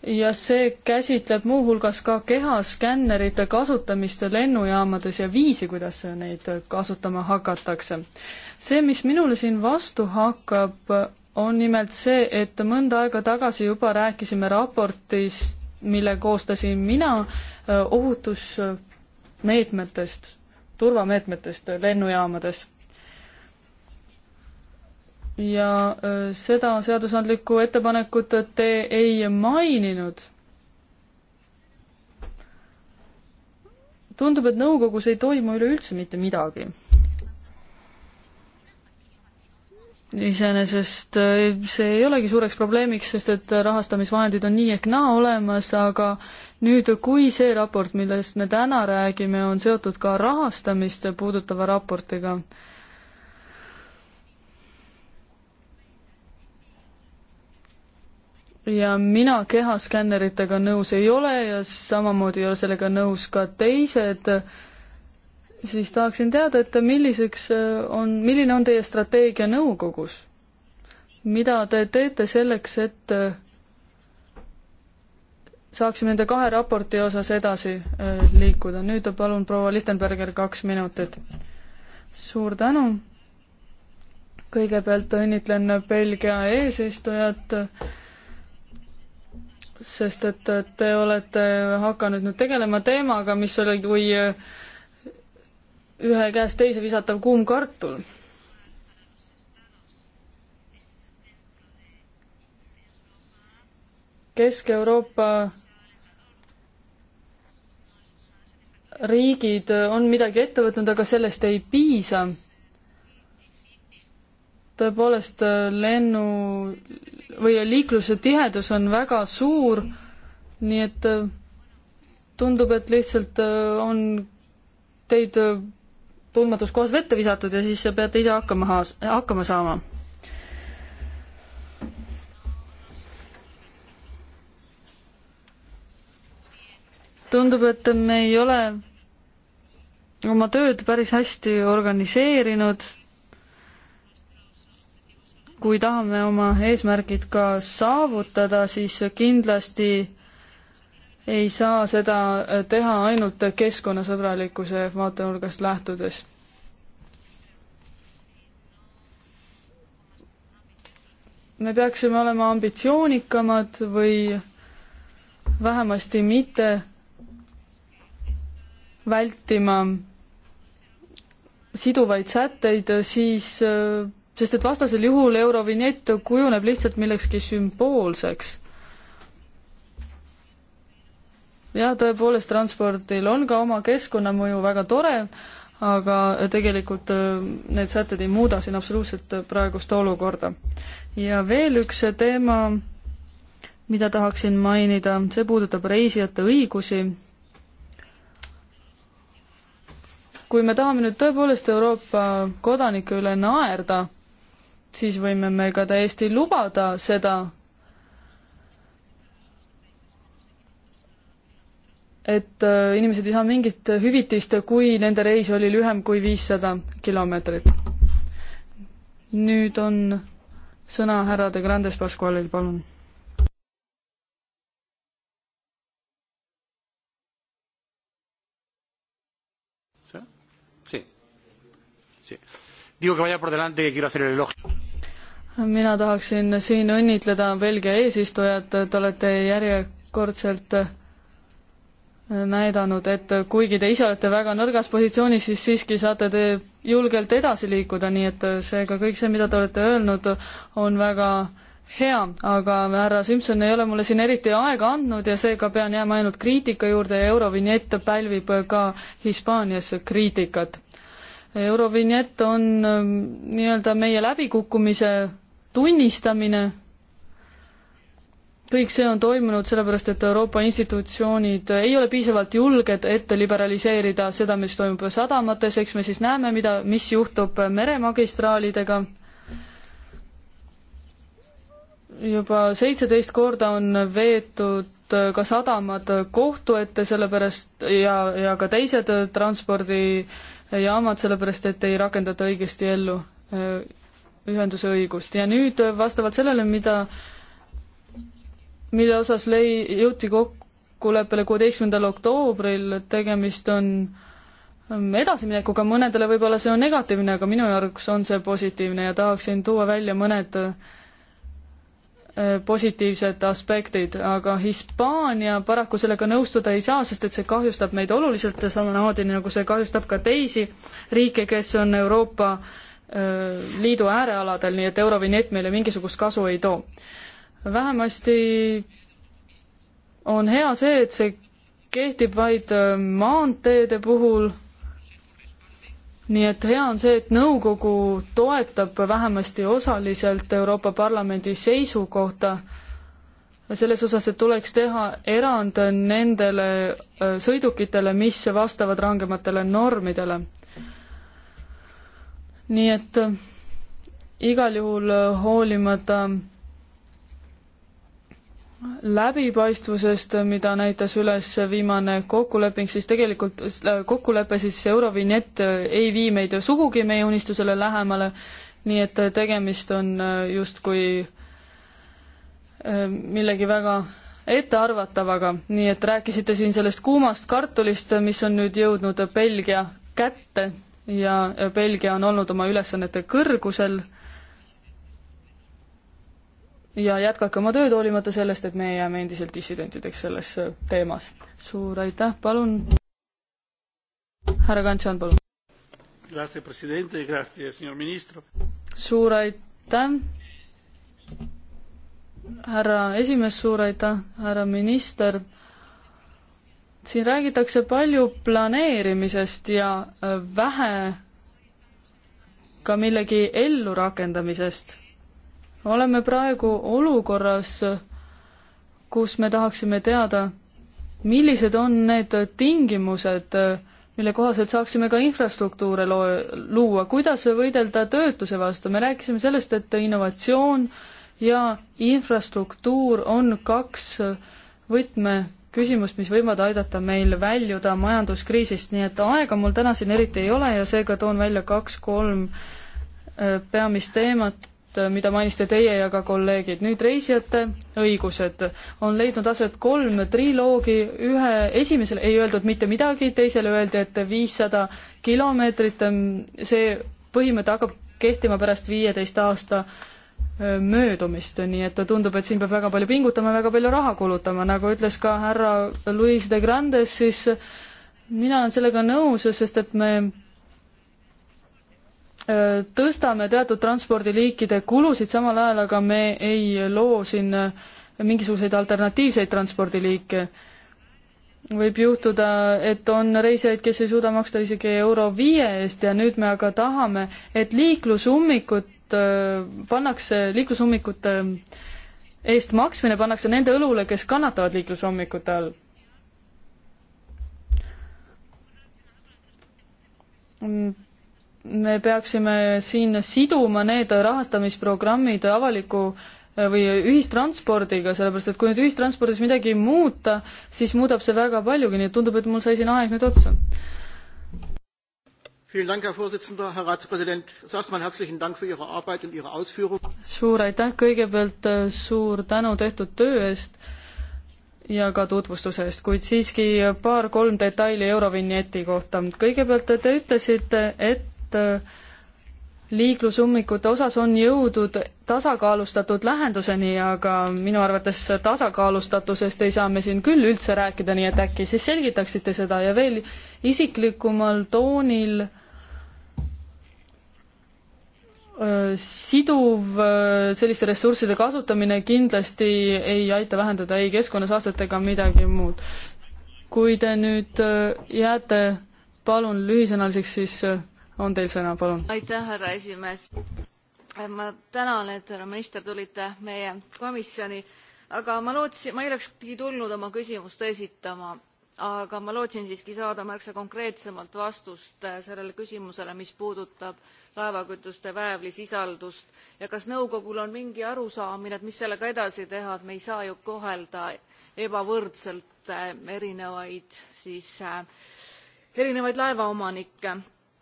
ja see käsitleb muuhulgas ka kehaskännerite kasutamist lennujaamades ja viisi, kuidas neid kasutama hakatakse. see, mis minule siin vastu hakkab, on nimelt see, et mõnda aega tagasi juba rääkisime raportist, mille koostasin mina äh, ohutusmeetmetest, turvameetmetest lennujaamades ja äh, seda seadusandlikku ettepanekut te ei maininud. tundub, et nõukogus ei toimu üleüldse mitte midagi. iseenesest äh, see ei olegi suureks probleemiks, sest et rahastamisvahendid on nii ehk naa olemas, aga nüüd, kui see raport, millest me täna räägime, on seotud ka rahastamist puudutava raportiga, ja mina kehaskänneritega nõus ei ole ja samamoodi ei ole sellega nõus ka teised, siis tahaksin teada, et milliseks äh, on, milline on teie strateegia nõukogus? mida te teete selleks, et äh, saaksime nende kahe raporti osas edasi äh, liikuda. nüüd palun proua Lichtenberger kaks minutit. suur tänu. kõigepealt õnnitlen Belgia eesistujat sest et te olete hakanud nüüd tegelema teemaga, mis oli kui ühe käest teise visatav kuum kartul. Kesk-Euroopa riigid on midagi ette võtnud, aga sellest ei piisa tõepoolest äh, lennu või liikluse tihedus on väga suur, nii et äh, tundub, et lihtsalt äh, on teid tundmatus kohas vette visatud ja siis peate ise hakkama haas-, hakkama saama. tundub, et me ei ole oma tööd päris hästi organiseerinud kui tahame oma eesmärgid ka saavutada, siis kindlasti ei saa seda teha ainult keskkonnasõbralikkuse vaatenurgast lähtudes me peaksime olema ambitsioonikamad või vähemasti mitte vältima siduvaid sätteid, siis äh, sest et vastasel juhul Eurovinjett kujuneb lihtsalt millekski sümboolseks. jah, tõepoolest, transpordil on ka oma keskkonnamõju, väga tore, aga tegelikult äh, need sätted ei muuda siin absoluutselt praegust olukorda. ja veel üks teema, mida tahaksin mainida, see puudutab reisijate õigusi. kui me tahame nüüd tõepoolest Euroopa kodanike üle naerda, siis võime me ka täiesti lubada seda, et äh, inimesed ei saa mingit hüvitist, kui nende reis oli lühem kui viissada kilomeetrit. nüüd on sõna härra De Grandes Pascualil, palun digo que vaya por delante que quiero hacer el elogio mina tahaksin siin õnnitleda Belgia eesistujat, te olete järjekordselt näidanud, et kuigi te ise olete väga nõrgas positsioonis, siis siiski saate te julgelt edasi liikuda, nii et seega kõik see, mida te olete öelnud, on väga hea, aga härra Simson ei ole mulle siin eriti aega andnud ja seega pean jääma ainult kriitika juurde ja Eurovinjett pälvib ka Hispaanias kriitikat. Eurovinjett on ähm, nii-öelda meie läbikukkumise tunnistamine, kõik see on toimunud sellepärast, et Euroopa institutsioonid ei ole piisavalt julged, et liberaliseerida seda, mis toimub sadamates, eks me siis näeme, mida, mis juhtub meremagistraalidega. juba seitseteist korda on veetud ka sadamad kohtu ette, sellepärast ja, ja ka teised transpordijaamad, sellepärast et ei rakendata õigesti ellu ühenduse õigust ja nüüd äh, vastavalt sellele, mida, mille osas lei-, jõuti kokkuleppele kuueteistkümnendal oktoobril, et tegemist on ähm, edasiminekuga, mõnedele võib-olla see on negatiivne, aga minu jaoks on see positiivne ja tahaksin tuua välja mõned äh, positiivsed aspektid, aga Hispaania paraku sellega nõustuda ei saa, sest et see kahjustab meid oluliselt ja samamoodi nagu see kahjustab ka teisi riike, kes on Euroopa liidu äärealadel, nii et Eurovinjett meile mingisugust kasu ei too. vähemasti on hea see, et see kehtib vaid maanteede puhul, nii et hea on see, et nõukogu toetab vähemasti osaliselt Euroopa Parlamendi seisukohta selles osas, et tuleks teha erand nendele sõidukitele, mis vastavad rangematele normidele nii et äh, igal juhul äh, hoolimata läbipaistvusest, mida näitas üles viimane kokkuleping, siis tegelikult äh, kokkulepe siis Eurovinjett ei vii meid sugugi meie unistusele lähemale, nii et tegemist on justkui millegi väga ettearvatavaga, nii et rääkisite siin sellest kuumast kartulist, mis on nüüd jõudnud Belgia kätte ja Belgia on olnud oma ülesannete kõrgusel ja jätkake oma tööd, hoolimata sellest, et me jääme endiselt dissidentideks selles teemas. suur aitäh, palun. härra Kantsan, palun. suur aitäh, härra esimees, suur aitäh, härra minister siin räägitakse palju planeerimisest ja äh, vähe ka millegi ellurakendamisest. oleme praegu olukorras, kus me tahaksime teada, millised on need tingimused, mille kohaselt saaksime ka infrastruktuure loo-, luua, kuidas võidelda töötuse vastu, me rääkisime sellest, et innovatsioon ja infrastruktuur on kaks võtme küsimust, mis võivad aidata meil väljuda majanduskriisist, nii et aega mul täna siin eriti ei ole ja seega toon välja kaks-kolm äh, peamist teemat, äh, mida mainisite teie ja ka kolleegid. nüüd reisijate õigused. on leidnud aset kolm triloogi, ühe, esimesel ei öeldud mitte midagi, teisele öeldi, et viissada kilomeetrit, see põhimõte hakkab kehtima pärast viieteist aasta möödumist, nii et tundub, et siin peab väga palju pingutama, väga palju raha kulutama, nagu ütles ka härra Luis de Grandes, siis mina olen sellega nõus, sest et me tõstame teatud transpordiliikide kulusid, samal ajal aga me ei loo siin mingisuguseid alternatiivseid transpordiliike. võib juhtuda, et on reisijaid, kes ei suuda maksta isegi euro viie eest ja nüüd me aga tahame, et liiklusummikud tegelikult äh, pannakse liiklusummikute äh, eest maksmine pannakse nende õlule, kes kannatavad liiklusommikute all. me peaksime siin siduma need rahastamisprogrammid avaliku äh, või ühistranspordiga, sellepärast et kui nüüd ühistranspordis midagi muuta, siis muudab see väga paljugi, nii et tundub, et mul sai siin aeg nüüd otsa Vielen Dank, Herr Vorsitzender, Herr Ratspräsident Sassmann, herzlichen Dank für Ihre Arbeit und Ihre Ausführungen. suur aitäh kõigepealt, äh, suur tänu tehtud töö eest ja ka tutvustuse eest, kuid siiski paar-kolm detaili Eurovinjeti kohta. kõigepealt te ütlesite, et äh, liiklusummikute osas on jõudud tasakaalustatud lähenduseni, aga minu arvates tasakaalustatusest ei saa me siin küll üldse rääkida, nii et äkki siis selgitaksite seda ja veel isiklikumal toonil siduv selliste ressursside kasutamine kindlasti ei aita vähendada ei keskkonnasaastet ega midagi muud. kui te nüüd jääte palun lühisõnaliseks, siis on teil sõna, palun. aitäh, härra esimees. ma tänan, et härra minister tulite meie komisjoni, aga ma lootsin, ma ei olekski tulnud oma küsimust esitama aga ma lootsin siiski saada märksa konkreetsemalt vastust äh, sellele küsimusele mis puudutab laevakütuste väävlisisaldust ja kas nõukogul on mingi arusaamine, et mis sellega edasi teha, et me ei saa ju kohelda ebavõrdselt äh, erinevaid siis, äh, erinevaid laevaomanikke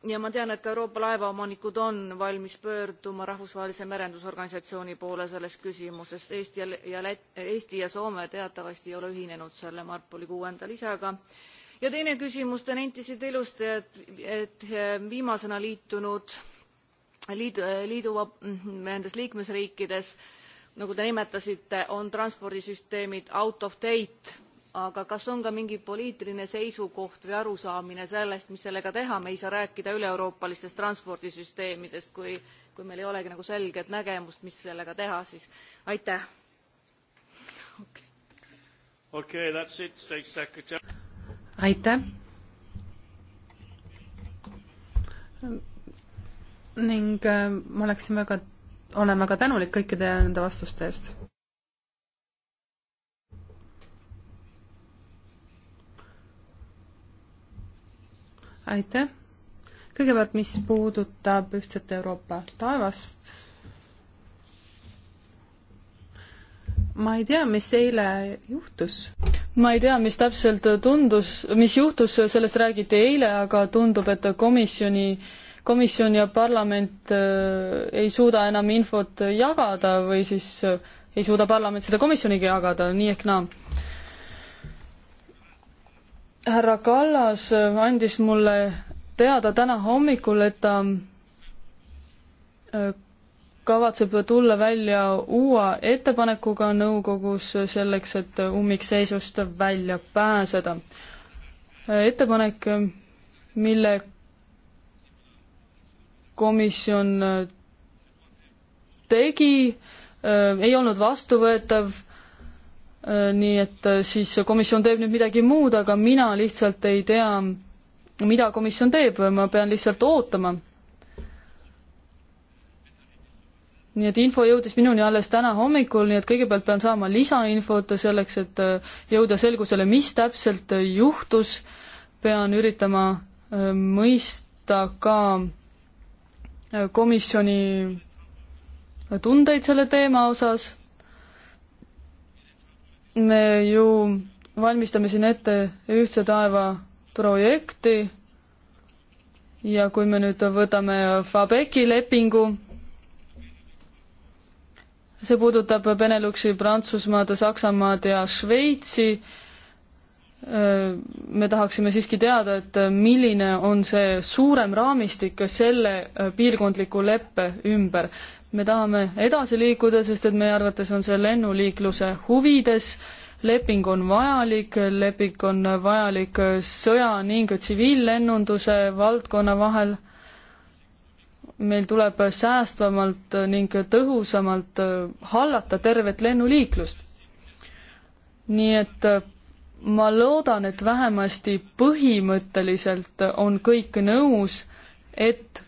ja ma tean, et ka Euroopa laevaomanikud on valmis pöörduma Rahvusvahelise Merendusorganisatsiooni poole selles küsimuses. Eesti ja, ja Lät-, Eesti ja Soome teatavasti ei ole ühinenud selle Marpoli kuuenda lisaga. ja teine küsimus, te nentisite ilusti, et, et viimasena liitunud liidu, liidu nendes liikmesriikides nagu te nimetasite on transpordisüsteemid out of date aga kas on ka mingi poliitiline seisukoht või arusaamine sellest mis sellega teha me ei saa rääkida üleeuroopalistest transpordisüsteemidest kui kui meil ei olegi nagu selget nägemust mis sellega teha siis aitäh okay. Okay, that's it, State Secretary. aitäh ning äh, ma oleksin väga, olen väga tänulik kõikide nende vastuste eest. aitäh. kõigepealt, mis puudutab ühtset Euroopa taevast, ma ei tea, mis eile juhtus. ma ei tea, mis täpselt tundus, mis juhtus, sellest räägiti eile, aga tundub, et komisjoni äh, komisjon ja parlament äh, ei suuda enam infot jagada või siis äh, ei suuda parlament seda komisjoniga jagada, nii ehk naa. härra Kallas äh, andis mulle teada täna hommikul, et ta kavatseb tulla välja uue ettepanekuga nõukogus selleks, et ummikseisust välja pääseda. ettepanek, mille komisjon äh, tegi, äh, ei olnud vastuvõetav, äh, nii et siis komisjon teeb nüüd midagi muud, aga mina lihtsalt ei tea, mida komisjon teeb, ma pean lihtsalt ootama. nii et info jõudis minuni alles täna hommikul, nii et kõigepealt pean saama lisainfot selleks, et jõuda selgusele, mis täpselt juhtus, pean üritama mõista ka komisjoni tundeid selle teema osas. me ju valmistame siin ette Ühtse taeva projekti ja kui me nüüd võtame Fabeki lepingu, see puudutab Beneluxi, Prantsusmaad, Saksamaad ja Šveitsi me tahaksime siiski teada, et milline on see suurem raamistik selle äh, piirkondliku leppe ümber. me tahame edasi liikuda, sest et meie arvates on see lennuliikluse huvides, leping on vajalik, leping on vajalik äh, sõja ning tsiviillennunduse valdkonna vahel. meil tuleb säästvamalt ning tõhusamalt äh, hallata tervet lennuliiklust. nii et ma loodan, et vähemasti põhimõtteliselt on kõik nõus, et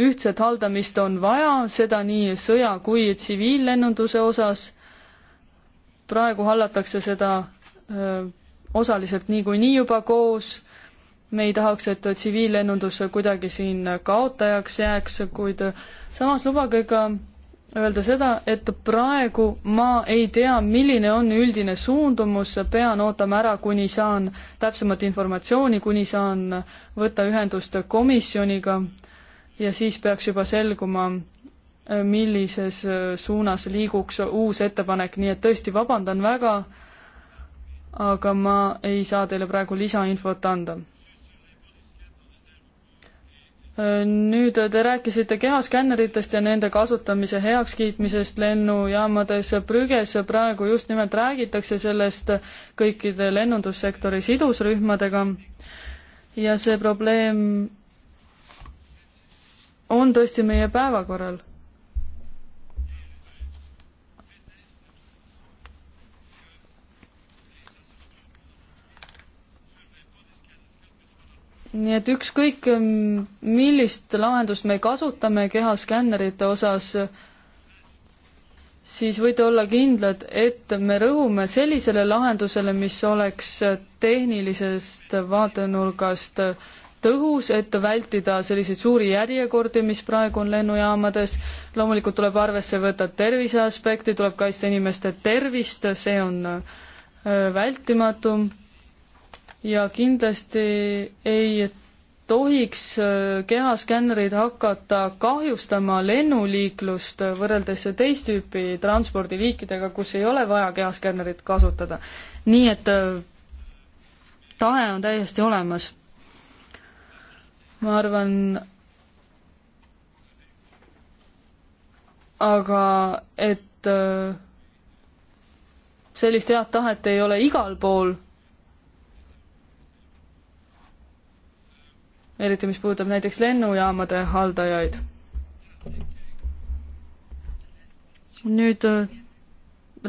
ühtset haldamist on vaja, seda nii sõja kui tsiviillennunduse osas. praegu hallatakse seda öö, osaliselt niikuinii juba koos. me ei tahaks, et tsiviillennundus kuidagi siin kaotajaks jääks, kuid samas lubage ka öelda seda, et praegu ma ei tea, milline on üldine suundumus, pean ootama ära, kuni saan täpsemat informatsiooni, kuni saan võtta ühendust komisjoniga ja siis peaks juba selguma, millises suunas liiguks uus ettepanek, nii et tõesti vabandan väga, aga ma ei saa teile praegu lisainfot anda nüüd te rääkisite kehaskänneritest ja nende kasutamise heakskiitmisest lennujaamades prüges. praegu just nimelt räägitakse sellest kõikide lennundussektori sidusrühmadega. ja see probleem on tõesti meie päevakorral nii et ükskõik, ähm, millist lahendust me kasutame kehaskännerite osas, siis võite olla kindlad, et me rõhume sellisele lahendusele, mis oleks tehnilisest vaatenurgast tõhus, et vältida selliseid suuri järjekordi, mis praegu on lennujaamades. loomulikult tuleb arvesse võtta tervise aspekti, tuleb kaitsta inimeste tervist, see on äh, vältimatu ja kindlasti ei tohiks äh, kehaskännerid hakata kahjustama lennuliiklust võrreldes teist tüüpi transpordiliikidega, kus ei ole vaja kehaskännerit kasutada. nii et äh, tahe on täiesti olemas. ma arvan, aga et äh, sellist head tahet ei ole igal pool eriti mis puudutab näiteks lennujaamade haldajaid. nüüd äh,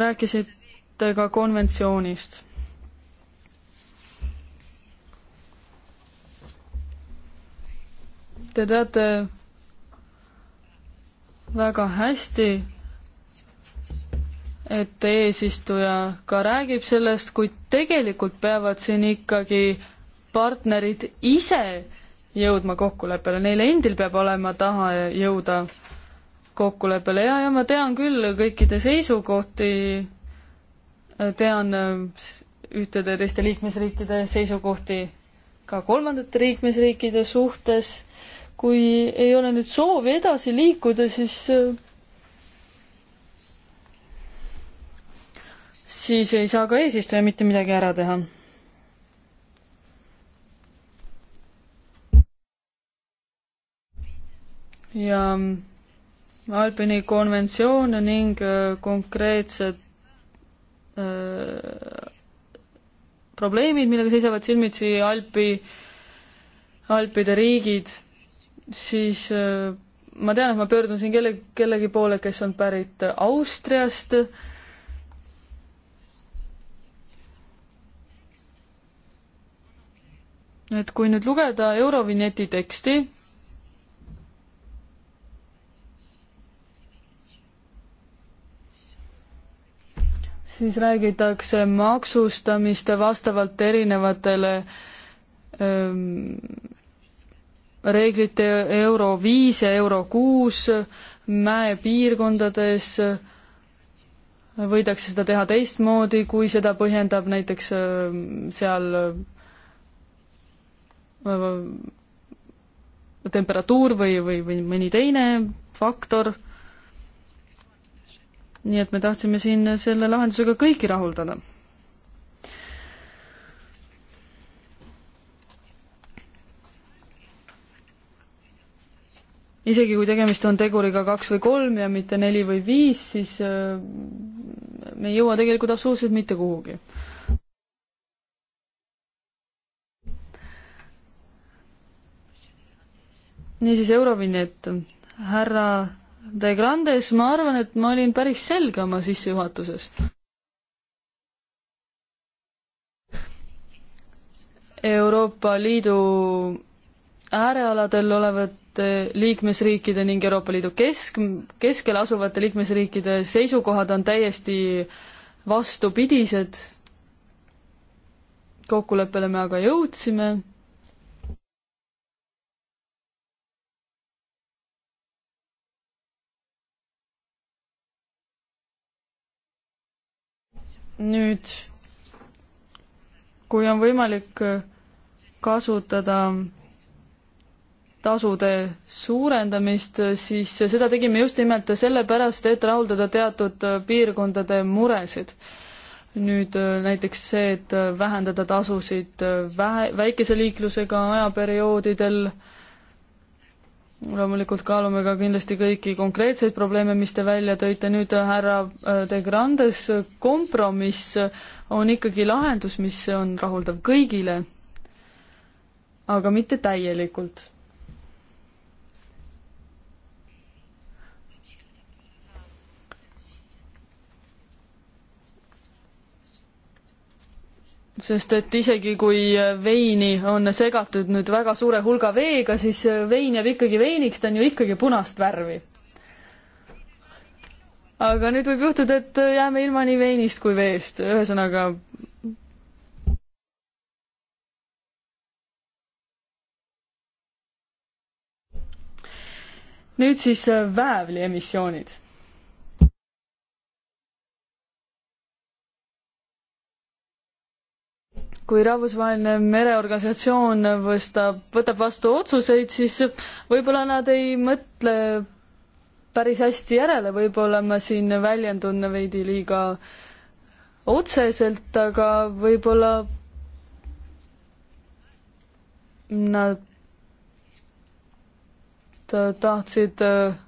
rääkisite ka konventsioonist. Te teate väga hästi, et eesistuja ka räägib sellest, kuid tegelikult peavad siin ikkagi partnerid ise jõudma kokkuleppele, neil endil peab olema taha jõuda kokkuleppele ja, ja ma tean küll kõikide seisukohti, tean äh, ühtede teiste liikmesriikide seisukohti ka kolmandate liikmesriikide suhtes, kui ei ole nüüd soovi edasi liikuda, siis äh, siis ei saa ka eesistuja mitte midagi ära teha ja Albini konventsioon ning äh, konkreetsed öö, äh, probleemid, millega seisavad silmitsi Alpi, Alpide riigid, siis öö, äh, ma tean, et ma pöördun siin kelle, kellegi poole, kes on pärit Austriast. et kui nüüd lugeda Eurovinjeti teksti, siis räägitakse maksustamist vastavalt erinevatele ähm, reeglite euro viis ja euro kuus mäepiirkondades võidakse seda teha teistmoodi, kui seda põhjendab näiteks ähm, seal äh, temperatuur või, või, või mõni teine faktor nii et me tahtsime siin selle lahendusega kõiki rahuldada. isegi kui tegemist on teguriga kaks või kolm ja mitte neli või viis, siis äh, me ei jõua tegelikult absoluutselt mitte kuhugi niisiis Eurovinjett, härra De Grandes, ma arvan, et ma olin päris selge oma sissejuhatuses. Euroopa Liidu äärealadel olevate liikmesriikide ning Euroopa Liidu kesk, keskel asuvate liikmesriikide seisukohad on täiesti vastupidised. kokkuleppele me aga jõudsime nüüd, kui on võimalik kasutada tasude suurendamist, siis seda tegime just nimelt sellepärast, et rahuldada teatud piirkondade muresid. nüüd äh, näiteks see, et vähendada tasusid vähe, väikese liiklusega ajaperioodidel äh, loomulikult kaalume ka kindlasti kõiki konkreetseid probleeme, mis te välja tõite, nüüd äh, härra äh, De Grandes, kompromiss on ikkagi lahendus, mis on rahuldav kõigile, aga mitte täielikult sest et isegi kui veini on segatud nüüd väga suure hulga veega, siis vein jääb ikkagi veiniks, ta on ju ikkagi punast värvi. aga nüüd võib juhtuda, et jääme ilma nii veinist kui veest, ühesõnaga nüüd siis väävliemissioonid kui rahvusvaheline mereorganisatsioon võstab, võtab vastu otsuseid, siis võib-olla nad ei mõtle päris hästi järele, võib-olla ma siin väljendun veidi liiga otseselt, aga võib-olla nad tahtsid äh,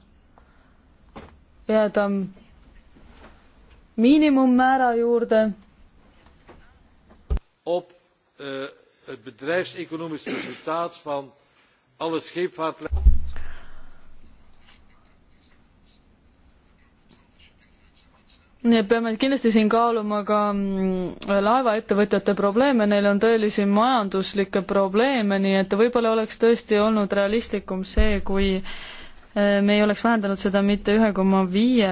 jääda miinimummäära juurde op uh, het bedrijfseconomisch resultaat van alle scheepvaartlijnen. nii et peame kindlasti siin kaaluma ka mm, laevaettevõtjate probleeme, neil on tõelisi majanduslikke probleeme, nii et võib-olla oleks tõesti olnud realistlikum see, kui eh, me ei oleks vähendanud seda mitte ühe koma viie,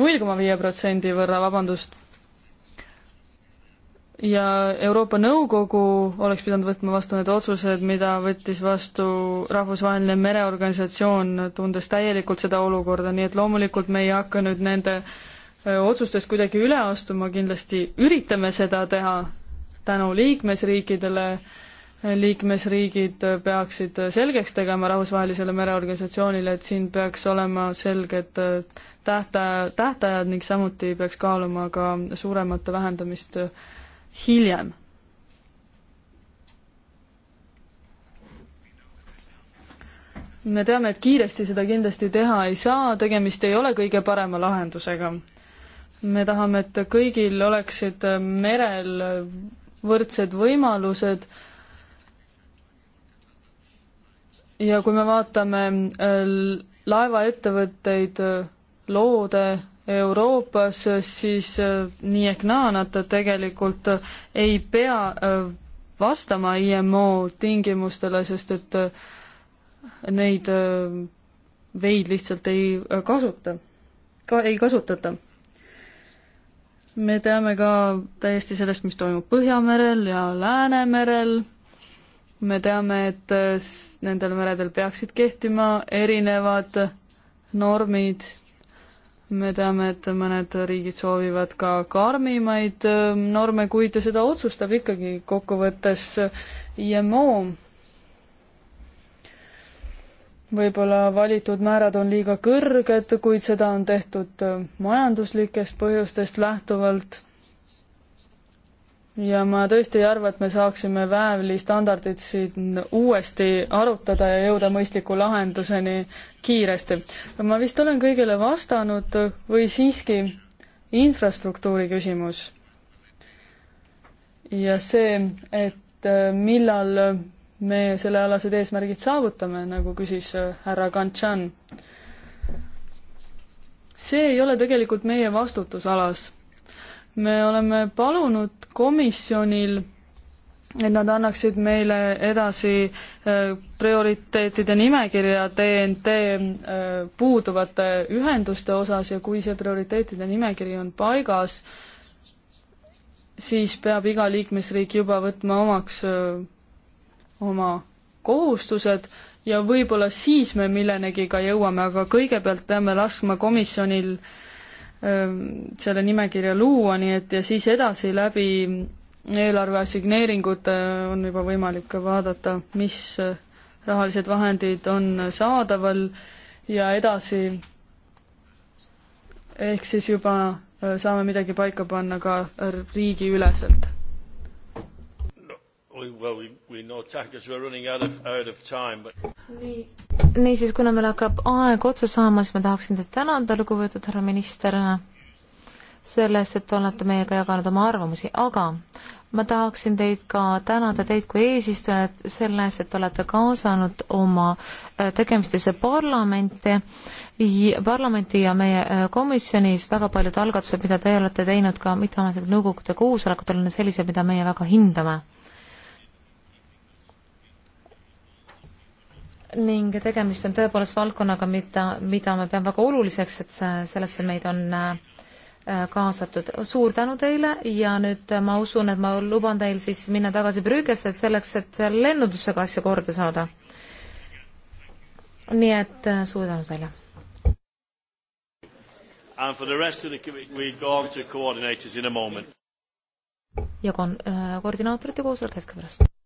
null koma viie protsendi võrra, vabandust, ja Euroopa Nõukogu oleks pidanud võtma vastu need otsused, mida võttis vastu Rahvusvaheline Mereorganisatsioon, tundes täielikult seda olukorda, nii et loomulikult me ei hakka nüüd nende otsustest kuidagi üle astuma, kindlasti üritame seda teha tänu liikmesriikidele, liikmesriigid peaksid selgeks tegema Rahvusvahelisele Mereorganisatsioonile, et siin peaks olema selged tähtaja, tähtajad ning samuti peaks kaaluma ka suuremat vähendamist hiljem. me teame, et kiiresti seda kindlasti teha ei saa, tegemist ei ole kõige parema lahendusega. me tahame, et kõigil oleksid merel võrdsed võimalused ja kui me vaatame äh, laevaettevõtteid, loode Euroopas, siis äh, nii ehk naa nad tegelikult ei pea äh, vastama IMO tingimustele, sest et äh, neid veid lihtsalt ei kasuta, ka ei kasutata. me teame ka täiesti sellest, mis toimub Põhjamerel ja Läänemerel me teame, et nendel meredel peaksid kehtima erinevad normid me teame, et mõned riigid soovivad ka karmimaid ähm, norme, kuid seda otsustab ikkagi kokkuvõttes äh, IMO. võib-olla valitud määrad on liiga kõrged, kuid seda on tehtud äh, majanduslikest põhjustest lähtuvalt ja ma tõesti ei arva, et me saaksime väävlistandardit siin uuesti arutada ja jõuda mõistliku lahenduseni kiiresti. ma vist olen kõigile vastanud või siiski infrastruktuuri küsimus. ja see, et äh, millal me sellealased eesmärgid saavutame, nagu küsis äh, härra Kantšan. see ei ole tegelikult meie vastutusalas me oleme palunud komisjonil, et nad annaksid meile edasi äh, prioriteetide nimekirja TNT äh, puuduvate ühenduste osas ja kui see prioriteetide nimekiri on paigas, siis peab iga liikmesriik juba võtma omaks äh, oma kohustused ja võib-olla siis me millenegi ka jõuame, aga kõigepealt peame laskma komisjonil äh, Ähm, selle nimekirja luua, nii et ja siis edasi läbi eelarve assigneeringute on juba võimalik vaadata, mis äh, rahalised vahendid on saadaval ja edasi ehk siis juba äh, saame midagi paika panna ka riigiüleselt Well, we, we know because we're running out of, out of time, but... nii, niisiis, kuna meil hakkab aeg otsa saama, siis ma tahaksin teid tänada, lugupeetud härra minister, selle eest, et olete meiega jaganud oma arvamusi, aga ma tahaksin teid ka tänada, teid kui eesistujat, selle eest, et olete kaasanud oma äh, tegemistesse parlamenti, parlamenti ja meie äh, komisjonis väga paljud algatused, mida te olete teinud ka mitteametlikult nõukogude koosolekutel, on sellised, mida meie väga hindame ning tegemist on tõepoolest valdkonnaga, mida, mida ma pean väga oluliseks, et sellesse meid on äh, kaasatud. suur tänu teile ja nüüd ma usun, et ma luban teil siis minna tagasi Brügesse selleks, et lennundusega asja korda saada. nii et äh, suur tänu teile. And for the rest of the committee, we go on to coordinators in a moment. ja kon-, äh, koordinaatorite koosolek hetke pärast.